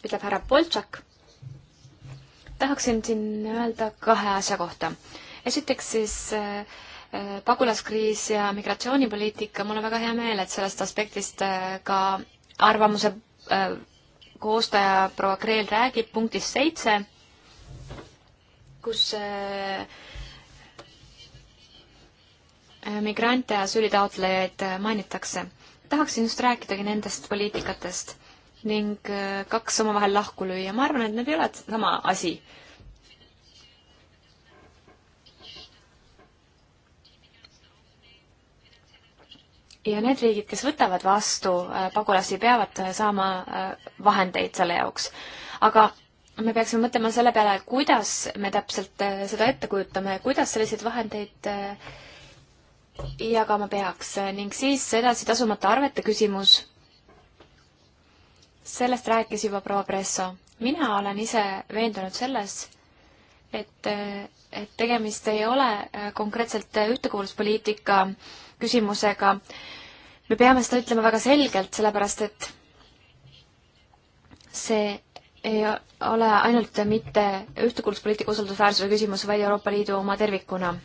ütleb härra Boltšak. tahaksin siin öelda kahe asja kohta. esiteks siis äh, äh, pagulaskriis ja migratsioonipoliitika, mul on väga hea meel, et sellest aspektist äh, ka arvamuse äh, koostaja proua Kreel räägib punktis seitse, kus migrante ja asüülitaotlejaid mainitakse tahaksin just rääkidagi nendest poliitikatest ning äh, kaks omavahel lahku lüüa. ma arvan, et need ei ole sama asi. ja need riigid, kes võtavad vastu äh, pagulasi, peavad äh, saama vahendeid selle jaoks. aga me peaksime mõtlema selle peale, kuidas me täpselt seda ette kujutame, kuidas selliseid vahendeid äh, jagama peaks ning siis edasi tasumata arvete küsimus. sellest rääkis juba proua Presso. mina olen ise veendunud selles, et, et tegemist ei ole äh, konkreetselt ühtekuuluvuspoliitika küsimusega. me peame seda ütlema väga selgelt, sellepärast et see ei ole ainult mitte ühtekuuluvuspoliitika usaldusväärsuse küsimus, vaid Euroopa Liidu oma tervikuna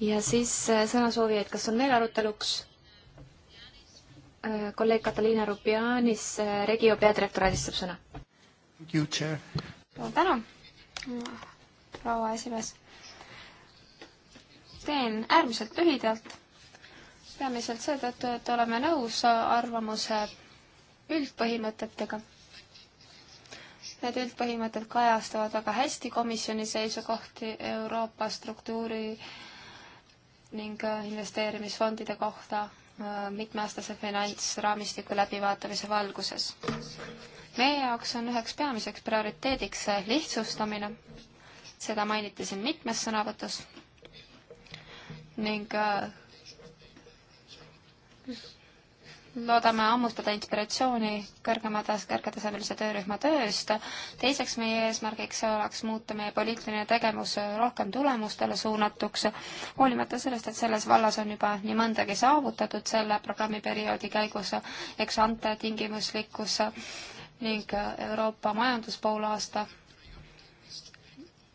ja siis äh, sõnasoovijaid, kas on veel aruteluks? Äh, kolleeg Kataliina Rubianis äh, Regio peadirektoraadist saab sõna. suur tänu, proua esimees. teen äärmiselt lühidalt, peamiselt seetõttu, et oleme nõus arvamuse üldpõhimõtetega. Need üldpõhimõtted kajastavad väga hästi komisjoni seisukohti Euroopa struktuuri äh, ning äh, investeerimisfondide kohta äh, mitmeaastase finantsraamistiku läbivaatamise valguses. meie jaoks on üheks peamiseks prioriteediks äh, lihtsustamine, seda mainiti siin mitmes sõnavõtus ning loodame ammutada inspiratsiooni kõrgema tas-, kõrgetasemelise töörühma tööst. teiseks meie eesmärgiks oleks muuta meie poliitiline tegevus rohkem tulemustele suunatuks, hoolimata sellest, et selles vallas on juba nii mõndagi saavutatud selle programmiperioodi käigus, eks ante tingimuslikkus ning Euroopa majanduspoolaasta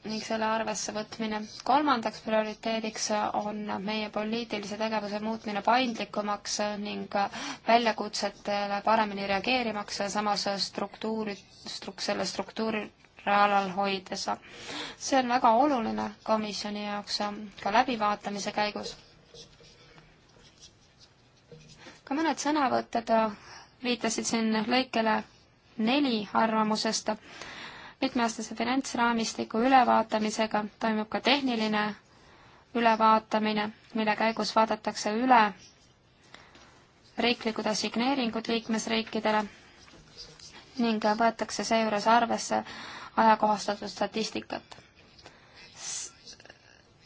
ning selle arvesse võtmine. kolmandaks prioriteediks on meie poliitilise tegevuse muutmine paindlikumaks ning väljakutsetele paremini reageerimaks ja samas struktuuri, struk-, selle struktuuri alal hoides. see on väga oluline komisjoni jaoks ka läbivaatamise käigus. ka mõned sõnavõtted viitasid siin lõikele neli arvamusest mitmeaastase finantsraamistiku ülevaatamisega toimub ka tehniline ülevaatamine, mille käigus vaadatakse üle riiklikud assigneeringud liikmesriikidele ning võetakse seejuures arvesse ajakohastatud statistikat.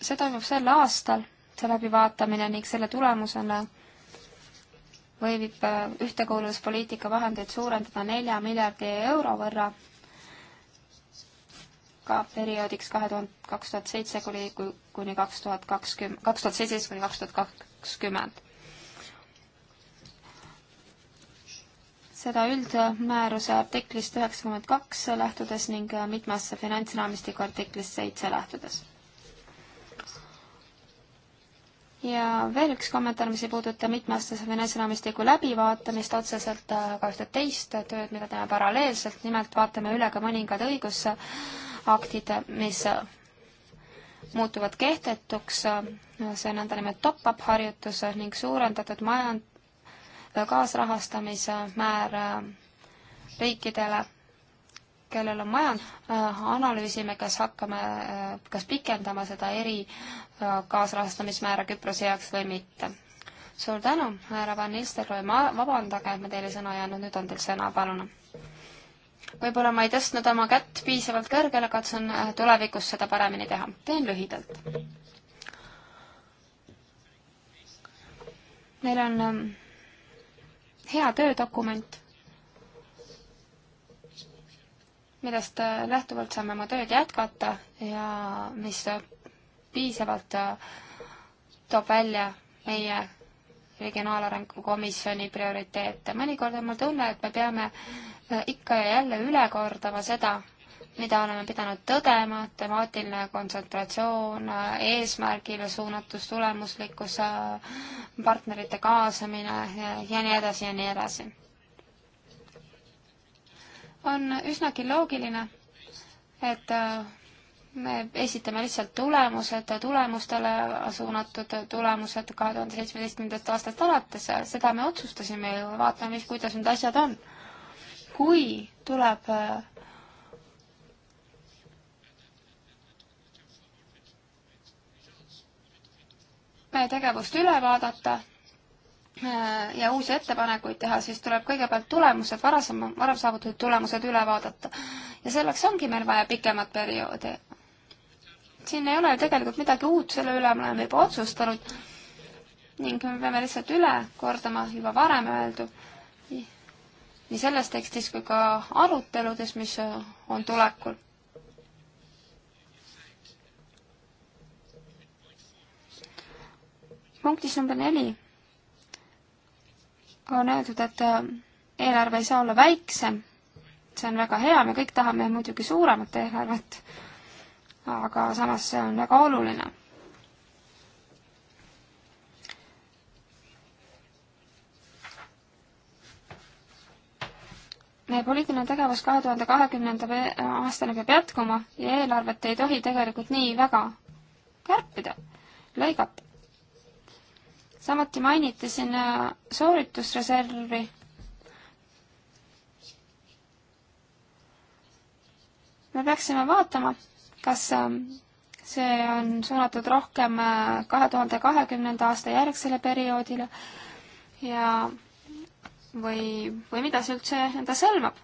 see toimub sel aastal, see läbivaatamine ning selle tulemusena võib äh, ühtekuuluvuspoliitika vahendeid suurendada nelja miljardi euro võrra ka perioodiks kahe tuhande, kaks tuhat seitse kuni, kuni kaks tuhat kakskümmend, kaks tuhat seitseteist kuni kaks tuhat kakskümmend. seda üldmääruse artiklist üheksakümmend kaks lähtudes ning mitmesse finantsraamistiku artiklist seitse lähtudes. ja veel üks kommentaar, mis ei puuduta mitmeaastase finantsraamistiku läbivaatamist otseselt, aga ühte teist tööd, mida teeme paralleelselt, nimelt vaatame üle ka mõningad õigus- aktid, mis äh, muutuvad kehtetuks, äh, see nõndanimetatud top-up harjutus ning suurendatud majand-, äh, kaasrahastamise määr riikidele, kellel on majand-, analüüsime, kas hakkame, kas pikendama seda eri kaasrahastamismäära Küprose jaoks või mitte. suur tänu, härra Van Nistelrooy, ma vabandage, et ma teile sõna ei andnud, nüüd on teil sõna, palun võib-olla ma ei tõstnud oma kätt piisavalt kõrgele, katsun äh, tulevikus seda paremini teha. teen lühidalt. meil on ähm, hea töödokument, millest äh, lähtuvalt saame oma tööd jätkata ja mis äh, piisavalt toob välja meie regionaalarengu komisjoni prioriteete. mõnikord on mul tunne, et me peame Äh, ikka ja jälle üle kordama seda, mida oleme pidanud tõdema, temaatiline kontsentratsioon, äh, eesmärgile suunatus tulemuslikkus, äh, partnerite kaasamine ja, ja nii edasi ja nii edasi. on üsnagi loogiline, et me esitame lihtsalt tulemused, tulemustele suunatud tulemused kahe tuhande seitsmeteistkümnendast aastast alates, seda me otsustasime ju, vaatame, mis, kuidas need asjad on kui tuleb äh, meie tegevust üle vaadata äh, ja uusi ettepanekuid teha, siis tuleb kõigepealt tulemused, varasema, varem saavutatud tulemused üle vaadata. ja selleks ongi meil vaja pikemat perioodi. siin ei ole ju tegelikult midagi uut, selle üle me oleme juba otsustanud ning me peame lihtsalt üle kordama juba varem öeldu nii selles tekstis kui ka aruteludes, mis on tulekul. punktis number neli on öeldud, et eelarve ei saa olla väiksem. see on väga hea, me kõik tahame muidugi suuremat eelarvet, aga samas see on väga oluline meie poliitiline tegevus kahe tuhande kahekümnenda aastani peab jätkuma ja eelarvet ei tohi tegelikult nii väga kärpida, lõigata. samuti mainiti siin äh, sooritusreservi. me peaksime vaatama, kas ähm, see on suunatud rohkem äh, kahe tuhande kahekümnenda aasta järgsele perioodile ja või, või mida see üldse endas hõlmab?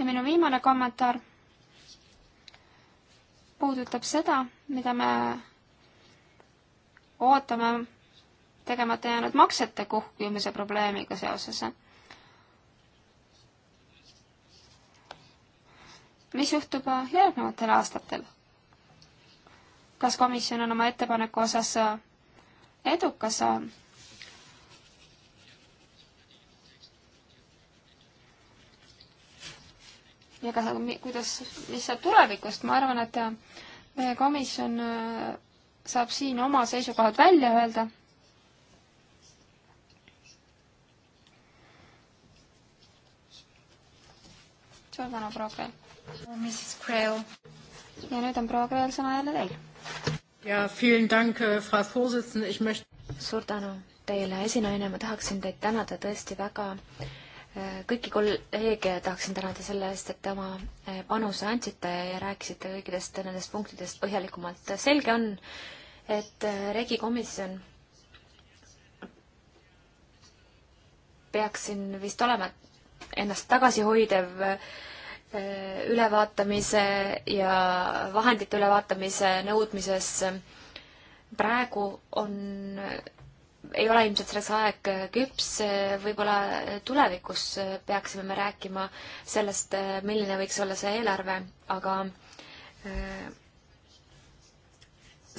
ja minu viimane kommentaar puudutab seda, mida me ootame tegemata jäänud maksete kuhjumise probleemiga seoses. mis juhtub järgnevatel aastatel? kas komisjon on oma ettepaneku osas edukas. ja kas, kuidas, mis saab tulevikust, ma arvan, et meie komisjon äh, saab siin oma seisukohad välja öelda suur tänu, proua Kreel. ja nüüd on proua Kreel sõna jälle teil ja vielen Dank, äh, Frau Vorsitzende, ich möchte. suur tänu teile, esinaine, ma tahaksin teid tänada tõesti väga. Äh, kõiki kolleege tahaksin tänada selle eest, et te oma äh, panuse andsite ja rääkisite kõikidest nendest punktidest põhjalikumalt. selge on, et regikomisjon peaks siin vist olema ennast tagasihoidev äh, Äh, ülevaatamise ja vahendite ülevaatamise nõudmises. praegu on, ei ole ilmselt selleks aeg küps, võib-olla tulevikus peaksime me rääkima sellest, milline võiks olla see eelarve, aga äh,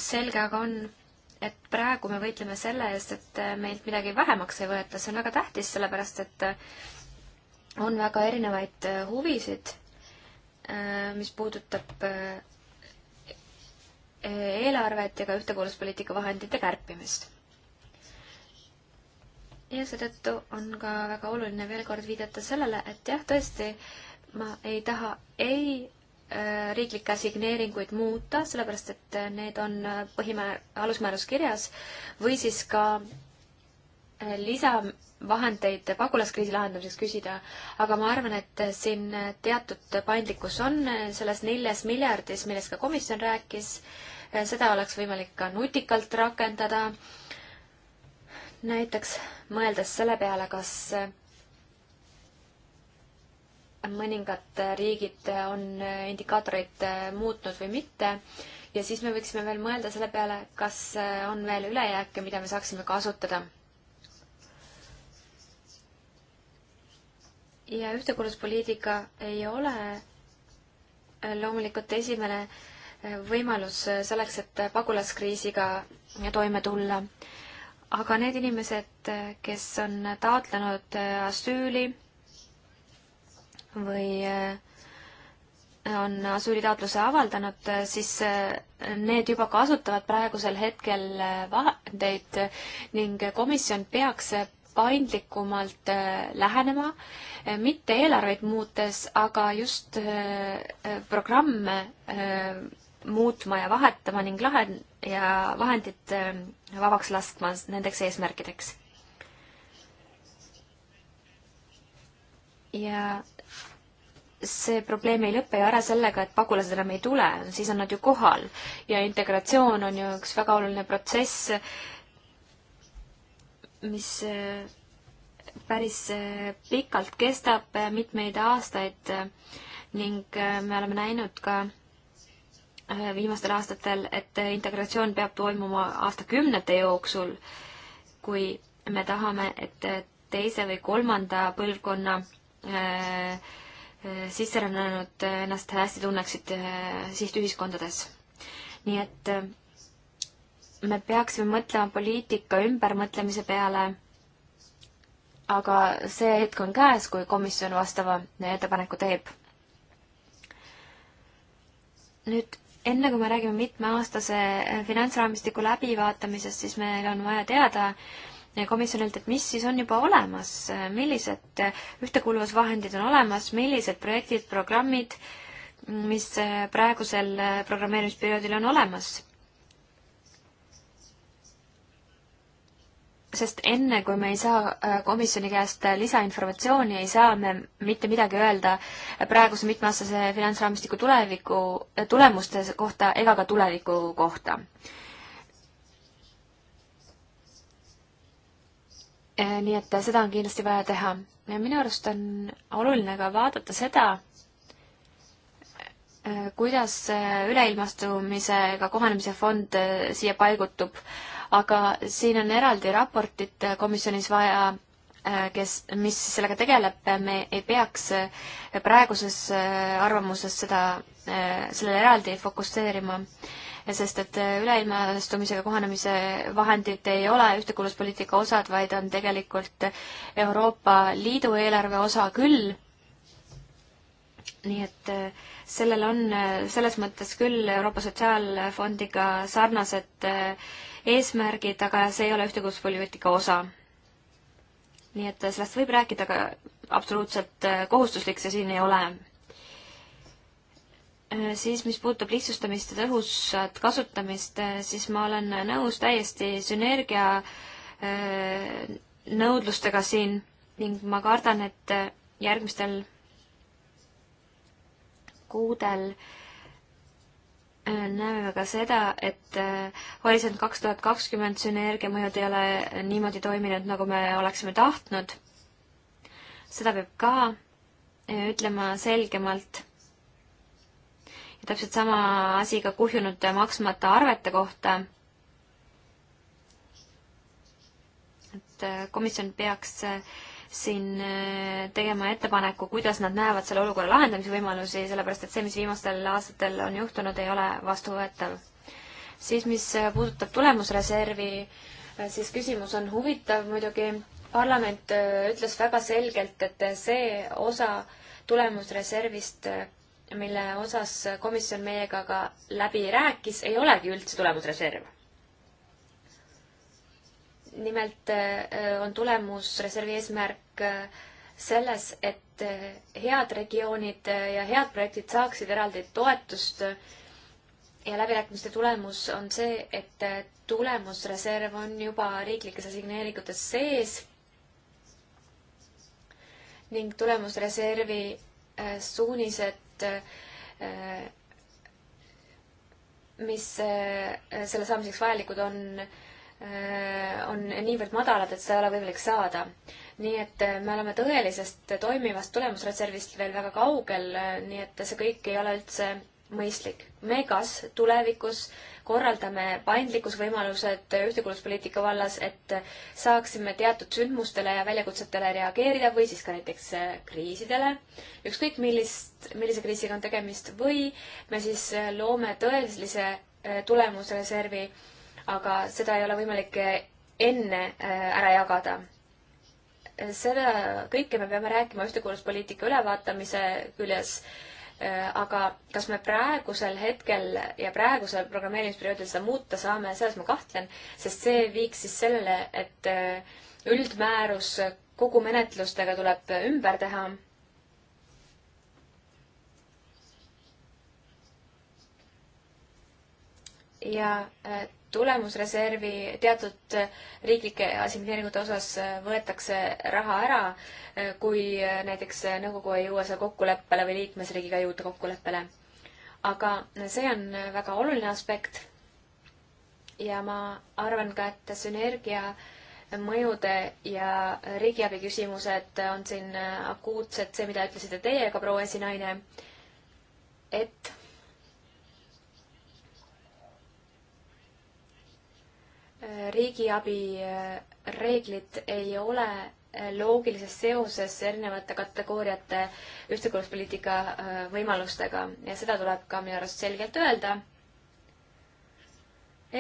selge aga on, et praegu me võitleme selle eest, et meilt midagi vähemaks ei võeta, see on väga tähtis, sellepärast et on väga erinevaid huvisid Äh, mis puudutab äh, eelarvet ja ka ühtekuuluvuspoliitika vahendite kärpimist. ja seetõttu on ka väga oluline veel kord viidata sellele, et jah, tõesti, ma ei taha ei äh, riiklikke signeeringuid muuta, sellepärast et need on põhimäär, alusmäärus kirjas, või siis ka lisavahendeid pagulaskriisi lahendamiseks küsida, aga ma arvan, et siin teatud paindlikkus on selles neljas miljardis, millest ka komisjon rääkis, seda oleks võimalik ka nutikalt rakendada. näiteks mõeldes selle peale, kas mõningad riigid on indikaatoreid muutnud või mitte ja siis me võiksime veel mõelda selle peale, kas on veel ülejääke, mida me saaksime kasutada ja ühtekuuluvuspoliitika ei ole loomulikult esimene eh, võimalus eh, selleks, et pagulaskriisiga toime tulla. aga need inimesed, eh, kes on taotlenud asüüli või on asüülitaotluse avaldanud, siis need juba kasutavad praegusel hetkel vahendeid ning komisjon peaks paindlikumalt äh, lähenema, äh, mitte eelarveid muutes, aga just äh, programme muutma ja vahetama ning lahen- ja vahendid vabaks laskma nendeks eesmärkideks. ja see probleem ei lõpe ju ära sellega, et pagulased enam ei tule, siis on nad ju kohal ja integratsioon on ju üks väga oluline protsess mis eh, päris eh, pikalt kestab, eh, mitmeid aastaid ning me oleme näinud ka viimastel aastatel, et integratsioon peab toimuma aastakümnete jooksul, kui me tahame, et teise või kolmanda põlvkonna sisserännanud ennast hästi tunneksid sihtühiskondades. nii et me peaksime mõtlema poliitika ümbermõtlemise peale, aga see hetk on käes, kui komisjon vastava ettepaneku teeb. nüüd enne, kui me räägime mitmeaastase finantsraamistiku läbivaatamisest, siis meil on vaja teada komisjonilt, et mis siis on juba olemas, millised ühtekuuluvusvahendid on olemas, millised projektid, programmid, mis praegusel programmeerimisperioodil on olemas sest enne, kui me ei saa äh, komisjoni käest äh, lisainformatsiooni, ei saa me mitte midagi öelda äh, praeguse mitmeaastase finantsraamistiku tuleviku, tulemuste kohta ega ka tuleviku kohta. nii et seda on kindlasti vaja teha. minu arust on oluline ka vaadata seda, Äh, kuidas üleilmastumisega kohanemise fond äh, siia paigutub, aga siin on eraldi raportit äh, komisjonis vaja, kes, mis sellega tegeleb, me ei peaks praeguses arvamuses seda, sellele eraldi fokusseerima, sest et üleilmastumisega kohanemise vahendid ei ole ühtekuuluvuspoliitika osad, vaid on tegelikult Euroopa Liidu eelarve osa küll nii et äh, sellel on äh, selles mõttes küll Euroopa Sotsiaalfondiga sarnased äh, eesmärgid, aga see ei ole ühtekuuluvuspoliitika osa. nii et sellest võib rääkida, aga absoluutselt kohustuslik see siin ei ole. siis, mis puudutab lihtsustamist ja tõhusat kasutamist, siis ma olen nõus täiesti sünergia nõudlustega siin ning ma kardan, et järgmistel kuudel äh, näeme ka seda, et äh, Horisont kaks tuhat kakskümmend sünergia mõjud ei ole niimoodi toiminud, nagu me oleksime tahtnud. seda peab ka äh, ütlema selgemalt. ja täpselt sama asi ka kuhjunud maksmata arvete kohta. et komisjon peaks äh, siin äh, tegema ettepaneku, kuidas nad näevad selle olukorra lahendamise võimalusi, sellepärast et see, mis viimastel aastatel on juhtunud, ei ole vastuvõetav. siis, mis äh, puudutab tulemusreservi, äh, siis küsimus on huvitav muidugi. parlament ütles väga selgelt, et see osa tulemusreservist, mille osas komisjon meiega ka läbi rääkis, ei olegi üldse tulemusreserv nimelt äh, on tulemusreservi eesmärk äh, selles, et äh, head regioonid ja head projektid saaksid eraldi toetust. ja läbirääkimiste tulemus on see, et tulemusreserv on juba riiklikes assigneeringutes sees ning tulemusreservi suunised, mis selle saamiseks vajalikud on, Äh, on niivõrd madalad, et seda ei ole võimalik saada. nii et äh, me oleme tõelisest toimivast tulemusreservist veel väga kaugel, äh, nii et see kõik ei ole üldse mõistlik. me kas tulevikus korraldame paindlikkusvõimalused ühtekuuluvuspoliitika vallas, et saaksime teatud sündmustele ja väljakutsetele reageerida või siis ka näiteks kriisidele, ükskõik millist, millise kriisiga on tegemist, või me siis loome tõelise tulemusreservi äh, aga seda ei ole võimalik eh, enne eh, ära jagada. seda kõike me peame rääkima ühtekuuluvuspoliitika ülevaatamise küljes, eh, aga kas me praegusel hetkel ja praegusel programmeerimisperioodil seda muuta saame, selles ma kahtlen, sest see viiks siis sellele, et üldmäärus kogu menetlustega tuleb ümber teha ja tulemusreservi, teatud riiklike assimileeringute osas äh, võetakse raha ära, äh, kui äh, näiteks nõukogu ei jõua seal kokkuleppele või liikmesriigiga ei jõuta kokkuleppele. aga see on väga oluline aspekt. ja ma arvan ka, et sünergia mõjude ja riigiabi küsimused on siin akuutsed, see, mida ütlesite teie ka, proua esinaine, et riigiabi äh, reeglid ei ole äh, loogilises seoses erinevate kategooriate ühtekuuluvuspoliitika äh, võimalustega ja seda tuleb ka minu arust selgelt öelda,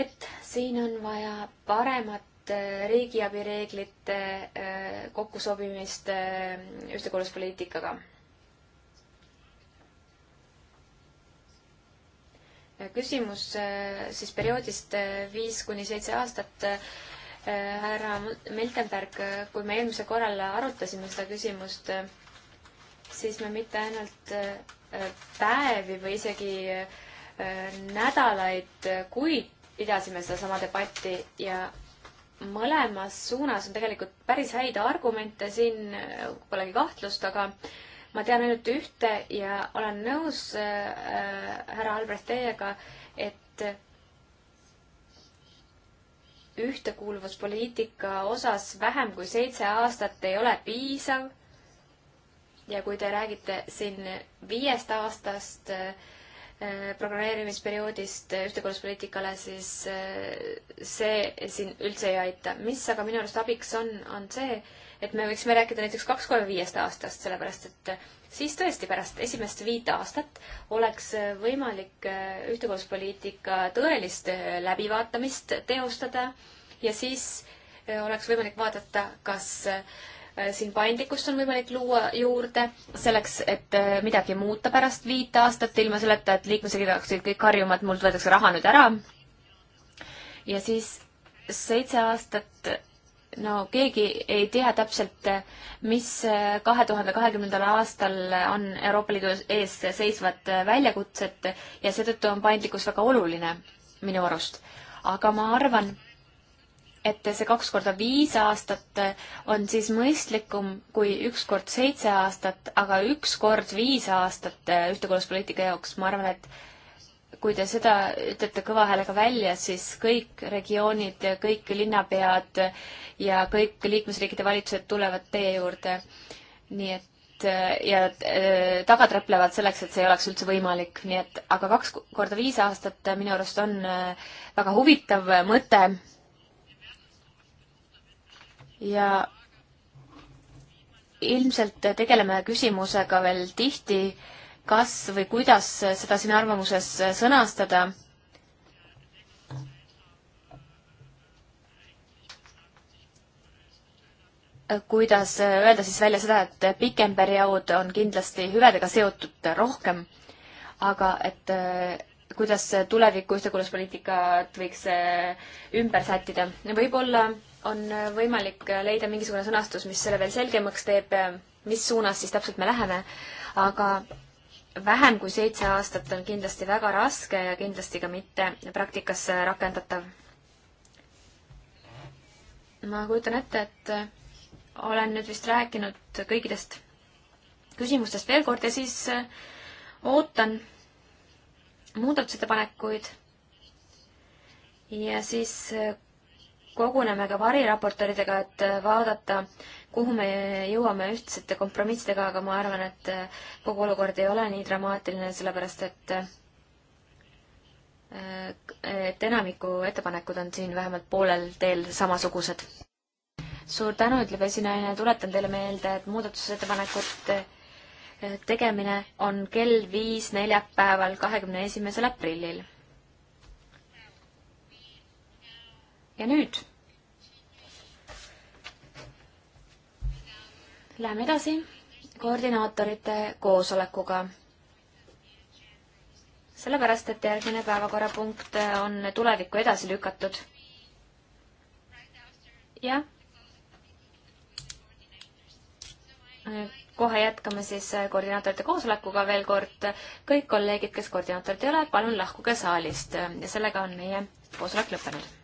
et siin on vaja paremat riigiabi reeglite kokkusobimist ühtekuuluvuspoliitikaga küsimus äh, siis perioodist äh, viis kuni seitse aastat. Äh, härra Miltenberg, kui me eelmisel korral arutasime seda küsimust, siis me mitte ainult päevi või isegi nädalaid, kuid pidasime sedasama debatti ja mõlemas suunas on tegelikult päris häid argumente siin, polegi kahtlust, aga äh, ma tean ainult ühte ja olen nõus äh, härra Albrecht teiega, et ühtekuuluvuspoliitika osas vähem kui seitse aastat ei ole piisav. ja kui te räägite siin viiest aastast äh, programmeerimisperioodist ühtekuuluvuspoliitikale, siis äh, see siin üldse ei aita. mis aga minu arust abiks on, on see, et me võiksime rääkida näiteks kaks, kolm, viiest aastast, sellepärast et siis tõesti pärast esimest viit aastat oleks võimalik äh, ühtekuuluvuspoliitika tõelist äh, läbivaatamist teostada ja siis äh, oleks võimalik vaadata, kas siin paindlikkust on võimalik luua juurde selleks, et midagi muuta pärast viit aastat ilma selleta, et liikmesriigid hakkasid kõik harjuma, et mult võetakse raha nüüd ära. ja siis seitse aastat no keegi ei tea täpselt, mis kahe tuhande kahekümnendal aastal on Euroopa Liidu ees seisvad väljakutsed ja seetõttu on paindlikkus väga oluline minu arust. aga ma arvan, et see kaks korda viis aastat on siis mõistlikum kui üks kord seitse aastat, aga üks kord viis aastat ühtekuuluvuspoliitika jaoks, ma arvan, et kui te seda ütlete kõva häälega välja, siis kõik regioonid, kõik linnapead ja kõik liikmesriikide valitsused tulevad teie juurde. nii et äh, ja äh, taga treplevad selleks, et see ei oleks üldse võimalik, nii et aga kaks korda viis aastat minu arust on äh, väga huvitav mõte. ja ilmselt tegeleme küsimusega veel tihti kas või kuidas seda siin arvamuses sõnastada. kuidas öelda siis välja seda, et pikem periood on kindlasti hüvedega seotud rohkem, aga et eh, kuidas tuleviku ühtekuuluvuspoliitikat võiks eh, ümber sättida. võib-olla on võimalik leida mingisugune sõnastus, mis selle veel selgemaks teeb, mis suunas siis täpselt me läheme, aga vähem kui seitse aastat on kindlasti väga raske ja kindlasti ka mitte praktikas rakendatav. ma kujutan ette, et olen nüüd vist rääkinud kõikidest küsimustest veel kord ja siis ootan muudatusettepanekuid. ja siis koguneme ka variraportööridega, et vaadata äh, kuhu me jõuame ühtsete kompromissidega, aga ma arvan, et äh, kogu olukord ei ole nii dramaatiline, sellepärast et äh, et enamiku ettepanekud on siin vähemalt poolel teel samasugused. suur tänu, ütleb esinaine, tuletan teile meelde, et muudatusettepanekute äh, tegemine on kell viis neljapäeval, kahekümne esimesel aprillil. ja nüüd Läheme edasi koordinaatorite koosolekuga. sellepärast, et järgmine päevakorrapunkt on tulevikku edasi lükatud. jah. kohe jätkame siis koordinaatorite koosolekuga veel kord. kõik kolleegid, kes koordinaatorid ei ole, palun lahkuge saalist ja sellega on meie koosolek lõppenud